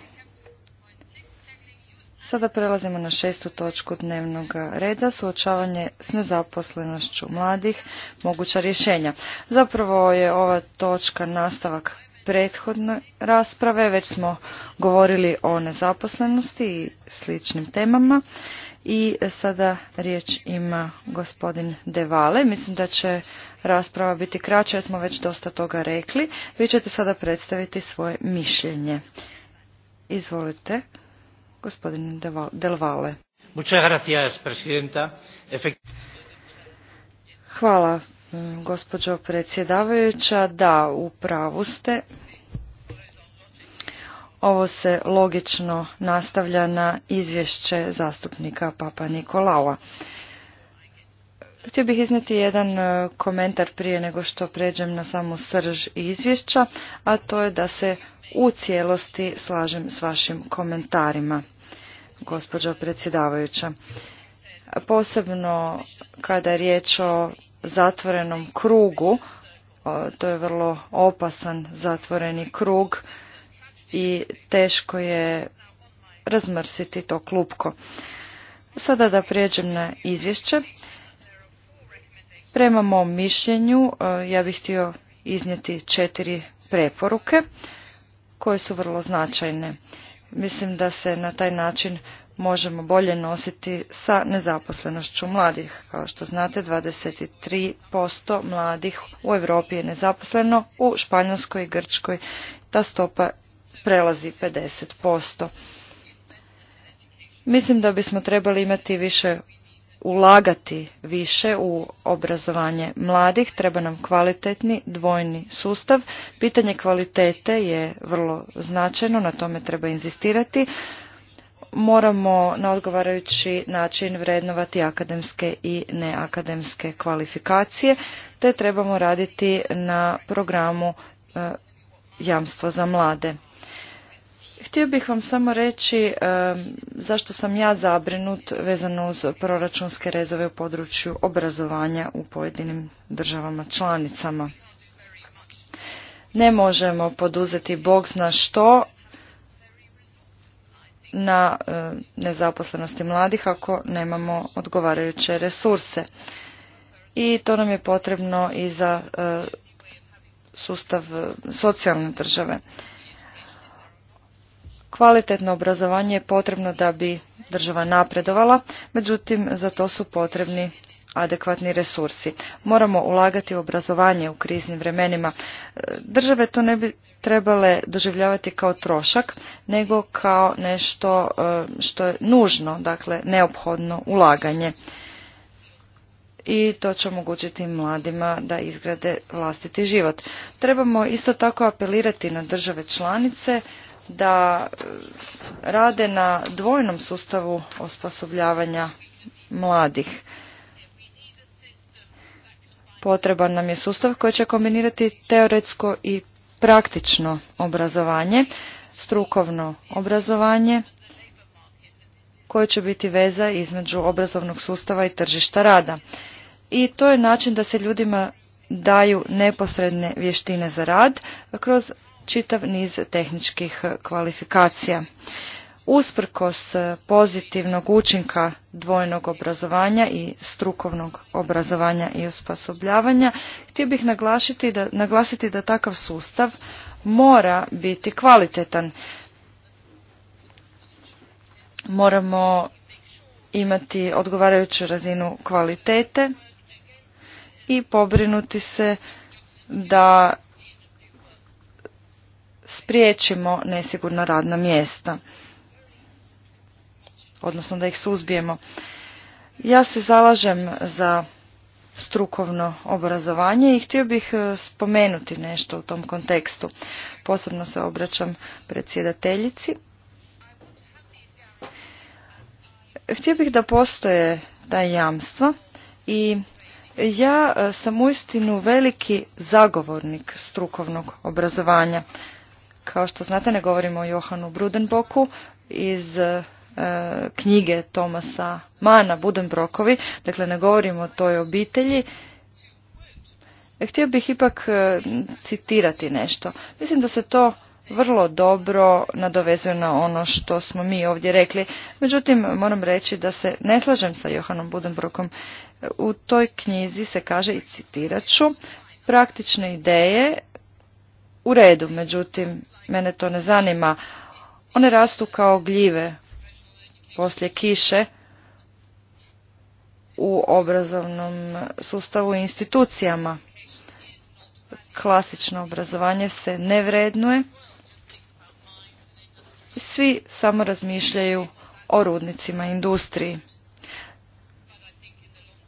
Sada prelazimo na šestu točku dnevnog reda, suočavanje s nezaposlenošću mladih, moguća rješenja. Zapravo je ova točka nastavak prethodne rasprave, već smo govorili o nezaposlenosti i sličnim temama. I sada riječ ima gospodin Devale. Mislim da će rasprava biti kraća jer smo već dosta toga rekli. Vi ćete sada predstaviti svoje mišljenje. Izvolite. Hvala, mm, gospođo predsjedavajuća. Da, u pravu ste. Ovo se logično nastavlja na izvješće zastupnika Papa Nikolaua. Htio bih iznijeti jedan e, komentar prije nego što pređem na samu srž izvješća, a to je da se u cijelosti slažem s vašim komentarima, gospođo predsjedavajuća. Posebno kada je riječ o zatvorenom krugu, to je vrlo opasan zatvoreni krug i teško je razmrsiti to klupko. Sada da prijeđem na izvješće. Prema mom mišljenju e, ja bih htio iznijeti četiri preporuke koje su vrlo značajne. Mislim da se na taj način možemo bolje nositi sa nezaposlenošću mladih. Kao što znate, 23% mladih u Europi je nezaposleno, u Španjolskoj i Grčkoj ta stopa prelazi 50%. Mislim da bismo trebali imati više ulagati više u obrazovanje mladih, treba nam kvalitetni dvojni sustav. Pitanje kvalitete je vrlo značajno, na tome treba inzistirati. Moramo na odgovarajući način vrednovati akademske i neakademske kvalifikacije, te trebamo raditi na programu e, jamstvo za mlade. Htio bih vam samo reći zašto sam ja zabrinut vezano uz proračunske rezove u području obrazovanja u pojedinim državama članicama. Ne možemo poduzeti bog zna što na nezaposlenosti mladih ako nemamo odgovarajuće resurse. I to nam je potrebno i za sustav socijalne države. Kvalitetno obrazovanje je potrebno da bi država napredovala, međutim za to su potrebni adekvatni resursi. Moramo ulagati u obrazovanje u kriznim vremenima. Države to ne bi trebale doživljavati kao trošak, nego kao nešto e, što je nužno, dakle neophodno ulaganje. I to će omogućiti mladima da izgrade vlastiti život. Trebamo isto tako apelirati na države članice da e, rade na dvojnom sustavu osposobljavanja mladih. Potreban nam je sustav koji će kombinirati teoretsko i praktično obrazovanje, strukovno obrazovanje koje će biti veza između obrazovnog sustava i tržišta rada. I to je način da se ljudima daju neposredne vještine za rad kroz čitav niz tehničkih kvalifikacija. Usprkos pozitivnog učinka dvojnog obrazovanja i strukovnog obrazovanja i osposobljavanja, htio bih naglasiti da, naglasiti da takav sustav mora biti kvalitetan. Moramo imati odgovarajuću razinu kvalitete i pobrinuti se da spriječimo nesigurno radna mjesta, odnosno da ih suzbijemo. Ja se zalažem za strukovno obrazovanje i htio bih e, spomenuti nešto u tom kontekstu. Posebno se obraćam predsjedateljici. Htio bih da postoje ta jamstva i ja e, sam uistinu veliki zagovornik strukovnog obrazovanja. Kao što znate, ne govorimo o Johanu Brudenboku iz e, knjige Tomasa Mana Budenbrokovi, dakle ne govorimo o toj obitelji. E, htio bih ipak e, citirati nešto. Mislim da se to vrlo dobro nadovezuje na ono što smo mi ovdje rekli. Međutim, moram reći da se ne slažem sa Johanom Budenbrokom. U toj knjizi se kaže, i citirat ću, praktične ideje u redu, međutim, mene to ne zanima. One rastu kao gljive poslije kiše u obrazovnom sustavu i institucijama. Klasično obrazovanje se ne vrednuje i svi samo razmišljaju o rudnicima industriji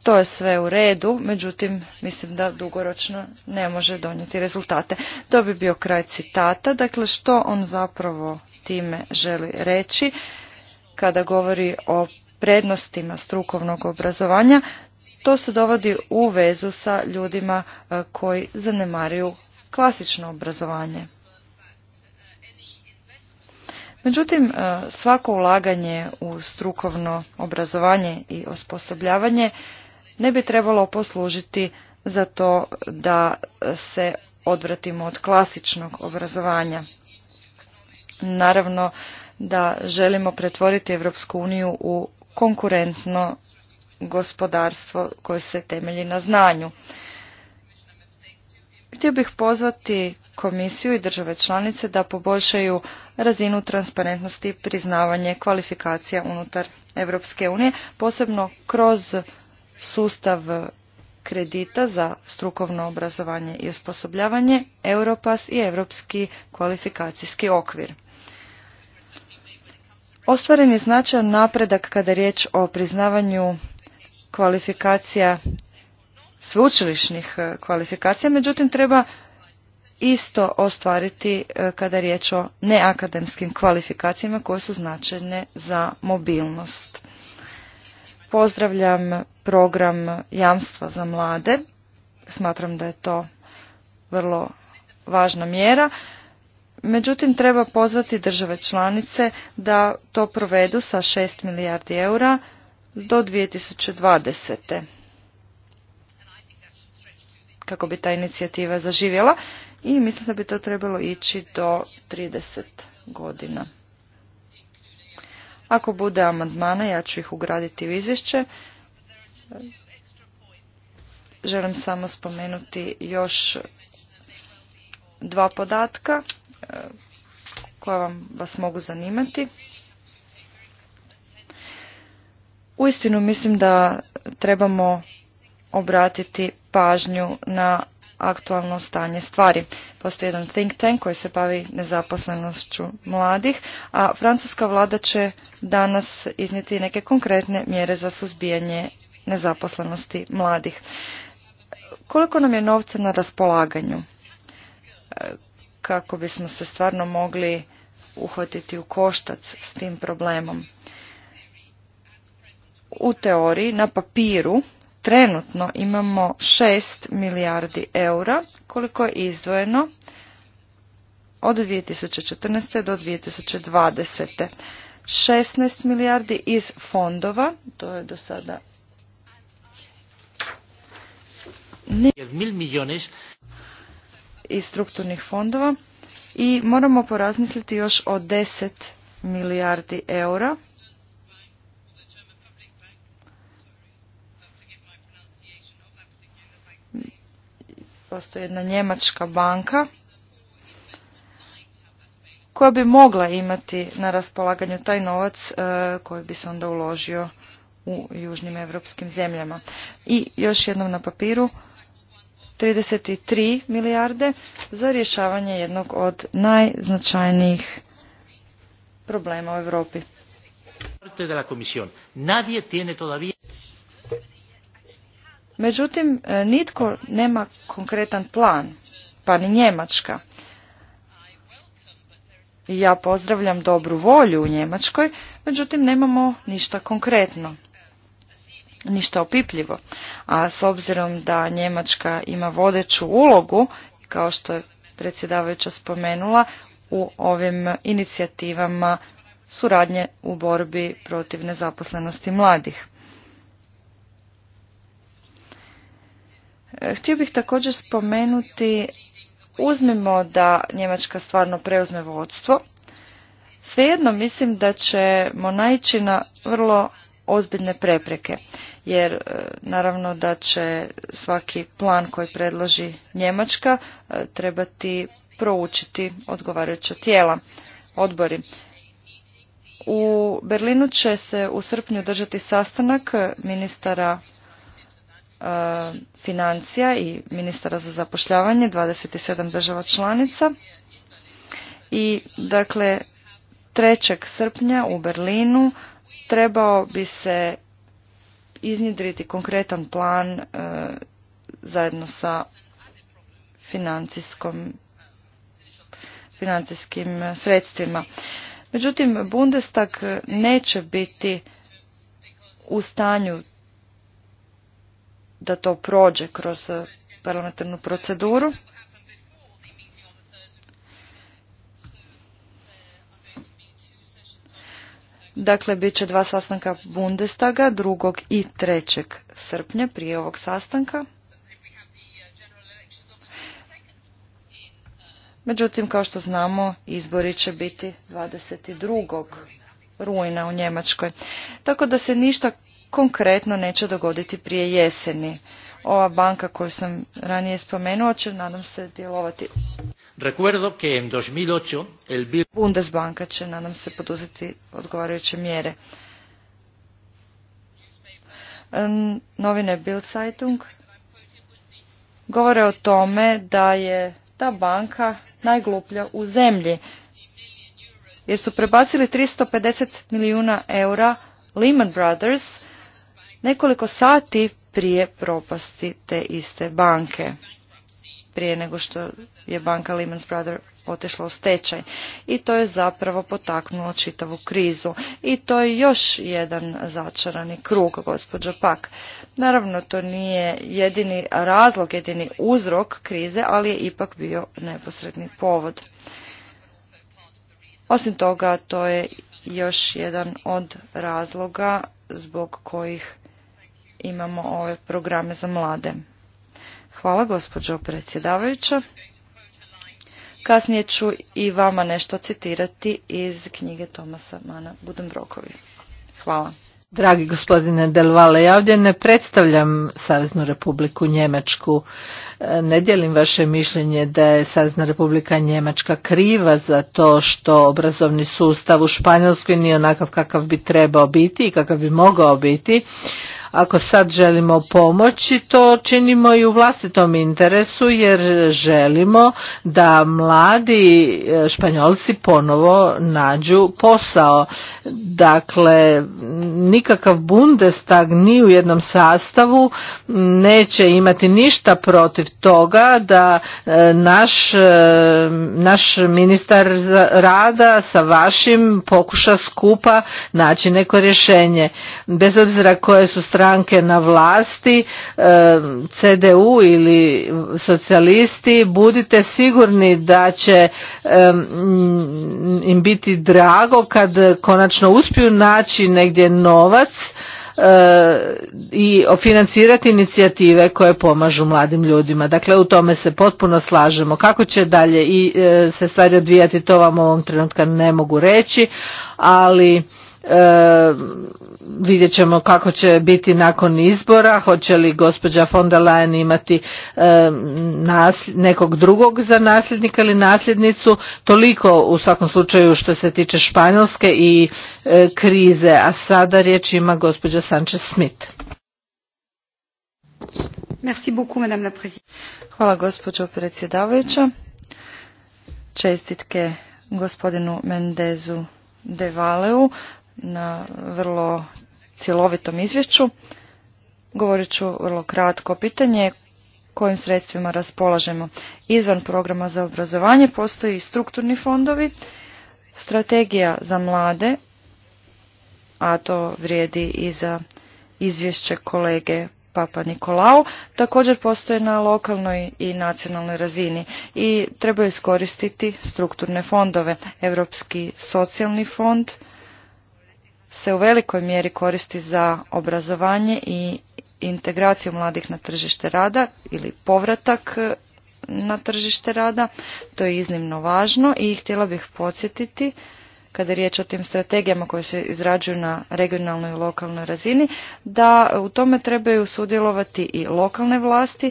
to je sve u redu, međutim mislim da dugoročno ne može donijeti rezultate. To bi bio kraj citata, dakle što on zapravo time želi reći kada govori o prednostima strukovnog obrazovanja, to se dovodi u vezu sa ljudima e, koji zanemaruju klasično obrazovanje. Međutim, e, svako ulaganje u strukovno obrazovanje i osposobljavanje ne bi trebalo poslužiti za to da se odvratimo od klasičnog obrazovanja. Naravno da želimo pretvoriti Europsku uniju u konkurentno gospodarstvo koje se temelji na znanju. Htio bih pozvati komisiju i države članice da poboljšaju razinu transparentnosti i priznavanje kvalifikacija unutar Europske unije, posebno kroz sustav kredita za strukovno obrazovanje i osposobljavanje, Europas i Europski kvalifikacijski okvir. Ostvaren je značajan napredak kada je riječ o priznavanju kvalifikacija sveučilišnih e, kvalifikacija, međutim treba isto ostvariti e, kada je riječ o neakademskim kvalifikacijama koje su značajne za mobilnost. Pozdravljam program jamstva za mlade. Smatram da je to vrlo važna mjera. Međutim, treba pozvati države članice da to provedu sa 6 milijardi eura do 2020. Kako bi ta inicijativa zaživjela i mislim da bi to trebalo ići do 30 godina. Ako bude amandmana, ja ću ih ugraditi u izvješće želim samo spomenuti još dva podatka e, koja vam vas mogu zanimati. Uistinu mislim da trebamo obratiti pažnju na aktualno stanje stvari. Postoji jedan think tank koji se bavi nezaposlenošću mladih, a francuska vlada će danas iznijeti neke konkretne mjere za suzbijanje nezaposlenosti mladih. Koliko nam je novca na raspolaganju e, kako bismo se stvarno mogli uhvatiti u koštac s tim problemom? U teoriji, na papiru, trenutno imamo 6 milijardi eura koliko je izdvojeno od 2014. do 2020. 16 milijardi iz fondova, to je do sada iz strukturnih fondova i moramo porazmisliti još o 10 milijardi eura postoji jedna njemačka banka koja bi mogla imati na raspolaganju taj novac e, koji bi se onda uložio u južnim europskim zemljama. I još jednom na papiru, 33 milijarde za rješavanje jednog od najznačajnijih problema u Europi. Međutim, e, nitko nema konkretan plan, pa ni Njemačka. Ja pozdravljam dobru volju u Njemačkoj, međutim nemamo ništa konkretno ništa opipljivo. A s obzirom da Njemačka ima vodeću ulogu, kao što je predsjedavajuća spomenula, u ovim inicijativama suradnje u borbi protiv nezaposlenosti mladih. E, htio bih također spomenuti, uzmimo da Njemačka stvarno preuzme vodstvo. Svejedno mislim da ćemo naići na vrlo ozbiljne prepreke jer e, naravno da će svaki plan koji predloži Njemačka e, trebati proučiti odgovarajuća tijela, odbori. U Berlinu će se u srpnju držati sastanak ministara e, financija i ministara za zapošljavanje 27 država članica. I dakle 3. srpnja u Berlinu trebao bi se iznjedriti konkretan plan e, zajedno sa financijskim sredstvima. Međutim, Bundestag neće biti u stanju da to prođe kroz parlamentarnu proceduru. Dakle, bit će dva sastanka Bundestaga, drugog i trećeg srpnja prije ovog sastanka. Međutim, kao što znamo, izbori će biti 22. rujna u Njemačkoj. Tako da se ništa konkretno neće dogoditi prije jeseni. Ova banka koju sam ranije spomenuo će, nadam se, djelovati Recuerdo que en 2008 el Bundesbanka će nadam se poduzeti odgovarajuće mjere. Novine Bild Zeitung govore o tome da je ta banka najgluplja u zemlji jer su prebacili 350 milijuna eura Lehman Brothers nekoliko sati prije propasti te iste banke prije nego što je banka Lehman Brothers otišla u stečaj. I to je zapravo potaknulo čitavu krizu. I to je još jedan začarani krug, gospođo Pak. Naravno, to nije jedini razlog, jedini uzrok krize, ali je ipak bio neposredni povod. Osim toga, to je još jedan od razloga zbog kojih imamo ove programe za mlade. Hvala gospođo predsjedavajuća. Kasnije ću i vama nešto citirati iz knjige Tomasa Mana Budembrokovi. Hvala. Dragi gospodine Delvale, ja ovdje ne predstavljam Saveznu republiku Njemačku. E, ne dijelim vaše mišljenje da je Savezna republika Njemačka kriva za to što obrazovni sustav u Španjolskoj nije onakav kakav bi trebao biti i kakav bi mogao biti. Ako sad želimo pomoći, to činimo i u vlastitom interesu jer želimo da mladi e, španjolci ponovo nađu posao. Dakle, nikakav Bundestag ni u jednom sastavu neće imati ništa protiv toga da e, naš, e, naš ministar rada sa vašim pokuša skupa naći neko rješenje. Bez obzira koje su stranke na vlasti, e, CDU ili socijalisti, budite sigurni da će e, im biti drago kad konačno uspiju naći negdje novac e, i financirati inicijative koje pomažu mladim ljudima. Dakle, u tome se potpuno slažemo. Kako će dalje i se stvari odvijati, to vam u ovom trenutka ne mogu reći, ali E, vidjet ćemo kako će biti nakon izbora, hoće li gospođa von der Leyen imati e, nekog drugog za nasljednika ili nasljednicu, toliko u svakom slučaju što se tiče Španjolske i e, krize, a sada riječ ima gospođa Sanchez-Smith. Hvala gospođo predsjedavajuća. Čestitke gospodinu Mendezu De Valeu na vrlo cjelovitom izvješću. Govorit ću vrlo kratko. Pitanje kojim sredstvima raspolažemo. Izvan programa za obrazovanje postoji strukturni fondovi, strategija za mlade, a to vrijedi i za izvješće kolege Papa Nikolao, također postoje na lokalnoj i nacionalnoj razini i treba iskoristiti strukturne fondove, Europski socijalni fond, se u velikoj mjeri koristi za obrazovanje i integraciju mladih na tržište rada ili povratak e, na tržište rada. To je iznimno važno i htjela bih podsjetiti kada je riječ o tim strategijama koje se izrađuju na regionalnoj i lokalnoj razini, da u tome trebaju sudjelovati i lokalne vlasti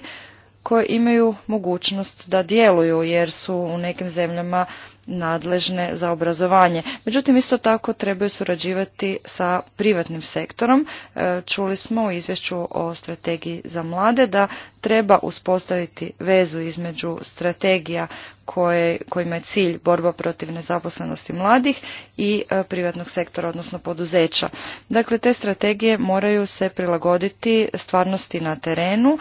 koje imaju mogućnost da djeluju jer su u nekim zemljama nadležne za obrazovanje. Međutim, isto tako trebaju surađivati sa privatnim sektorom. E, čuli smo u izvješću o strategiji za mlade da treba uspostaviti vezu između strategija koje, kojima je cilj borba protiv nezaposlenosti mladih i e, privatnog sektora, odnosno poduzeća. Dakle, te strategije moraju se prilagoditi stvarnosti na terenu,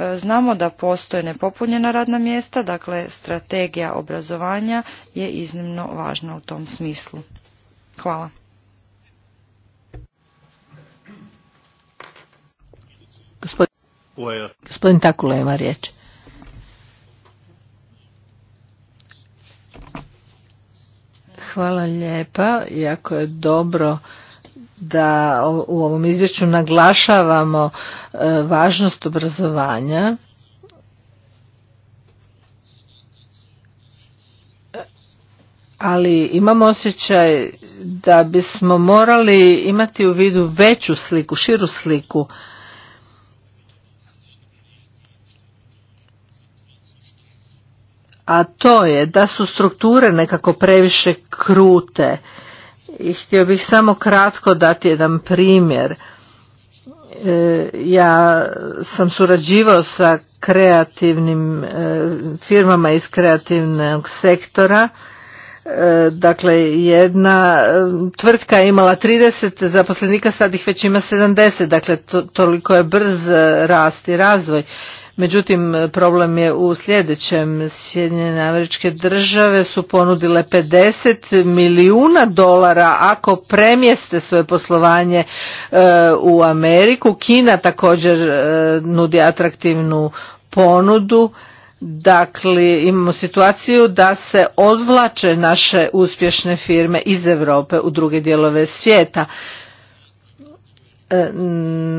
E, znamo da postoje nepopunjena radna mjesta, dakle strategija obrazovanja je iznimno važna u tom smislu. Hvala. Gospodin, Takula riječ. Hvala lijepa, jako je dobro da u ovom izvješću naglašavamo e, važnost obrazovanja ali imamo osjećaj da bismo morali imati u vidu veću sliku, širu sliku. A to je da su strukture nekako previše krute. I htio bih samo kratko dati jedan primjer. E, ja sam surađivao sa kreativnim e, firmama iz kreativnog sektora. E, dakle, jedna tvrtka je imala 30 zaposlenika, sad ih već ima 70, dakle to, toliko je brz rast i razvoj. Međutim, problem je u sljedećem. Sjedinjene američke države su ponudile 50 milijuna dolara ako premijeste svoje poslovanje e, u Ameriku. Kina također e, nudi atraktivnu ponudu. Dakle, imamo situaciju da se odvlače naše uspješne firme iz Europe u druge dijelove svijeta. E,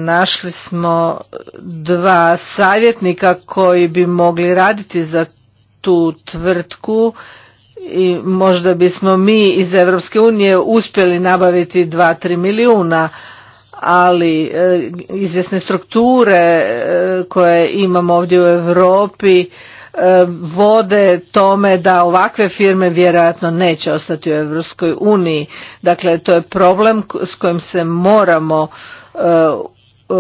našli smo dva savjetnika koji bi mogli raditi za tu tvrtku i možda bismo mi iz Europske unije uspjeli nabaviti 2-3 milijuna ali e, izvjesne strukture e, koje imamo ovdje u Europi vode tome da ovakve firme vjerojatno neće ostati u Europskoj uniji. Dakle, to je problem s kojim se moramo E, e,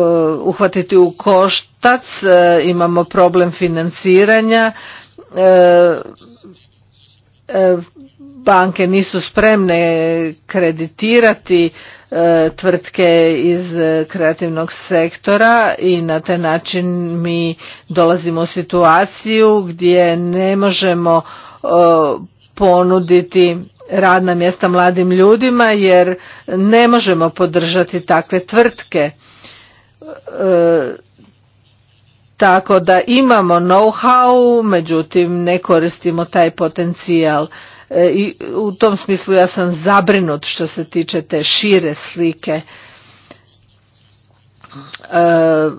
uhvatiti u koštac, e, imamo problem financiranja, banke nisu spremne kreditirati tvrtke iz kreativnog sektora i na taj način mi dolazimo u situaciju gdje ne možemo ponuditi radna mjesta mladim ljudima jer ne možemo podržati takve tvrtke. E, tako da imamo know-how, međutim ne koristimo taj potencijal. E, I u tom smislu ja sam zabrinut što se tiče te šire slike. E,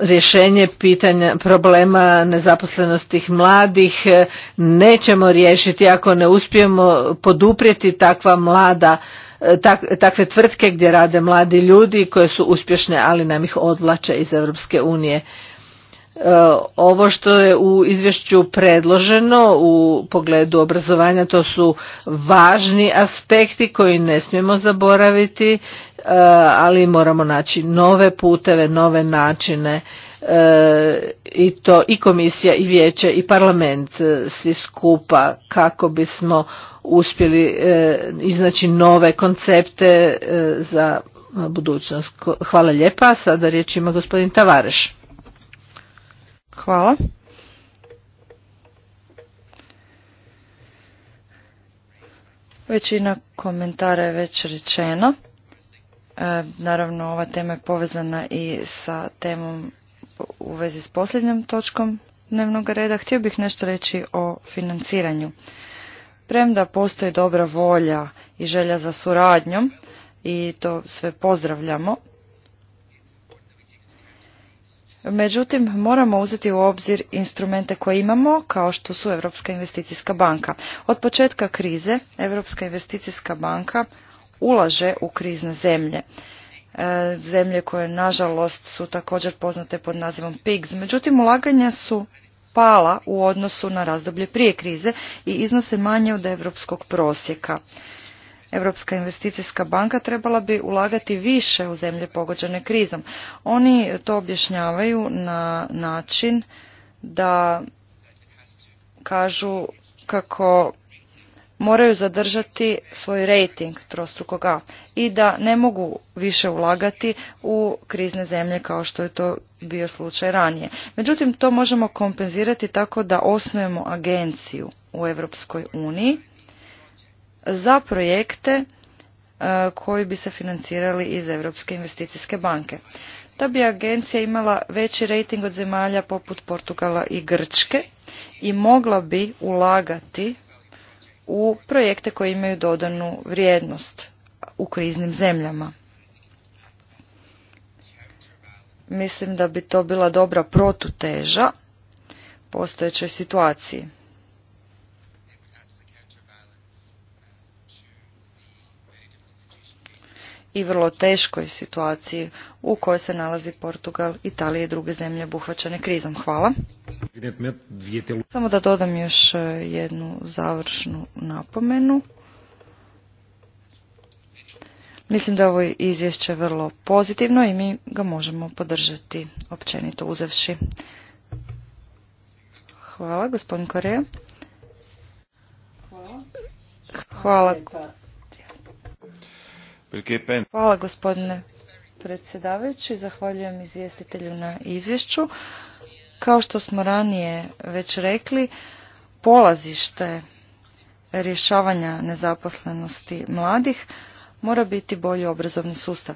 rješenje pitanja problema nezaposlenosti mladih e, nećemo riješiti ako ne uspijemo poduprijeti takva mlada e, takve tvrtke gdje rade mladi ljudi koje su uspješne ali nam ih odvlače iz Europske unije. E, ovo što je u izvješću predloženo u pogledu obrazovanja to su važni aspekti koji ne smijemo zaboraviti Eh, ali moramo naći nove puteve, nove načine eh, i to i komisija i vijeće i parlament eh, svi skupa kako bismo uspjeli iznaći nove koncepte za budućnost. Hvala lijepa. Sada riječ ima gospodin Tavareš. Hvala. Većina komentara je već rečena. E, naravno, ova tema je povezana i sa temom u vezi s posljednjom točkom dnevnog reda. Htio bih nešto reći o financiranju. Premda postoji dobra volja i želja za suradnjom i to sve pozdravljamo, Međutim, moramo uzeti u obzir instrumente koje imamo, kao što su Europska investicijska banka. Od početka krize, Europska investicijska banka ulaže u krizne zemlje. E, zemlje koje, nažalost, su također poznate pod nazivom PIGS. Međutim, ulaganja su pala u odnosu na razdoblje prije krize i iznose manje od europskog prosjeka. Europska investicijska banka trebala bi ulagati više u zemlje pogođene krizom. Oni to objašnjavaju na način da kažu kako moraju zadržati svoj rejting trostrukog A i da ne mogu više ulagati u krizne zemlje kao što je to bio slučaj ranije. Međutim, to možemo kompenzirati tako da osnujemo agenciju u Europskoj uniji za projekte e, koji bi se financirali iz Europske investicijske banke. Ta bi agencija imala veći rejting od zemalja poput Portugala i Grčke i mogla bi ulagati u projekte koji imaju dodanu vrijednost u kriznim zemljama. Mislim da bi to bila dobra protuteža postojećoj situaciji. i vrlo teškoj situaciji u kojoj se nalazi Portugal, Italija i druge zemlje obuhvaćene krizom. Hvala. Samo da dodam još e, jednu završnu napomenu. Mislim da je ovo izvješće vrlo pozitivno i mi ga možemo podržati općenito uzevši. Hvala, gospodin Koreja. Hvala. Hvala Hvala gospodine predsjedavajući, zahvaljujem izvjestitelju na izvješću. Kao što smo ranije već rekli, polazište rješavanja nezaposlenosti mladih mora biti bolji obrazovni sustav.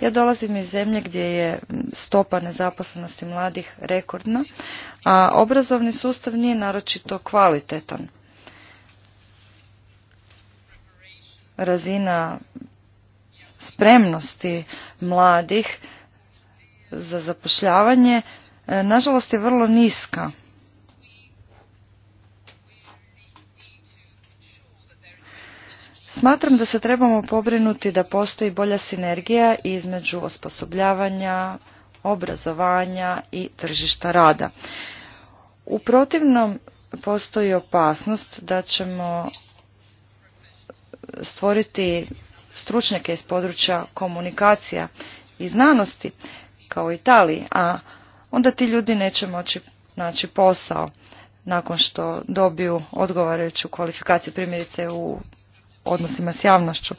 Ja dolazim iz zemlje gdje je stopa nezaposlenosti mladih rekordna, a obrazovni sustav nije naročito kvalitetan. razina spremnosti mladih za zapošljavanje e, nažalost je vrlo niska. Smatram da se trebamo pobrinuti da postoji bolja sinergija između osposobljavanja, obrazovanja i tržišta rada. U protivnom postoji opasnost da ćemo stvoriti stručnjake iz područja komunikacija i znanosti, kao u Italiji, a onda ti ljudi neće moći naći posao nakon što dobiju odgovarajuću kvalifikaciju, primjerice u odnosima s javnošću.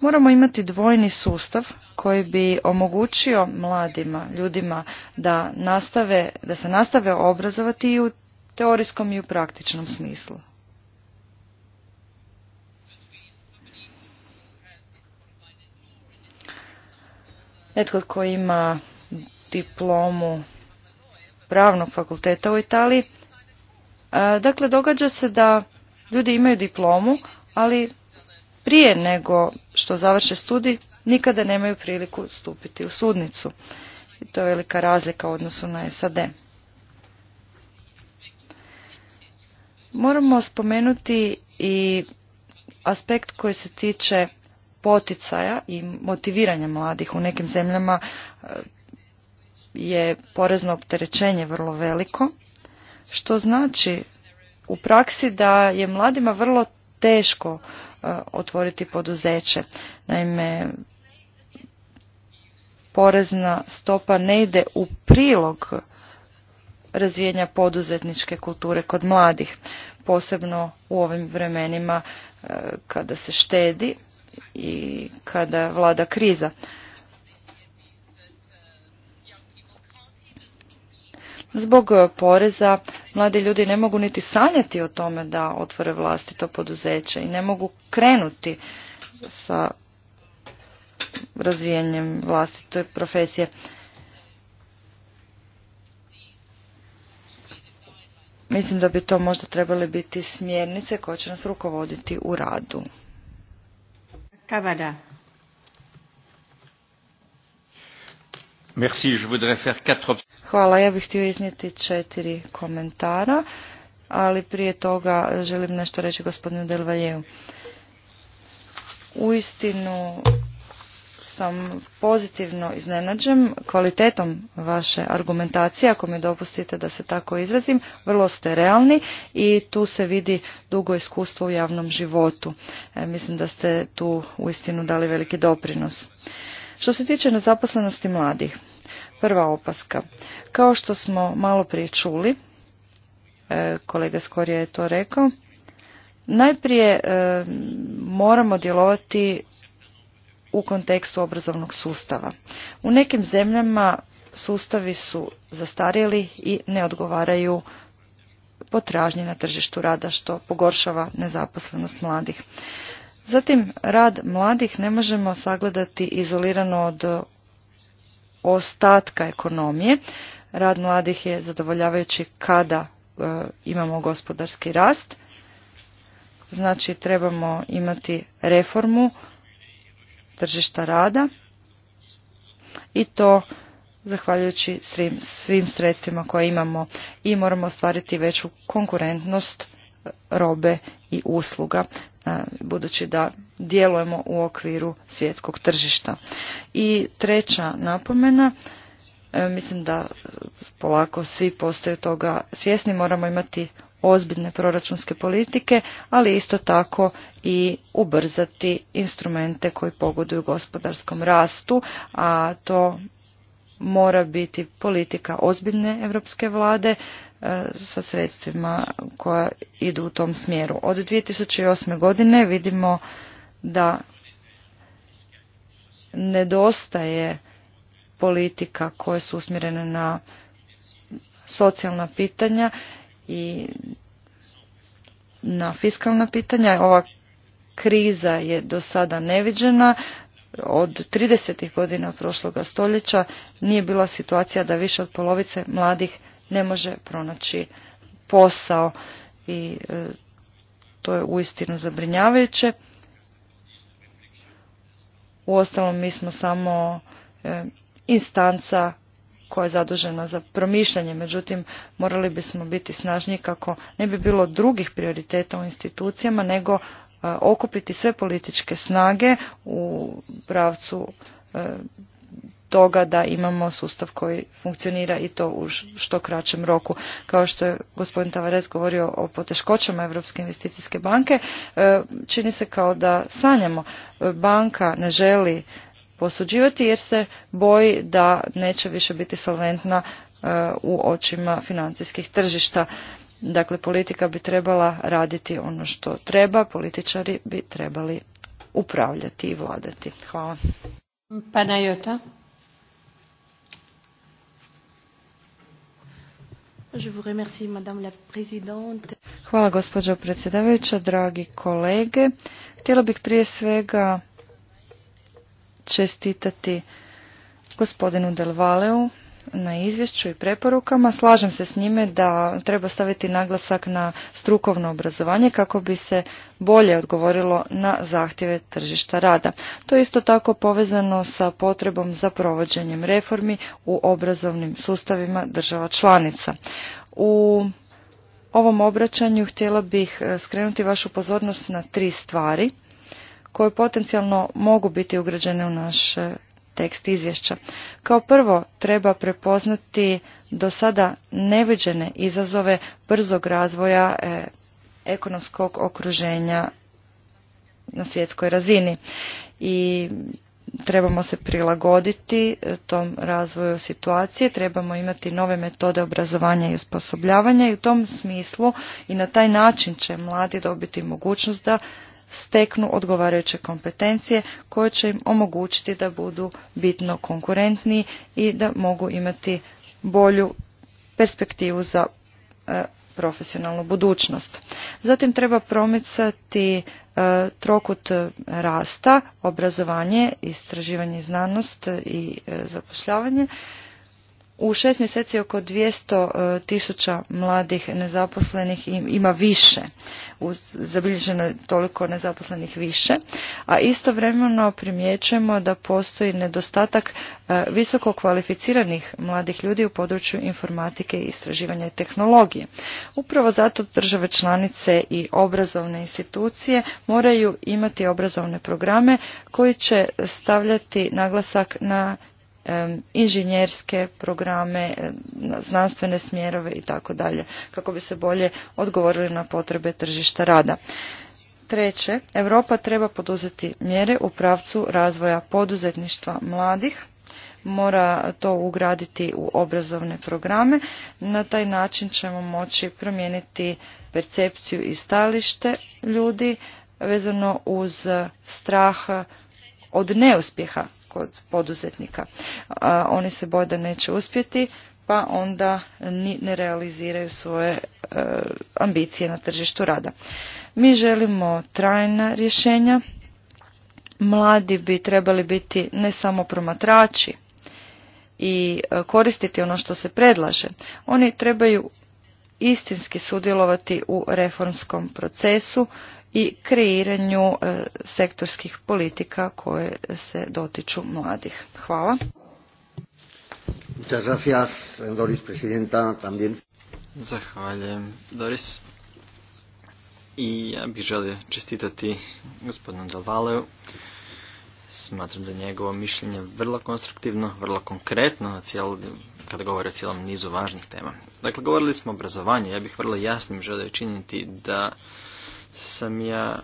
Moramo imati dvojni sustav koji bi omogućio mladima ljudima da, nastave, da se nastave obrazovati i u teorijskom i u praktičnom smislu. netko tko ima diplomu pravnog fakulteta u Italiji. E, dakle, događa se da ljudi imaju diplomu, ali prije nego što završe studij nikada nemaju priliku stupiti u sudnicu. I to je velika razlika u odnosu na SAD. Moramo spomenuti i aspekt koji se tiče poticaja i motiviranja mladih u nekim zemljama e, je porezno opterećenje vrlo veliko, što znači u praksi da je mladima vrlo teško e, otvoriti poduzeće. Naime, porezna stopa ne ide u prilog razvijenja poduzetničke kulture kod mladih, posebno u ovim vremenima e, kada se štedi i kada vlada kriza. Zbog poreza mladi ljudi ne mogu niti sanjati o tome da otvore vlastito poduzeće i ne mogu krenuti sa razvijanjem vlastite profesije. Mislim da bi to možda trebale biti smjernice koje će nas rukovoditi u radu. Cavada. Merci, je voudrais faire quatre... Hvala, ja bih htio iznijeti četiri komentara, ali prije toga želim nešto reći gospodinu Delvaljevu. istinu sam pozitivno iznenađen kvalitetom vaše argumentacije, ako mi dopustite da se tako izrazim, vrlo ste realni i tu se vidi dugo iskustvo u javnom životu. E, mislim da ste tu uistinu dali veliki doprinos. Što se tiče nezaposlenosti mladih, prva opaska. Kao što smo malo prije čuli, e, kolega Skorija je to rekao, najprije e, moramo djelovati u kontekstu obrazovnog sustava. U nekim zemljama sustavi su zastarjeli i ne odgovaraju potražnji na tržištu rada što pogoršava nezaposlenost mladih. Zatim, rad mladih ne možemo sagledati izolirano od ostatka ekonomije. Rad mladih je zadovoljavajući kada e, imamo gospodarski rast. Znači, trebamo imati reformu tržišta rada i to zahvaljujući svim, svim sredstvima koje imamo i moramo ostvariti veću konkurentnost robe i usluga budući da djelujemo u okviru svjetskog tržišta. I treća napomena, e, mislim da polako svi postaju toga svjesni, moramo imati ozbiljne proračunske politike, ali isto tako i ubrzati instrumente koji pogoduju gospodarskom rastu, a to mora biti politika ozbiljne europske vlade e, sa sredstvima koja idu u tom smjeru. Od 2008. godine vidimo da nedostaje politika koje su usmjerene na socijalna pitanja i na fiskalna pitanja. Ova kriza je do sada neviđena. Od 30. godina prošloga stoljeća nije bila situacija da više od polovice mladih ne može pronaći posao i e, to je uistinu zabrinjavajuće. Uostalom mi smo samo e, instanca koja je zadužena za promišljanje. Međutim, morali bismo biti snažniji kako ne bi bilo drugih prioriteta u institucijama, nego e, okupiti sve političke snage u pravcu e, toga da imamo sustav koji funkcionira i to u što kraćem roku. Kao što je gospodin Tavares govorio o poteškoćama Europske investicijske banke, e, čini se kao da sanjamo. Banka ne želi posuđivati jer se boji da neće više biti solventna e, u očima financijskih tržišta. Dakle, politika bi trebala raditi ono što treba, političari bi trebali upravljati i vladati. Hvala. Hvala gospođo predsjedavajuća, dragi kolege. Htjela bih prije svega čestitati gospodinu Delvaleu na izvješću i preporukama. Slažem se s njime da treba staviti naglasak na strukovno obrazovanje kako bi se bolje odgovorilo na zahtjeve tržišta rada. To je isto tako povezano sa potrebom za provođenjem reformi u obrazovnim sustavima država članica. U ovom obraćanju htjela bih eh, skrenuti vašu pozornost na tri stvari – koje potencijalno mogu biti ugrađene u naš e, tekst izvješća. Kao prvo treba prepoznati do sada neviđene izazove brzog razvoja e, ekonomskog okruženja na svjetskoj razini i trebamo se prilagoditi e, tom razvoju situacije, trebamo imati nove metode obrazovanja i osposobljavanja i u tom smislu i na taj način će mladi dobiti mogućnost da steknu odgovarajuće kompetencije koje će im omogućiti da budu bitno konkurentniji i da mogu imati bolju perspektivu za e, profesionalnu budućnost. Zatim treba promicati e, trokut rasta, obrazovanje, istraživanje znanost i e, zapošljavanje u šest mjeseci oko 200 e, tisuća mladih nezaposlenih ima više. Zabilježeno je toliko nezaposlenih više. A istovremeno primjećujemo da postoji nedostatak e, visoko kvalificiranih mladih ljudi u području informatike i istraživanja i tehnologije. Upravo zato države članice i obrazovne institucije moraju imati obrazovne programe koji će stavljati naglasak na inženjerske programe, znanstvene smjerove i tako dalje, kako bi se bolje odgovorili na potrebe tržišta rada. Treće, Europa treba poduzeti mjere u pravcu razvoja poduzetništva mladih, mora to ugraditi u obrazovne programe. Na taj način ćemo moći promijeniti percepciju i stalište ljudi vezano uz strah od neuspjeha kod poduzetnika. Oni se boje da neće uspjeti, pa onda ne realiziraju svoje e, ambicije na tržištu rada. Mi želimo trajna rješenja. Mladi bi trebali biti ne samo promatrači i e, koristiti ono što se predlaže. Oni trebaju istinski sudjelovati u reformskom procesu i kreiranju e, sektorskih politika koje se dotiču mladih. Hvala. Zahvaljujem, Doris. I ja bih želio čestitati gospodinu Dalvaleu. Smatram da je njegovo mišljenje vrlo konstruktivno, vrlo konkretno, kada govori o cijelom nizu važnih tema. Dakle, govorili smo o obrazovanju. Ja bih vrlo jasnim želio činiti da sam ja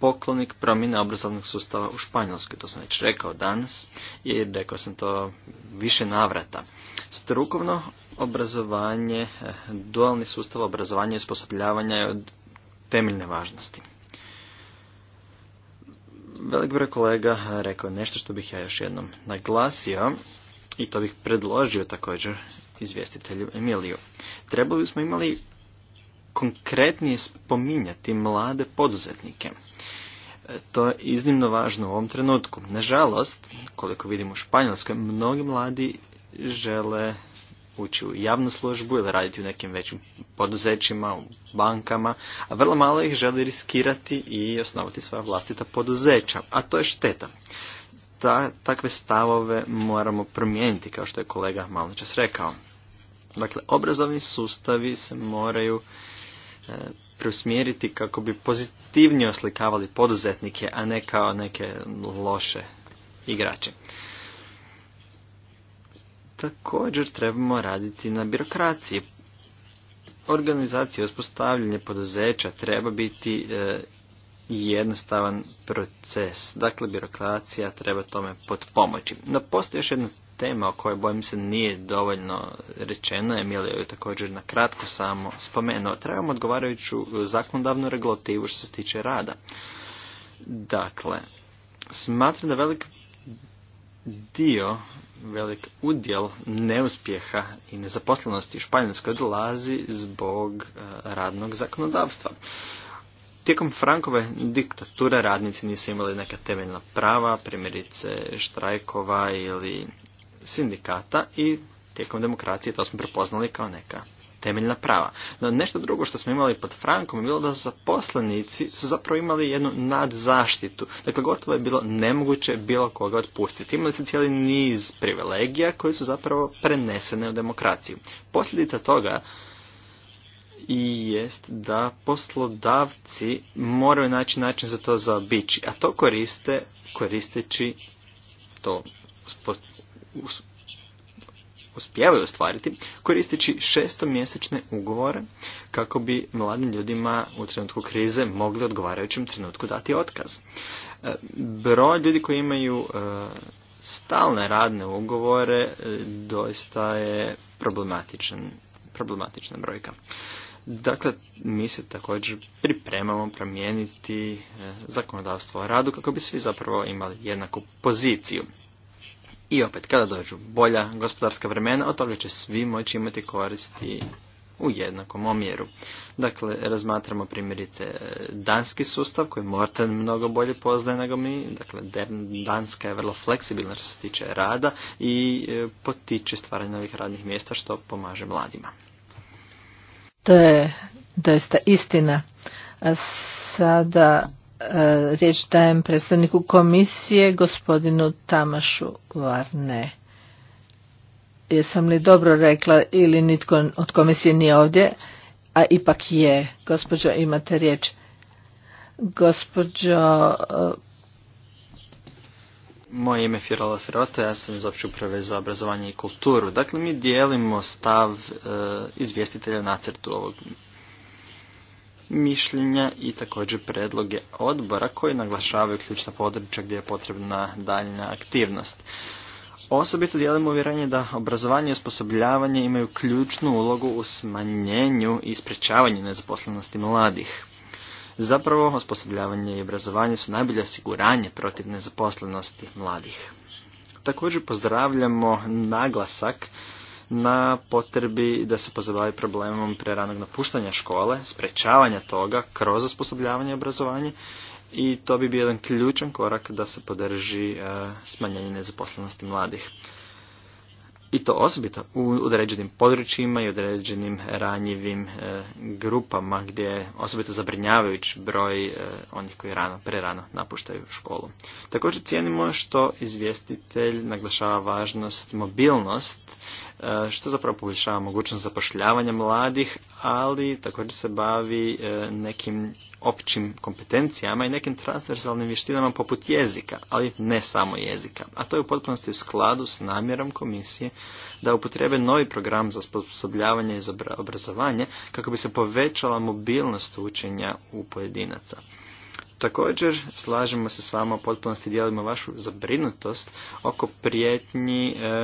poklonik promjene obrazovnog sustava u Španjolskoj. To sam već rekao danas i rekao sam to više navrata. Strukovno obrazovanje, dualni sustav obrazovanja i osposobljavanja je od temeljne važnosti. Velik broj kolega rekao nešto što bih ja još jednom naglasio i to bih predložio također izvjestitelju Emiliju. Trebali smo imali konkretnije spominjati mlade poduzetnike. E, to je iznimno važno u ovom trenutku. Nažalost, koliko vidimo u Španjolskoj, mnogi mladi žele ući u javnu službu ili raditi u nekim većim poduzećima, u bankama, a vrlo malo ih želi riskirati i osnovati svoja vlastita poduzeća, a to je šteta. Ta, takve stavove moramo promijeniti, kao što je kolega malo rekao. Dakle, obrazovni sustavi se moraju E, preusmjeriti kako bi pozitivnije oslikavali poduzetnike, a ne kao neke loše igrače. Također trebamo raditi na birokraciji. Organizacija uspostavljanja poduzeća treba biti e, jednostavan proces. Dakle, birokracija treba tome potpomoći. No, postoji još tema o kojoj bojim se nije dovoljno rečeno, Emilio je također na kratko samo spomenuo. Trebamo odgovarajuću zakonodavnu regulativu što se tiče rada. Dakle, smatram da velik dio, velik udjel neuspjeha i nezaposlenosti u Španjolskoj dolazi zbog e, radnog zakonodavstva. Tijekom Frankove diktature radnici nisu imali neka temeljna prava, primjerice štrajkova ili sindikata i tijekom demokracije to smo prepoznali kao neka temeljna prava. No, nešto drugo što smo imali pod Frankom je bilo da zaposlenici su zapravo imali jednu nadzaštitu. Dakle, gotovo je bilo nemoguće bilo koga otpustiti. Imali su cijeli niz privilegija koje su zapravo prenesene u demokraciju. Posljedica toga i jest da poslodavci moraju naći način za to zaobići, a to koriste koristeći to uspjevaju ostvariti koristeći šestomjesečne ugovore kako bi mladim ljudima u trenutku krize mogli odgovarajućem trenutku dati otkaz. E, broj ljudi koji imaju e, stalne radne ugovore e, doista je problematičan, problematična brojka. Dakle, mi se također pripremamo promijeniti zakonodavstvo o radu kako bi svi zapravo imali jednaku poziciju. I opet, kada dođu bolja gospodarska vremena, od toga će svi moći imati koristi u jednakom omjeru. Dakle, razmatramo primjerice danski sustav koji Morten mnogo bolje poznaje nego mi. Dakle, Danska je vrlo fleksibilna što se tiče rada i e, potiče stvaranje novih radnih mjesta što pomaže mladima. To je doista istina. sada E, riječ dajem predstavniku komisije gospodinu Tamašu Varne. Jesam li dobro rekla ili nitko od komisije nije ovdje, a ipak je, gospođo imate riječ. Gospođo... E, Moje ime je Firola Firota, ja sam iz opće uprave za obrazovanje i kulturu. Dakle, mi dijelimo stav e, izvjestitelja izvjestitelja nacrtu ovog mišljenja i također predloge odbora koji naglašavaju ključna područja gdje je potrebna daljnja aktivnost. Osobito dijelimo uvjerenje da obrazovanje i osposobljavanje imaju ključnu ulogu u smanjenju i sprečavanju nezaposlenosti mladih. Zapravo, osposobljavanje i obrazovanje su najbolje osiguranje protiv nezaposlenosti mladih. Također pozdravljamo naglasak na potrebi da se pozabavi problemom preranog napuštanja škole, sprečavanja toga kroz osposobljavanje i obrazovanje i to bi bio jedan ključan korak da se podrži e, smanjenje nezaposlenosti mladih. I to osobito u određenim područjima i određenim ranjivim e, grupama gdje je osobito zabrinjavajući broj e, onih koji rano, prerano napuštaju školu. Također cijenimo što izvjestitelj naglašava važnost mobilnost E, što zapravo poboljšava mogućnost zapošljavanja mladih, ali također se bavi e, nekim općim kompetencijama i nekim transversalnim vještinama poput jezika, ali ne samo jezika. A to je u potpunosti u skladu s namjerom komisije da upotrebe novi program za sposobljavanje i obrazovanje kako bi se povećala mobilnost učenja u pojedinaca. Također slažemo se s vama u potpunosti dijelimo vašu zabrinutost oko prijetnji e,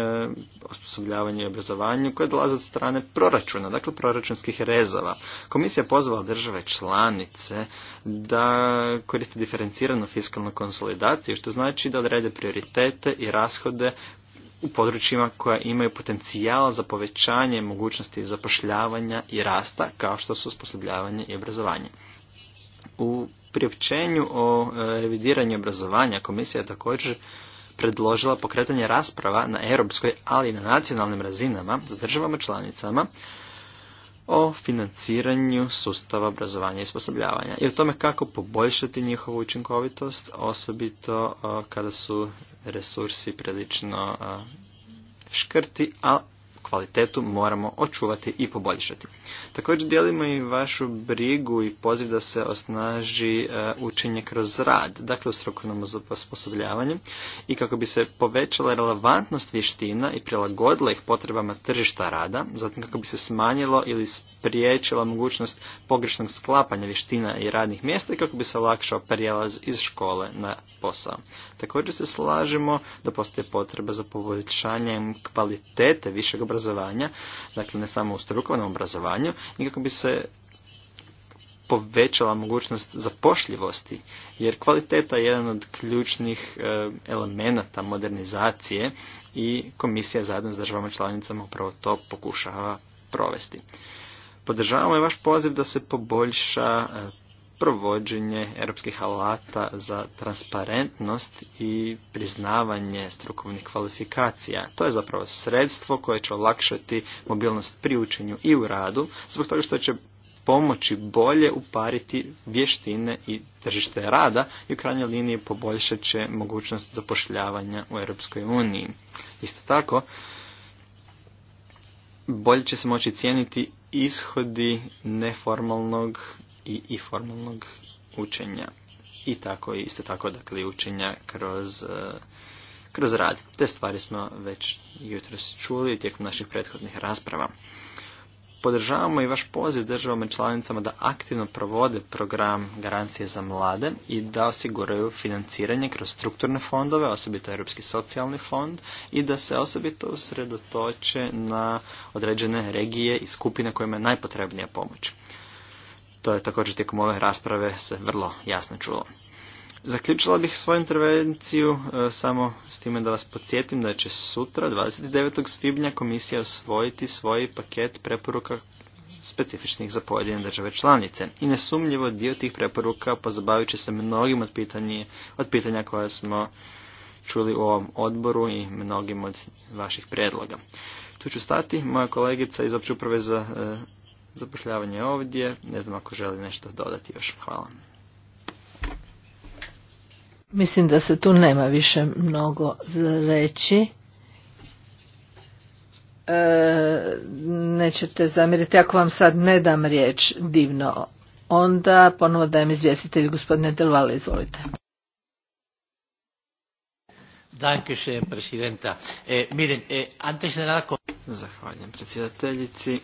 osposobljavanju i obrazovanju koje dolaze od strane proračuna, dakle proračunskih rezova. Komisija pozvala države članice da koriste diferenciranu fiskalnu konsolidaciju, što znači da odrede prioritete i rashode u područjima koja imaju potencijal za povećanje mogućnosti zapošljavanja i rasta, kao što su osposobljavanje i obrazovanje. U priopćenju o e, revidiranju obrazovanja komisija je također predložila pokretanje rasprava na europskoj, ali i na nacionalnim razinama s državama članicama o financiranju sustava obrazovanja i sposobljavanja i o tome kako poboljšati njihovu učinkovitost, osobito e, kada su resursi prilično e, škrti, a kvalitetu moramo očuvati i poboljšati. Također dijelimo i vašu brigu i poziv da se osnaži e, učenje kroz rad, dakle u strukovnom osposobljavanju i kako bi se povećala relevantnost vještina i prilagodila ih potrebama tržišta rada, zatim kako bi se smanjilo ili spriječila mogućnost pogrešnog sklapanja vještina i radnih mjesta i kako bi se olakšao prijelaz iz škole na posao. Također se slažemo da postoje potreba za poboljšanjem kvalitete višeg obrazovanja obrazovanja, dakle ne samo u strukovnom obrazovanju, i kako bi se povećala mogućnost zapošljivosti, jer kvaliteta je jedan od ključnih e, elemenata modernizacije i komisija zajedno s državama članicama upravo to pokušava provesti. Podržavamo i vaš poziv da se poboljša e, provođenje europskih alata za transparentnost i priznavanje strukovnih kvalifikacija. To je zapravo sredstvo koje će olakšati mobilnost pri učenju i u radu, zbog toga što će pomoći bolje upariti vještine i tržište rada i u krajnjoj liniji poboljšat će mogućnost zapošljavanja u Europskoj uniji. Isto tako, bolje će se moći cijeniti ishodi neformalnog i, i formalnog učenja i tako isto tako dakle učenja kroz, e, kroz rad. Te stvari smo već jutros čuli tijekom naših prethodnih rasprava. Podržavamo i vaš poziv državama članicama da aktivno provode program garancije za mlade i da osiguraju financiranje kroz strukturne fondove, osobito Europski socijalni fond, i da se osobito usredotoče na određene regije i skupine kojima je najpotrebnija pomoć. To je također tijekom ove rasprave se vrlo jasno čulo. Zaključila bih svoju intervenciju e, samo s time da vas podsjetim da će sutra, 29. svibnja, komisija osvojiti svoj paket preporuka specifičnih za pojedine države članice. I nesumljivo dio tih preporuka pozabavit će se mnogim od, pitanja koja smo čuli u ovom odboru i mnogim od vaših prijedloga. Tu ću stati. Moja kolegica iz opće uprave za e, zapošljavanje ovdje. Ne znam ako želi nešto dodati još. Hvala. Mislim da se tu nema više mnogo za reći. E, nećete zamiriti. ako vam sad ne dam riječ divno. Onda ponovo dajem izvjestitelj gospodine Delvale, izvolite. presidenta. E, miren, eh, antes Zahvaljujem predsjedateljici.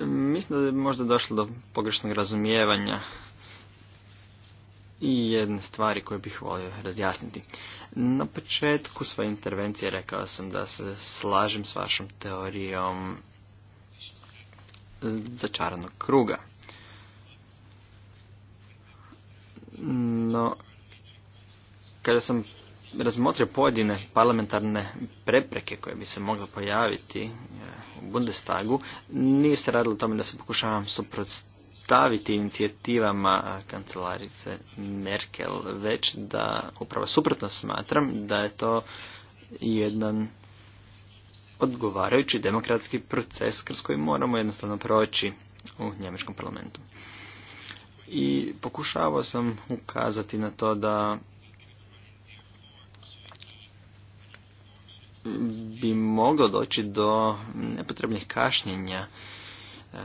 Mislim da je možda došlo do pogrešnog razumijevanja i jedne stvari koje bih volio razjasniti. Na početku svoje intervencije rekao sam da se slažem s vašom teorijom začaranog kruga. No, kada sam razmotrio pojedine parlamentarne prepreke koje bi se mogle pojaviti e, u Bundestagu, nije se radilo o tome da se pokušavam suprotstaviti inicijativama e, kancelarice Merkel, već da upravo suprotno smatram da je to jedan odgovarajući demokratski proces kroz koji moramo jednostavno proći u njemačkom parlamentu. I pokušavao sam ukazati na to da bi moglo doći do nepotrebnih kašnjenja e,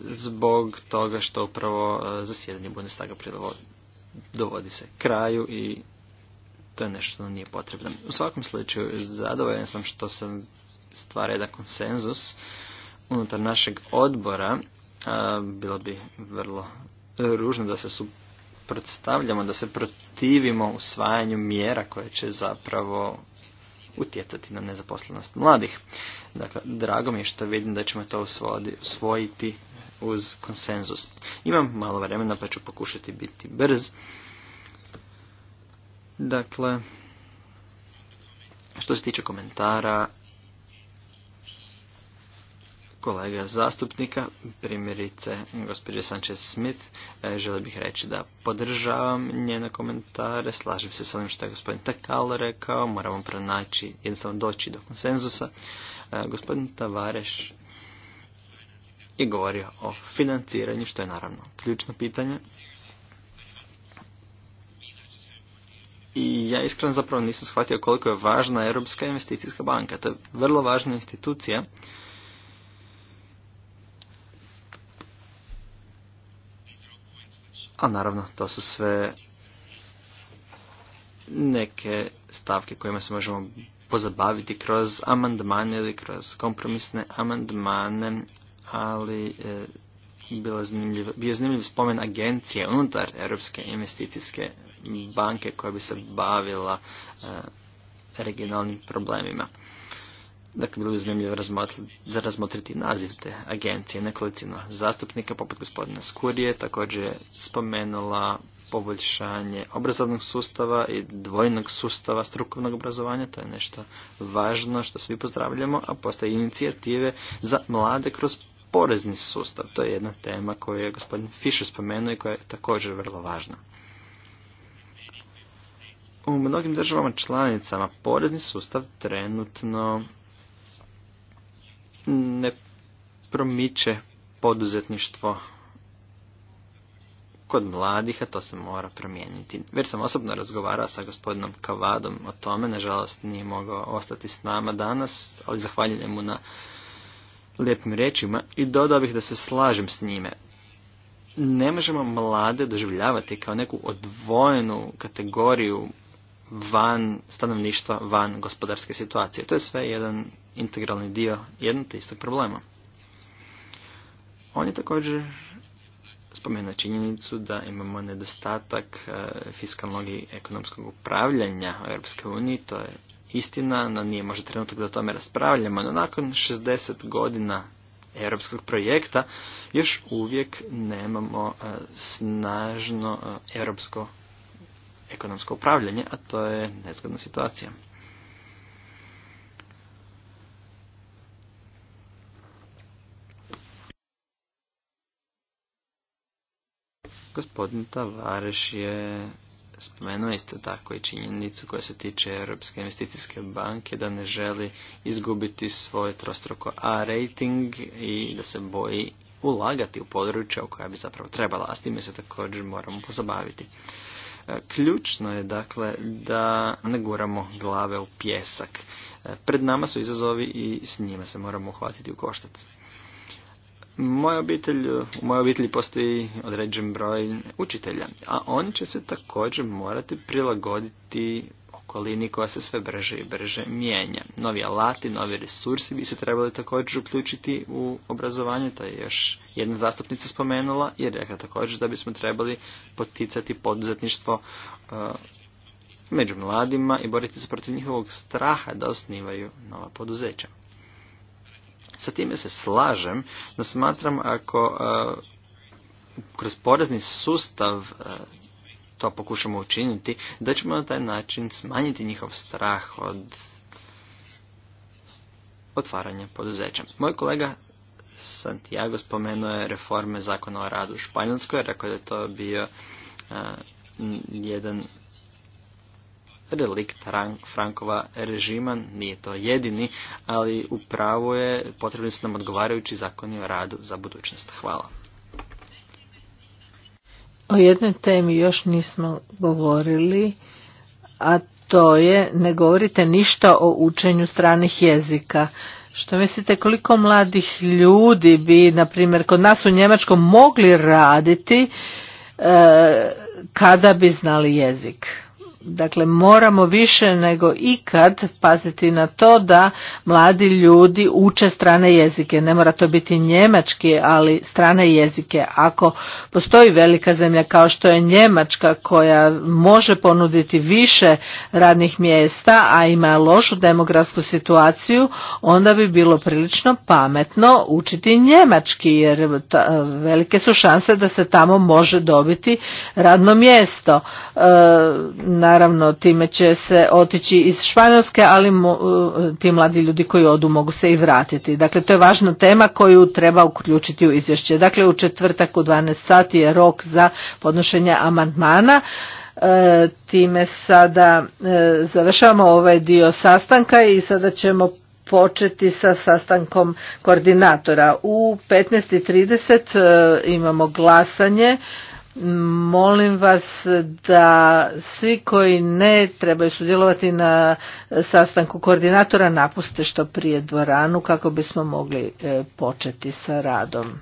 zbog toga što upravo e, zasjedanje Bundestaga dovodi se kraju i to je nešto nije potrebno. U svakom slučaju zadovoljan sam što se stvara jedan konsenzus unutar našeg odbora. Bilo bi vrlo ružno da se suprotstavljamo, da se protivimo usvajanju mjera koje će zapravo utjecati na nezaposlenost mladih. Dakle, drago mi je što vidim da ćemo to usvojiti uz konsenzus. Imam malo vremena pa ću pokušati biti brz. Dakle, što se tiče komentara kolega zastupnika, primjerice gospođe Sanchez Smith, e, želio bih reći da podržavam njene komentare, slažem se s onim što je gospodin Takal rekao, moramo pronaći, jednostavno doći do konsenzusa. E, gospodin Tavareš je govorio o financiranju, što je naravno ključno pitanje. I ja iskreno zapravo nisam shvatio koliko je važna Europska investicijska banka. To je vrlo važna institucija A naravno, to su sve neke stavke kojima se možemo pozabaviti kroz amandmane ili kroz kompromisne amandmane, ali e, bio zanimljiv, spomen agencije unutar Europske investicijske banke koja bi se bavila e, regionalnim problemima. Dakle, bilo bi zanimljivo za razmotriti naziv te agencije. Nekolicina zastupnika, poput gospodina Skurije, također je spomenula poboljšanje obrazovnog sustava i dvojnog sustava strukovnog obrazovanja. To je nešto važno što svi pozdravljamo, a postoje inicijative za mlade kroz porezni sustav. To je jedna tema koju je gospodin Fischer spomenuo i koja je također vrlo važna. U mnogim državama članicama porezni sustav trenutno ne promiče poduzetništvo kod mladih, a to se mora promijeniti. Već sam osobno razgovarao sa gospodinom Kavadom o tome, nažalost nije mogao ostati s nama danas, ali zahvaljujem mu na lijepim rečima i dodao bih da se slažem s njime. Ne možemo mlade doživljavati kao neku odvojenu kategoriju van stanovništva, van gospodarske situacije. To je sve jedan integralni dio jednog te istog problema. On je također spomenuo činjenicu da imamo nedostatak e, fiskalnog i ekonomskog upravljanja u EU. to je istina, no nije možda trenutak da o tome raspravljamo, no nakon 60 godina europskog projekta još uvijek nemamo e, snažno e, europsko ekonomsko upravljanje, a to je nezgodna situacija. Gospodin Tavareš je spomenuo isto tako i činjenicu koja se tiče Europske investicijske banke da ne želi izgubiti svoj trostroko A rating i da se boji ulagati u područja u koja bi zapravo trebala, a s time se također moramo pozabaviti. E, ključno je dakle da ne guramo glave u pjesak. E, pred nama su izazovi i s njima se moramo uhvatiti u koštac. Moja obitelj, u mojoj obitelji postoji određen broj učitelja, a on će se također morati prilagoditi okolini koja se sve brže i brže mijenja. Novi alati, novi resursi bi se trebali također uključiti u obrazovanje, to je još jedna zastupnica spomenula i rekla također da bismo trebali poticati poduzetništvo eh, među mladima i boriti se protiv njihovog straha da osnivaju nova poduzeća. Sa time se slažem, no smatram ako e, kroz porezni sustav e, to pokušamo učiniti, da ćemo na taj način smanjiti njihov strah od otvaranja poduzeća. Moj kolega Santiago spomenuo je reforme zakona o radu u Španjolskoj, rekao da je to bio e, jedan relikt Frankova režima, nije to jedini, ali upravo je potrebni su nam odgovarajući zakoni o radu za budućnost. Hvala. O jednoj temi još nismo govorili, a to je ne govorite ništa o učenju stranih jezika. Što mislite koliko mladih ljudi bi, na primjer, kod nas u Njemačkom mogli raditi e, kada bi znali jezik? Dakle, moramo više nego ikad paziti na to da mladi ljudi uče strane jezike. Ne mora to biti njemački, ali strane jezike. Ako postoji velika zemlja kao što je Njemačka koja može ponuditi više radnih mjesta, a ima lošu demografsku situaciju, onda bi bilo prilično pametno učiti njemački, jer velike su šanse da se tamo može dobiti radno mjesto. E, na naravno time će se otići iz Španjolske, ali e, ti mladi ljudi koji odu mogu se i vratiti. Dakle, to je važna tema koju treba uključiti u izvješće. Dakle, u četvrtak u 12 sati je rok za podnošenje amandmana. E, time sada e, završavamo ovaj dio sastanka i sada ćemo početi sa sastankom koordinatora. U 15.30 e, imamo glasanje. Molim vas da svi koji ne trebaju sudjelovati na sastanku koordinatora napuste što prije dvoranu kako bismo mogli početi sa radom.